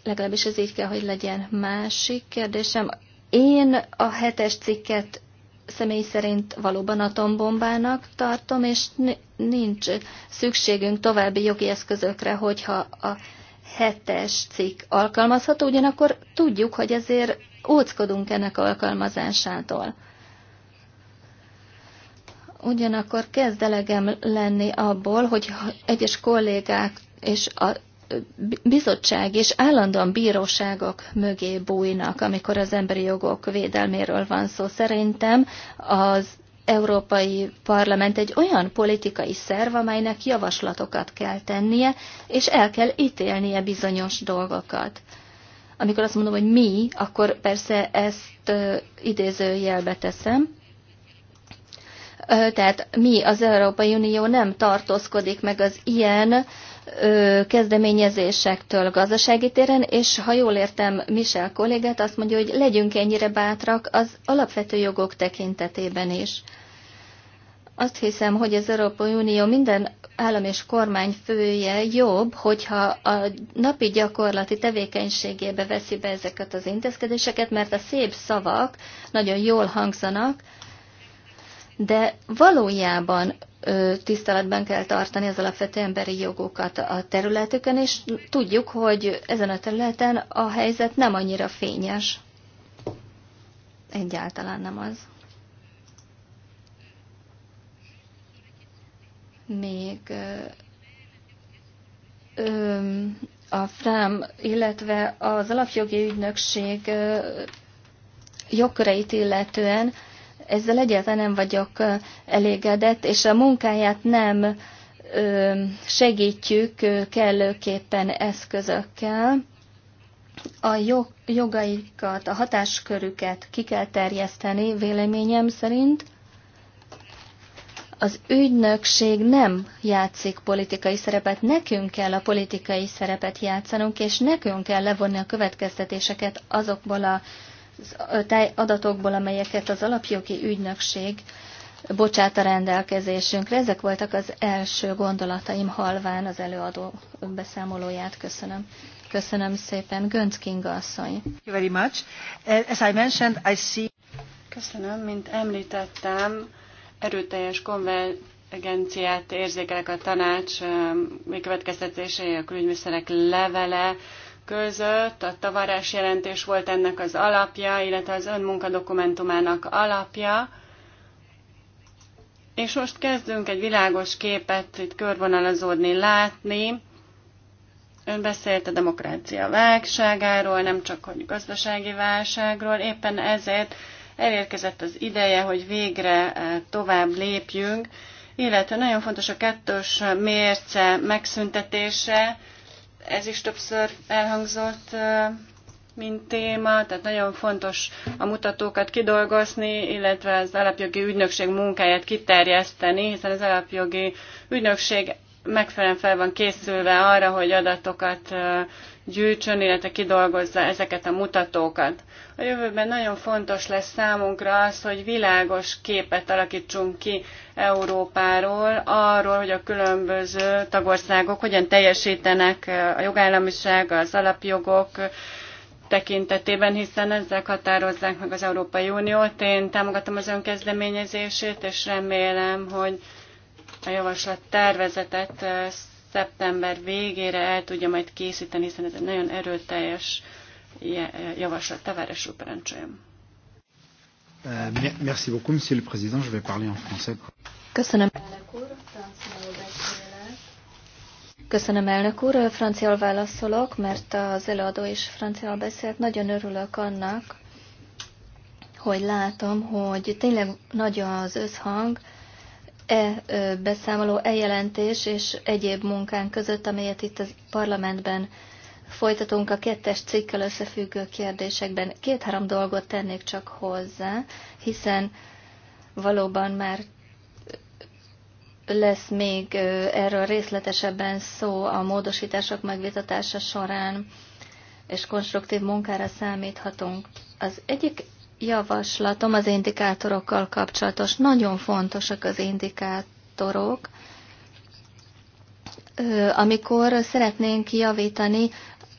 Legalábbis ez így kell, hogy legyen. Másik kérdésem. Én a hetes cikket személy szerint valóban atombombának tartom, és nincs szükségünk további jogi eszközökre, hogyha a hetes cikk alkalmazható, ugyanakkor tudjuk, hogy ezért óckodunk ennek alkalmazásától. Ugyanakkor kezd elegem lenni abból, hogy egyes kollégák és a bizottság és állandóan bíróságok mögé bújnak, amikor az emberi jogok védelméről van szó. Szerintem az Európai Parlament egy olyan politikai szerv, amelynek javaslatokat kell tennie, és el kell ítélnie bizonyos dolgokat. Amikor azt mondom, hogy mi, akkor persze ezt idézőjelbe teszem, tehát mi az Európai Unió nem tartózkodik meg az ilyen kezdeményezésektől gazdasági téren, és ha jól értem Michel kollégát, azt mondja, hogy legyünk ennyire bátrak az alapvető jogok tekintetében is. Azt hiszem, hogy az Európai Unió minden állam és kormány fője jobb, hogyha a napi gyakorlati tevékenységébe veszi be ezeket az intézkedéseket, mert a szép szavak nagyon jól hangzanak, de valójában tiszteletben kell tartani az alapvető emberi jogokat a területeken, és tudjuk, hogy ezen a területen a helyzet nem annyira fényes. Egyáltalán nem az. Még a FRAM, illetve az alapjogi ügynökség jogköreit illetően ezzel egyáltalán nem vagyok elégedett, és a munkáját nem segítjük kellőképpen eszközökkel. A jogaikat, a hatáskörüket ki kell terjeszteni véleményem szerint. Az ügynökség nem játszik politikai szerepet, nekünk kell a politikai szerepet játszanunk, és nekünk kell levonni a következtetéseket azokból a adatokból, amelyeket az alapjogi ügynökség bocsát a rendelkezésünkre. Ezek voltak az első gondolataim halván az előadó beszámolóját. Köszönöm. Köszönöm szépen. Gönc Kinga asszony. very much. Eh, as I mentioned, I see... Köszönöm. Mint említettem, erőteljes konvergenciát érzékelek a tanács eh, végkövetkeztetései, a külügyminiszterek levele, között. A tavarás jelentés volt ennek az alapja, illetve az önmunka alapja. És most kezdünk egy világos képet itt körvonalazódni, látni. Ön beszélt a demokrácia válságáról, nem csak hogy gazdasági válságról, éppen ezért elérkezett az ideje, hogy végre eh, tovább lépjünk, illetve nagyon fontos a kettős mérce megszüntetése, ez is többször elhangzott, mint téma, tehát nagyon fontos a mutatókat kidolgozni, illetve az alapjogi ügynökség munkáját kiterjeszteni, hiszen az alapjogi ügynökség megfelelően fel van készülve arra, hogy adatokat gyűjtsön, illetve kidolgozza ezeket a mutatókat. A jövőben nagyon fontos lesz számunkra az, hogy világos képet alakítsunk ki Európáról, arról, hogy a különböző tagországok hogyan teljesítenek eh, a jogállamiság, az alapjogok, tekintetében, hiszen ezek határozzák meg az Európai Uniót. Én támogatom az önkezdeményezését, és remélem, hogy a javaslat tervezetet eh, szeptember végére el tudja majd készíteni, hiszen ez egy nagyon erőteljes javaslat. Tavares úr, euh, Merci beaucoup, monsieur le président. Je vais parler en français. Köszönöm. Köszönöm, elnök úr. Franciaul válaszolok, mert az előadó is franciaul beszélt. Nagyon örülök annak, hogy látom, hogy tényleg nagy az összhang e beszámoló, e jelentés és egyéb munkánk között, amelyet itt a parlamentben folytatunk a kettes cikkel összefüggő kérdésekben. Két-három dolgot tennék csak hozzá, hiszen valóban már lesz még erről részletesebben szó a módosítások megvitatása során, és konstruktív munkára számíthatunk. Az egyik javaslatom az indikátorokkal kapcsolatos. Nagyon fontosak az indikátorok, amikor szeretnénk javítani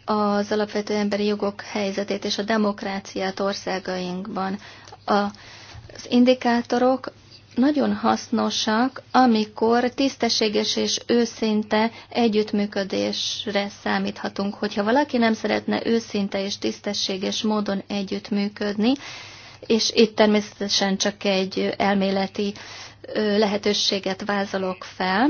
az alapvető emberi jogok helyzetét és a demokráciát országainkban. Az indikátorok nagyon hasznosak, amikor tisztességes és őszinte együttműködésre számíthatunk. Hogyha valaki nem szeretne őszinte és tisztességes módon együttműködni, és itt természetesen csak egy elméleti lehetőséget vázolok fel,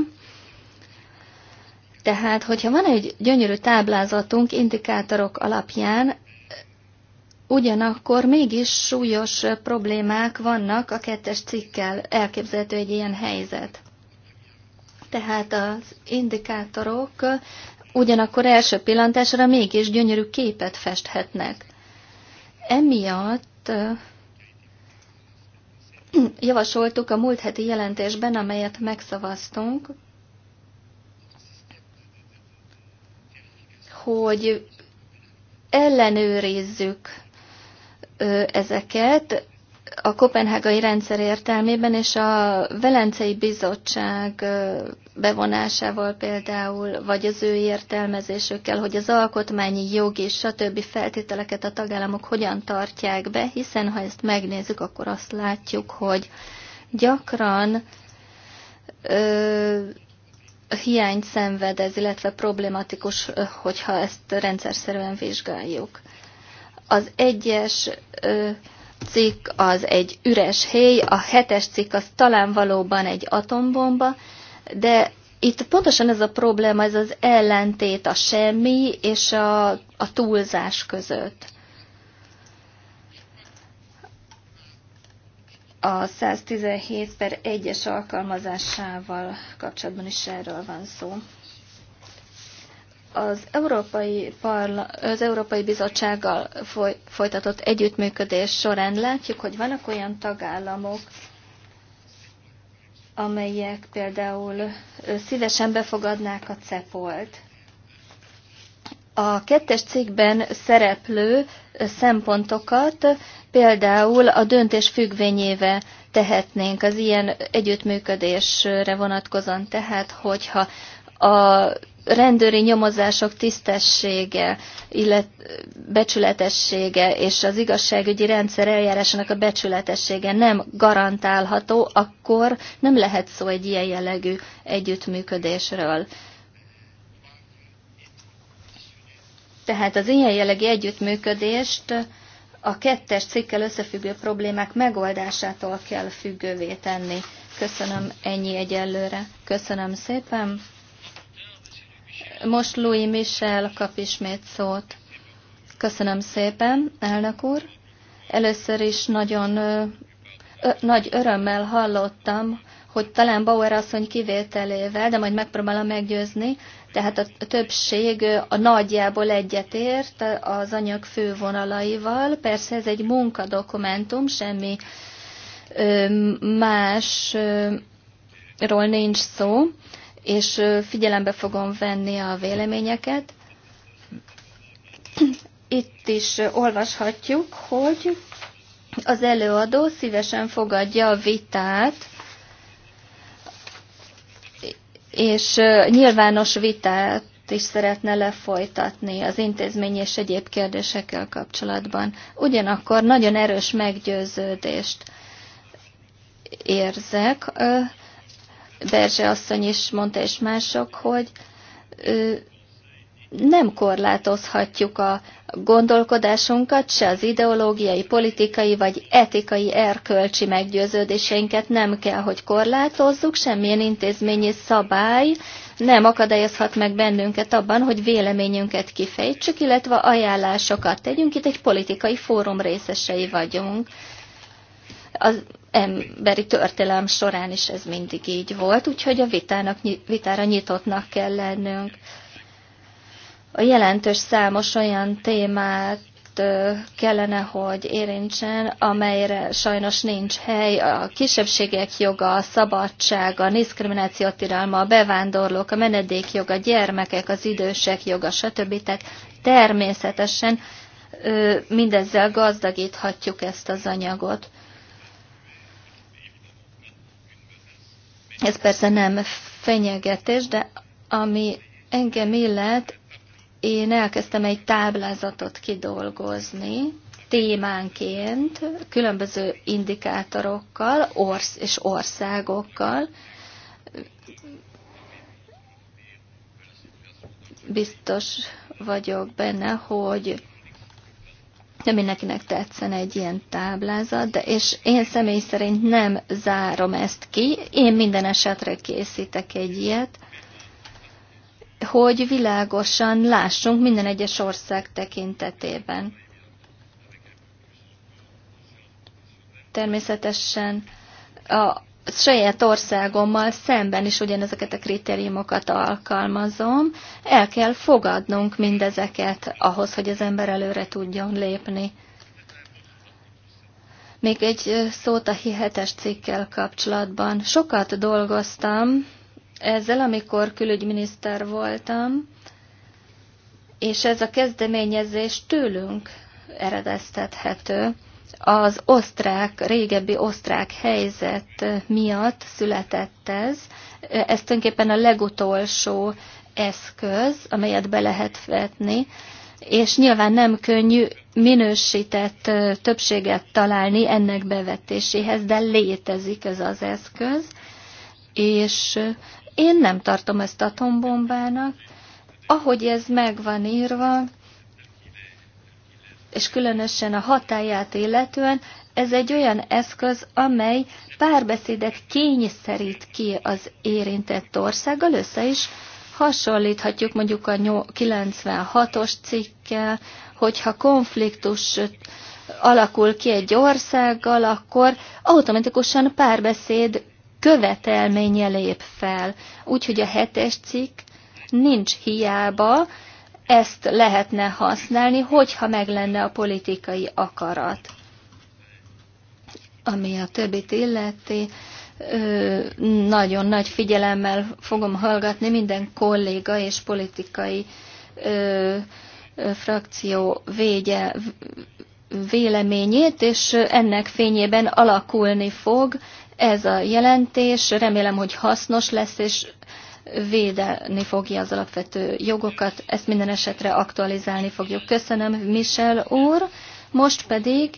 tehát, hogyha van egy gyönyörű táblázatunk indikátorok alapján, Ugyanakkor mégis súlyos problémák vannak a kettes cikkel, elképzelhető egy ilyen helyzet. Tehát az indikátorok ugyanakkor első pillantásra mégis gyönyörű képet festhetnek. Emiatt javasoltuk a múlt heti jelentésben, amelyet megszavaztunk, hogy ellenőrizzük ezeket a kopenhágai rendszer értelmében, és a Velencei Bizottság bevonásával például, vagy az ő értelmezésükkel, hogy az alkotmányi jog és a többi feltételeket a tagállamok hogyan tartják be, hiszen ha ezt megnézzük, akkor azt látjuk, hogy gyakran ö, hiányt szenved ez, illetve problematikus, hogyha ezt rendszerszerűen vizsgáljuk. Az egyes cikk az egy üres hely a hetes cikk az talán valóban egy atombomba, de itt pontosan ez a probléma, ez az ellentét a semmi és a, a túlzás között. A 117 per 1-es alkalmazásával kapcsolatban is erről van szó az Európai, Parla az Európai Bizottsággal foly folytatott együttműködés során látjuk, hogy vannak olyan tagállamok, amelyek például szívesen befogadnák a cepolt. A kettes cikkben szereplő szempontokat például a döntés függvényéve tehetnénk az ilyen együttműködésre vonatkozóan. Tehát, hogyha a rendőri nyomozások tisztessége, illet, becsületessége és az igazságügyi rendszer eljárásának a becsületessége nem garantálható, akkor nem lehet szó egy ilyen jellegű együttműködésről. Tehát az ilyen jellegű együttműködést a kettes cikkel összefüggő problémák megoldásától kell függővé tenni. Köszönöm ennyi egyelőre. Köszönöm szépen. Most Louis Michel kap ismét szót. Köszönöm szépen, elnök úr. Először is nagyon ö, nagy örömmel hallottam, hogy talán Bauer asszony kivételével, de majd megpróbálom meggyőzni, tehát a többség a nagyjából egyetért az anyag fővonalaival. Persze ez egy munkadokumentum, semmi ö, másról nincs szó és figyelembe fogom venni a véleményeket. Itt is olvashatjuk, hogy az előadó szívesen fogadja a vitát, és nyilvános vitát is szeretne lefolytatni az intézmény és egyéb kérdésekkel kapcsolatban. Ugyanakkor nagyon erős meggyőződést érzek, Berzse asszony is mondta, és mások, hogy nem korlátozhatjuk a gondolkodásunkat, se az ideológiai, politikai vagy etikai erkölcsi meggyőződéseinket nem kell, hogy korlátozzuk, semmilyen intézményi szabály nem akadályozhat meg bennünket abban, hogy véleményünket kifejtsük, illetve ajánlásokat tegyünk. Itt egy politikai fórum részesei vagyunk. Az emberi történelem során is ez mindig így volt, úgyhogy a vitának, vitára nyitottnak kell lennünk. A jelentős számos olyan témát kellene, hogy érintsen, amelyre sajnos nincs hely, a kisebbségek joga, a szabadság, a diszkrimináció tilalma, a bevándorlók, a menedékjoga, a gyermekek, az idősek joga, stb. Tehát természetesen mindezzel gazdagíthatjuk ezt az anyagot. Ez persze nem fenyegetés, de ami engem illet, én elkezdtem egy táblázatot kidolgozni, témánként, különböző indikátorokkal orsz és országokkal. Biztos vagyok benne, hogy nem mindenkinek tetszen egy ilyen táblázat, de és én személy szerint nem zárom ezt ki, én minden esetre készítek egy ilyet, hogy világosan lássunk minden egyes ország tekintetében. Természetesen a, saját országommal szemben is ugyanezeket a kritériumokat alkalmazom, el kell fogadnunk mindezeket ahhoz, hogy az ember előre tudjon lépni. Még egy szót a hihetes cikkel kapcsolatban. Sokat dolgoztam ezzel, amikor külügyminiszter voltam, és ez a kezdeményezés tőlünk eredeztethető. Az osztrák, régebbi osztrák helyzet miatt született ez. Ez tulajdonképpen a legutolsó eszköz, amelyet be lehet vetni, és nyilván nem könnyű minősített többséget találni ennek bevetéséhez, de létezik ez az eszköz, és én nem tartom ezt atombombának. Ahogy ez meg van írva, és különösen a hatáját illetően, ez egy olyan eszköz, amely párbeszédet kényszerít ki az érintett országgal, össze is hasonlíthatjuk mondjuk a 96-os cikkel, hogyha konfliktus alakul ki egy országgal, akkor automatikusan párbeszéd követelménye lép fel. Úgyhogy a hetes cikk nincs hiába, ezt lehetne használni, hogyha meg lenne a politikai akarat. Ami a többit illeti, nagyon nagy figyelemmel fogom hallgatni minden kolléga és politikai frakció vége véleményét, és ennek fényében alakulni fog ez a jelentés. Remélem, hogy hasznos lesz, és védeni fogja az alapvető jogokat, ezt minden esetre aktualizálni fogjuk. Köszönöm, Michel úr. Most pedig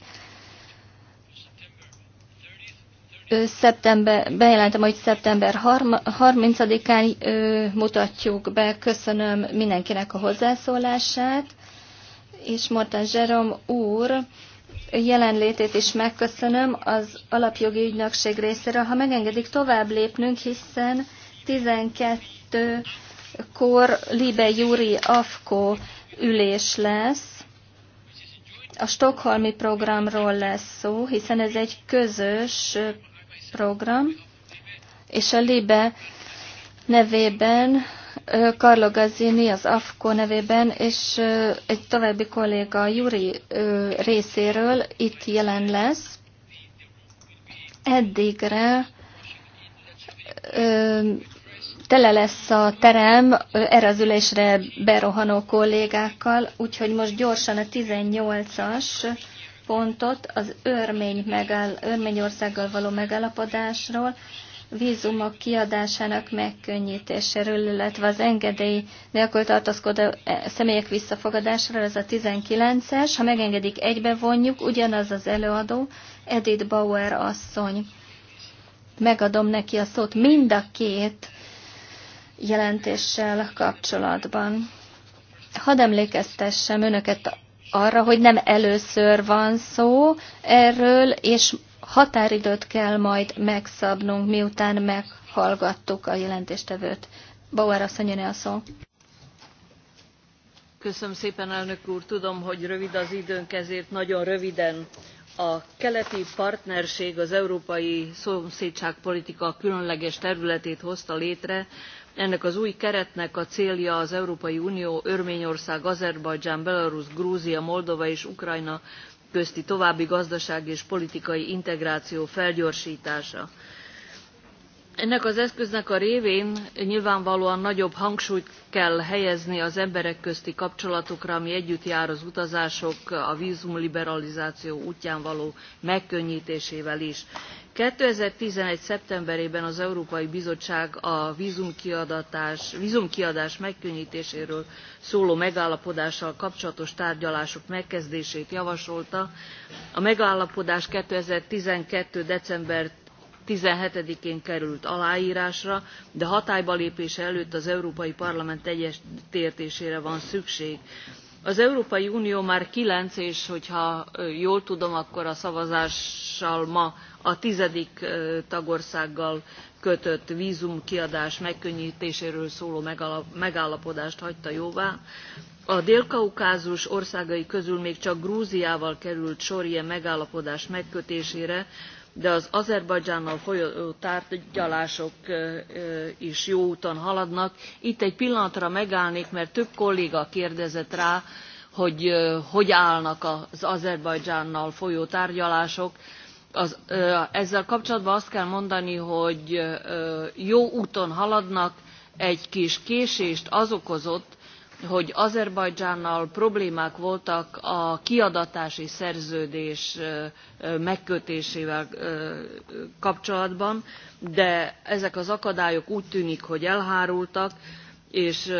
szeptember, bejelentem, hogy szeptember 30-án mutatjuk be. Köszönöm mindenkinek a hozzászólását, és Morten Zserom úr jelenlétét is megköszönöm az alapjogi ügynökség részéről. Ha megengedik, tovább lépnünk, hiszen 12-kor Libe Juri Afko ülés lesz. A Stockholmi programról lesz szó, hiszen ez egy közös program, és a Libe nevében Karlo Gazzini az AFKO nevében, és egy további kolléga Juri részéről itt jelen lesz. Eddigre tele lesz a terem erre az ülésre berohanó kollégákkal, úgyhogy most gyorsan a 18-as pontot az örmény megáll, Örményországgal való megállapodásról, vízumok kiadásának megkönnyítéséről, illetve az engedély nélkül tartózkodó e, személyek visszafogadásról ez a 19-es. Ha megengedik, egybe vonjuk, ugyanaz az előadó, Edith Bauer asszony. Megadom neki a szót mind a két jelentéssel kapcsolatban. Hadd emlékeztessem önöket arra, hogy nem először van szó erről, és határidőt kell majd megszabnunk, miután meghallgattuk a jelentéstevőt. Bauer asszony, a szó. Köszönöm szépen, elnök úr. Tudom, hogy rövid az időnk, ezért nagyon röviden. A keleti partnerség az európai szomszédságpolitika különleges területét hozta létre, ennek az új keretnek a célja az európai unió örményország azerbajdzsán belarus grúzia moldova és ukrajna közti további gazdasági és politikai integráció felgyorstása ennek az eszköznek a révén nyilvánvalóan nagyobb hangsúlyt kell helyezni az emberek közti kapcsolatokra ami együtt jár az utazások a vzumliberalizáció útján való megkönnytésével is. two thousand and eleven szeptemberében az európai bizottság a vzumkiadás, vzumkiadás megkönnytéséről szóló megállapodással kapcsolatos tárgyalások megkezdését javasolta. a megállapodás two thousand and twelve december seventeen én került alárásra de hatályba lépése előtt az európai parlament egyetértésére van szükség. az európai unió már kilenc és hogyha jól tudom akkor a szavazással ma a tizedik tagországgal kötött vzumkiadás megkönnytéséről szóló megállapodást hagyta jóvá a dél kaukázus országai közül még csak grúziával került sor ilyen megállapodás megkötésére de az azerbajdzsánnal folyó tárgyalások is jó úton haladnak. itt egy pillanatra megállnék mert több kolléga kérdezett rá hogy hogy állnak az azerbajdzsánnal folyó tárgyalások. Az, ezzel kapcsolatban azt kell mondani hogy jó úton haladnak egy kis késést az okozott hogy azerbajdzsánnal problémák voltak a kiadatási szerződés megkötésével kapcsolatban de ezek az akadályok úgy tűnik hogy elhárultak és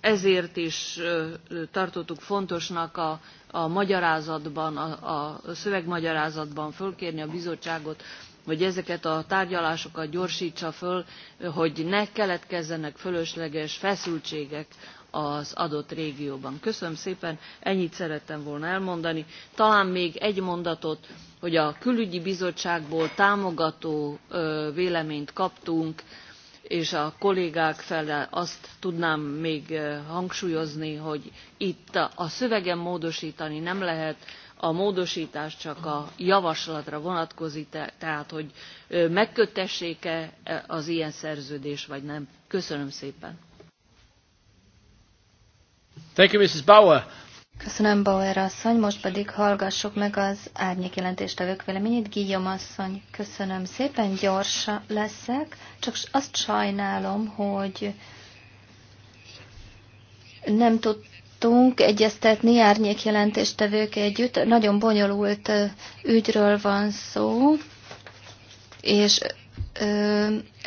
ezért is tartottuk fontosnak a, magyarázatban a, a szövegmagyarázatban fölkérni a bizottságot hogy ezeket a tárgyalásokat gyorstsa föl hogy ne keletkezzenek fölösleges feszültségek az adott régióban. Köszönöm szépen, ennyit szerettem volna elmondani. Talán még egy mondatot, hogy a külügyi bizottságból támogató véleményt kaptunk, és a kollégák felé azt tudnám még hangsúlyozni, hogy itt a szövegen módosítani nem lehet, a módosítás csak a javaslatra vonatkozik, tehát hogy megkötessék-e az ilyen szerződés, vagy nem. Köszönöm szépen. Thank you, Mrs. Bauer. Köszönöm, Bauer asszony. Most pedig hallgassuk meg az árnyék jelentéstevők véleményét. Guillaume asszony, köszönöm szépen, gyors leszek. Csak azt sajnálom, hogy nem tudtunk egyeztetni árnyék jelentéstevők együtt. Nagyon bonyolult ügyről van szó, és ö,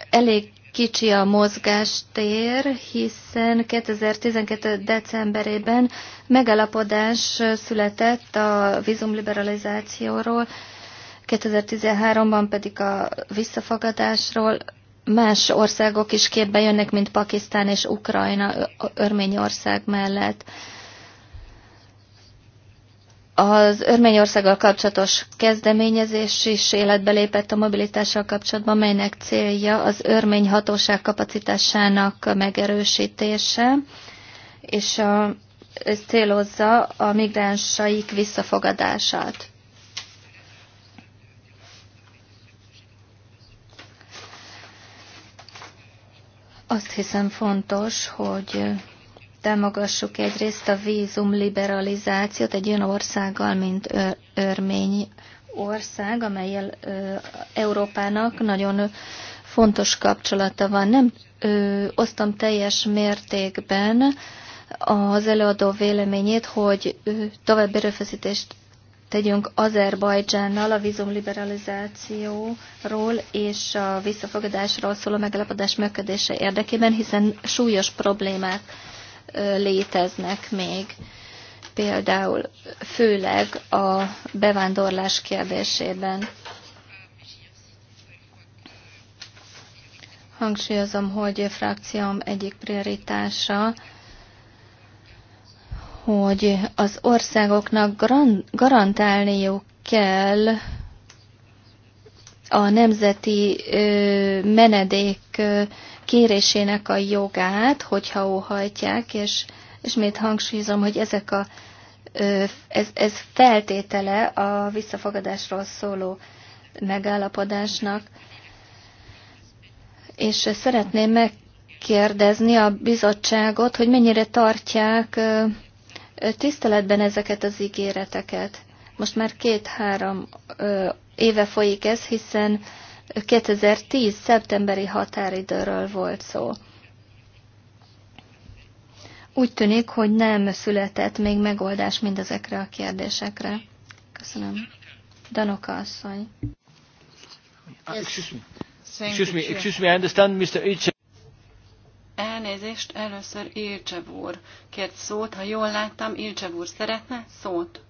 elég kicsi a mozgástér, hiszen 2012. decemberében megalapodás született a vízumliberalizációról, 2013-ban pedig a visszafogadásról. Más országok is képbe jönnek, mint Pakisztán és Ukrajna, Örményország mellett. Az Örményországgal kapcsolatos kezdeményezés is életbe lépett a mobilitással kapcsolatban, melynek célja az örmény hatóság kapacitásának megerősítése, és a, ez célozza a migránsaik visszafogadását. Azt hiszem fontos, hogy támogassuk egyrészt a vízum liberalizációt egy olyan országgal, mint Örmény ország, amelyel ö, Európának nagyon fontos kapcsolata van. Nem ö, osztom teljes mértékben az előadó véleményét, hogy további erőfeszítést tegyünk Azerbajdzsánnal a vízumliberalizációról és a visszafogadásról szóló megállapodás működése érdekében, hiszen súlyos problémák léteznek még, például főleg a bevándorlás kérdésében. Hangsúlyozom, hogy a frakcióm egyik prioritása, hogy az országoknak garantálniuk kell a nemzeti menedék kérésének a jogát, hogyha óhajtják, és ismét hangsúlyozom, hogy ezek a, ez, ez feltétele a visszafogadásról szóló megállapodásnak, és szeretném megkérdezni a bizottságot, hogy mennyire tartják tiszteletben ezeket az ígéreteket. Most már két-három éve folyik ez, hiszen 2010. szeptemberi határidőről volt szó. Úgy tűnik, hogy nem született még megoldás mindezekre a kérdésekre. Köszönöm. Danoka asszony. Ah, excuse me. Excuse me, excuse me, Mr. Elnézést, először Ilcsev úr kért szót. Ha jól láttam, Ilcsev úr szeretne szót?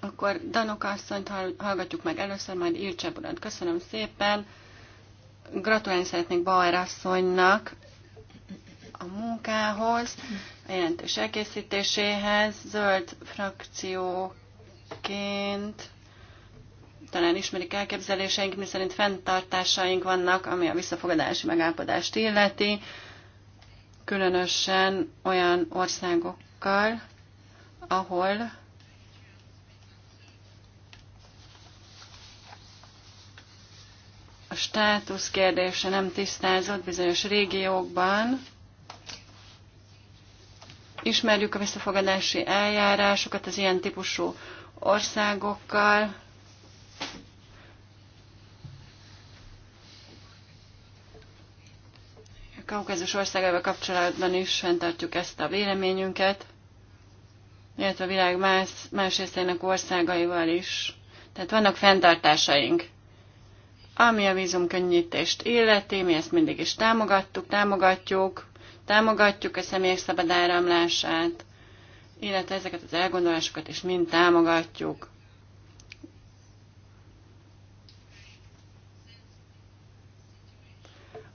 Akkor Danok asszonyt hallgatjuk meg először, majd Ilcse Burant. Köszönöm szépen. Gratulálni szeretnék Bauer asszonynak a munkához, a jelentős elkészítéséhez, zöld frakcióként talán ismerik elképzeléseink, mi szerint fenntartásaink vannak, ami a visszafogadási megállapodást illeti, különösen olyan országokkal, ahol státusz kérdése nem tisztázott bizonyos régiókban. Ismerjük a visszafogadási eljárásokat az ilyen típusú országokkal. A kaukázus országával kapcsolatban is fenntartjuk ezt a véleményünket, illetve a világ más, más részének országaival is. Tehát vannak fenntartásaink. Ami a vízumkönnyítést illeti, mi ezt mindig is támogattuk, támogatjuk, támogatjuk a személyek szabad áramlását, illetve ezeket az elgondolásokat is mind támogatjuk.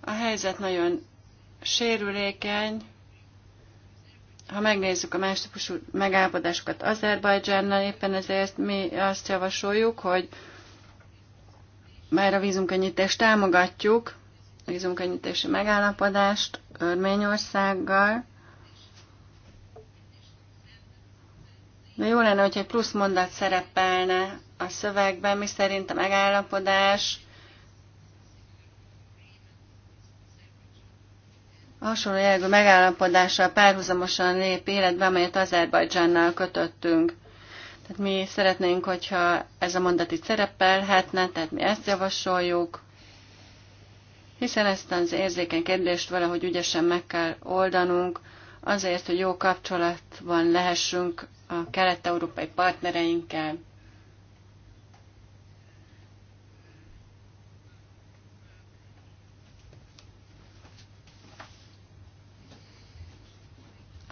A helyzet nagyon sérülékeny. Ha megnézzük a más típusú megállapodásokat Azerbajdzsánnal, éppen ezért mi azt javasoljuk, hogy már a vízumkönnyítést támogatjuk, a vízumkönnyítési megállapodást Örményországgal, de jó lenne, hogyha egy plusz mondat szerepelne a szövegben, mi szerint a megállapodás hasonló jelgő megállapodással párhuzamosan lép életbe, amelyet Azerbajdzsánnal kötöttünk. Tehát mi szeretnénk, hogyha ez a mondat itt szerepelhetne, tehát mi ezt javasoljuk, hiszen ezt az érzékeny kérdést valahogy ügyesen meg kell oldanunk, azért, hogy jó kapcsolatban lehessünk a kelet-európai partnereinkkel.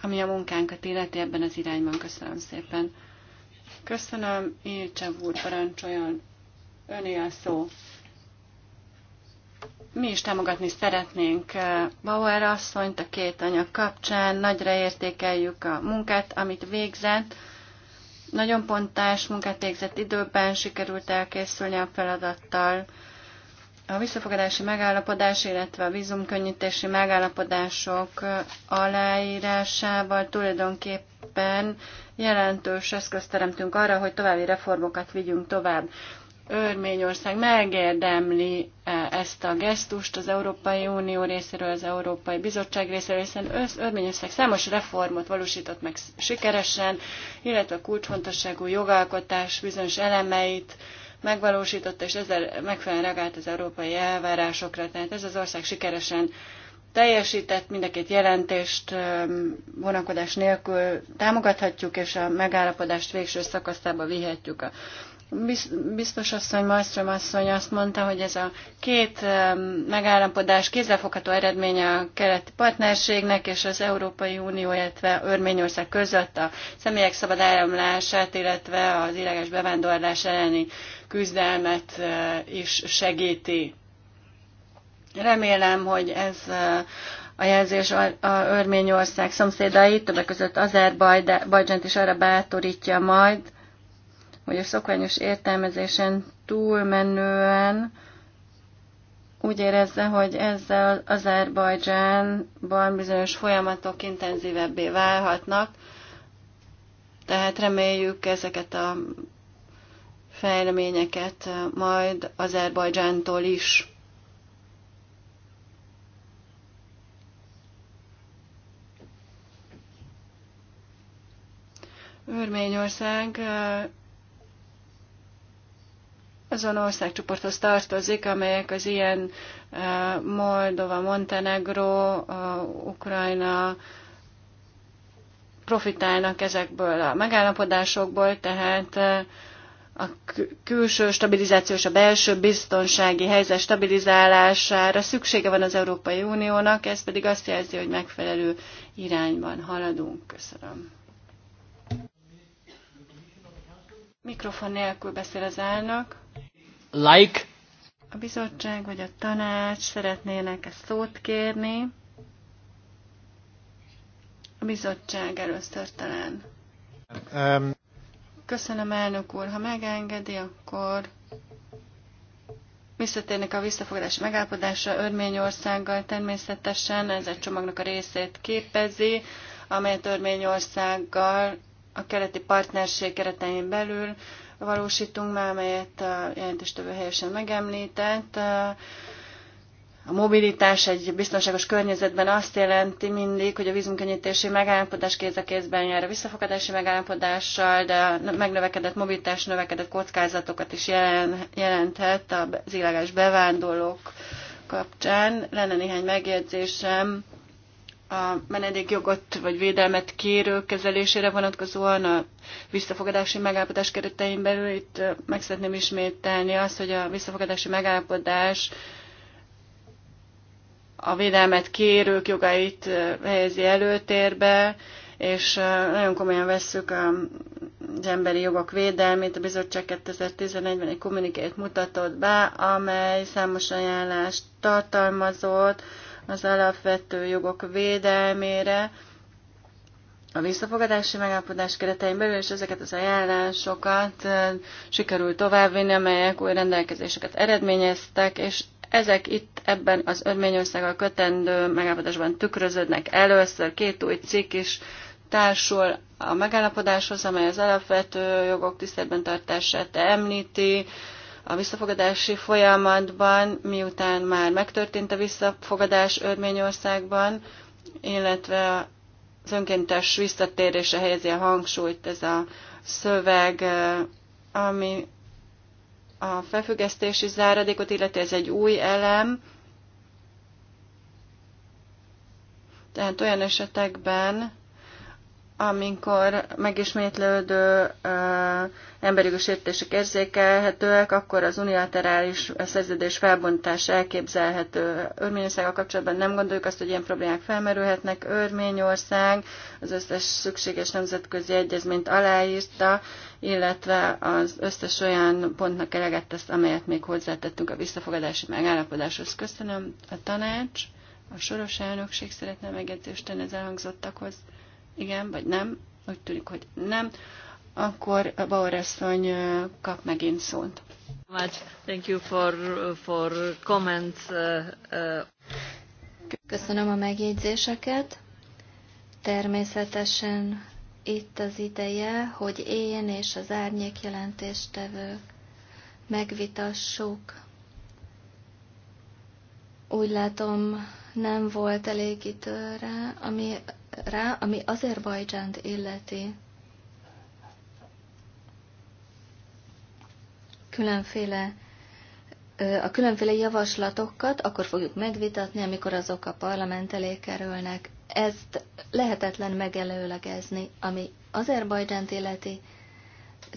Ami a munkánkat illeti ebben az irányban, köszönöm szépen. Köszönöm, Ilcsev úr, parancsoljon. Öné a szó. Mi is támogatni szeretnénk eh, Bauer asszonyt a két anyag kapcsán, nagyra értékeljük a munkát, amit végzett. Nagyon pontás munkát végzett időben, sikerült elkészülni a feladattal. A visszafogadási megállapodás, illetve a vízumkönnyítési megállapodások aláírásával tulajdonképpen jelentős eszközt teremtünk arra, hogy további reformokat vigyünk tovább. Örményország megérdemli e, ezt a gesztust az Európai Unió részéről, az Európai Bizottság részéről, hiszen Örményország számos reformot valósított meg sikeresen, illetve a kulcsfontosságú jogalkotás bizonyos elemeit megvalósította, és ezzel megfelelően reagált az európai elvárásokra. Tehát ez az ország sikeresen teljesített, mind a két jelentést vonakodás nélkül támogathatjuk, és a megállapodást végső szakaszába vihetjük. A biztos asszony, Malmström asszony azt mondta, hogy ez a két megállapodás kézzelfogható eredménye a keleti partnerségnek és az Európai Unió, illetve Örményország között a személyek szabad áramlását, illetve az illeges bevándorlás elleni küzdelmet is segíti. Remélem, hogy ez a jelzés a, Örményország szomszédait, többek között Azerbajdzsánt is arra bátorítja majd, hogy a szokványos értelmezésen túlmenően úgy érezze, hogy ezzel Azerbajdzsánban bizonyos folyamatok intenzívebbé válhatnak, tehát reméljük ezeket a fejleményeket majd Azerbajdzsántól is. Örményország azon országcsoporthoz tartozik, amelyek az ilyen Moldova, Montenegro, Ukrajna profitálnak ezekből a megállapodásokból, tehát a külső stabilizáció és a belső biztonsági helyzet stabilizálására szüksége van az Európai Uniónak, ez pedig azt jelzi, hogy megfelelő irányban haladunk. Köszönöm. Mikrofon nélkül beszél az elnök. Like. A bizottság vagy a tanács szeretnének ezt szót kérni. A bizottság először talán. Um. Köszönöm, elnök úr. Ha megengedi, akkor visszatérnek a visszafogás megállapodásra Örményországgal. Természetesen ez egy csomagnak a részét képezi, amelyet Örményországgal a keleti partnerség keretein belül valósítunk már, amelyet a jelentéstevő helyesen megemlített. A mobilitás egy biztonságos környezetben azt jelenti mindig, hogy a vízumkönnyítési megállapodás kéz a kézben jár a visszafogadási megállapodással, de a megnövekedett mobilitás növekedett kockázatokat is jelenthet az illegális bevándorlók kapcsán. Lenne néhány megjegyzésem a menedékjogot vagy védelmet kérő kezelésére vonatkozóan a visszafogadási megállapodás keretein belül itt meg szeretném ismételni azt, hogy a visszafogadási megállapodás a védelmet kérők jogait helyezi előtérbe, és nagyon komolyan vesszük az emberi jogok védelmét. A bizottság 2011-ben egy kommunikét mutatott be, amely számos ajánlást tartalmazott, az alapvető jogok védelmére, a visszafogadási megállapodás keretein belül, és ezeket az ajánlásokat sikerült továbbvinni, amelyek új rendelkezéseket eredményeztek, és ezek itt ebben az Örményországgal kötendő megállapodásban tükröződnek. Először két új cikk is társul a megállapodáshoz, amely az alapvető jogok tiszteletben tartását említi, a visszafogadási folyamatban, miután már megtörtént a visszafogadás Örményországban, illetve az önkéntes visszatérése helyezi a hangsúlyt ez a szöveg, ami a felfüggesztési záradékot, illeti ez egy új elem. Tehát olyan esetekben, amikor megismétlődő emberi sértések érzékelhetőek, akkor az unilaterális szerződés felbontás elképzelhető. Örményországgal kapcsolatban nem gondoljuk azt, hogy ilyen problémák felmerülhetnek. Örményország az összes szükséges nemzetközi egyezményt aláírta, illetve az összes olyan pontnak eleget tesz, amelyet még hozzátettünk a visszafogadási megállapodáshoz. Köszönöm a tanács. A soros elnökség szeretne megjegyzést tenni az elhangzottakhoz igen vagy nem, úgy tűnik, hogy nem, akkor Bauer asszony kap megint szót. Thank you for, for comments. Uh, uh. Köszönöm a megjegyzéseket. Természetesen itt az ideje, hogy én és az árnyék jelentéstevők megvitassuk. Úgy látom, nem volt elég időre, ami rá, ami Azerbajdzsánt illeti. Különféle a különféle javaslatokat akkor fogjuk megvitatni, amikor azok a parlament elé kerülnek. Ezt lehetetlen megelőlegezni, ami Azerbajdzsánt illeti,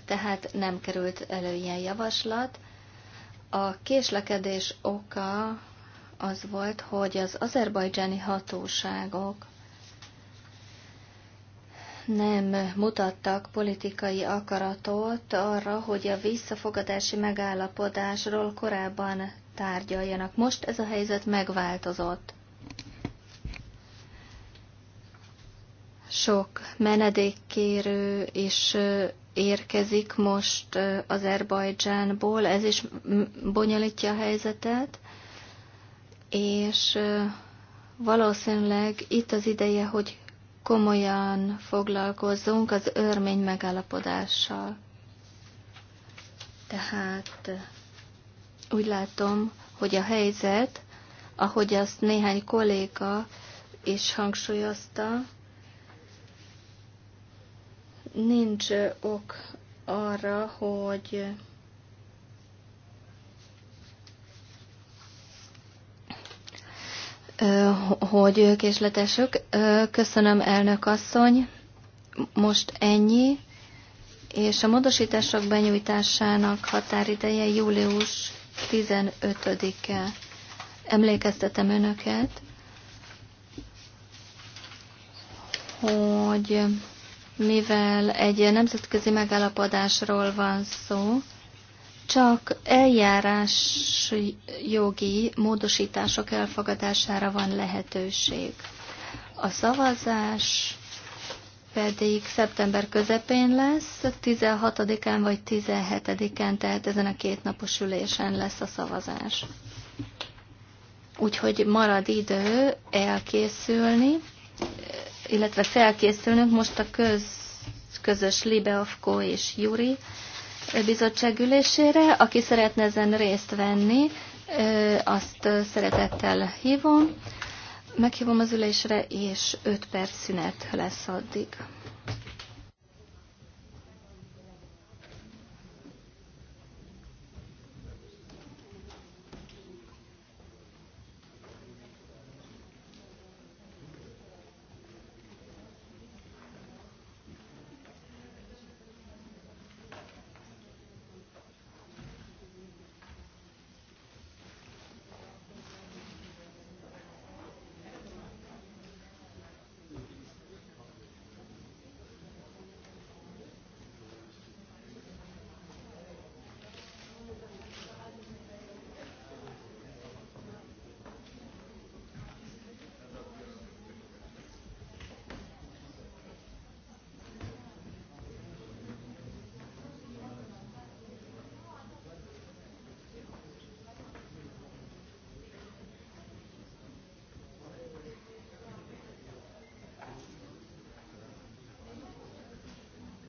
tehát nem került elő ilyen javaslat. A késlekedés oka az volt, hogy az azerbajdzsáni hatóságok nem mutattak politikai akaratot arra, hogy a visszafogadási megállapodásról korábban tárgyaljanak. Most ez a helyzet megváltozott. Sok menedékkérő is érkezik most Azerbajdzsánból, ez is bonyolítja a helyzetet, és valószínűleg itt az ideje, hogy komolyan foglalkozzunk az örmény megállapodással. Tehát úgy látom, hogy a helyzet, ahogy azt néhány kolléga is hangsúlyozta, nincs ok arra, hogy hogy késletesük. Köszönöm, elnök asszony. Most ennyi. És a módosítások benyújtásának határideje július 15-e. Emlékeztetem önöket, hogy mivel egy nemzetközi megállapodásról van szó, csak eljárás jogi módosítások elfogadására van lehetőség. A szavazás pedig szeptember közepén lesz, 16-án vagy 17-án, tehát ezen a két napos ülésen lesz a szavazás. Úgyhogy marad idő elkészülni, illetve felkészülnünk most a köz, közös Libeovko és Juri bizottság ülésére. Aki szeretne ezen részt venni, azt szeretettel hívom. Meghívom az ülésre, és 5 perc szünet lesz addig.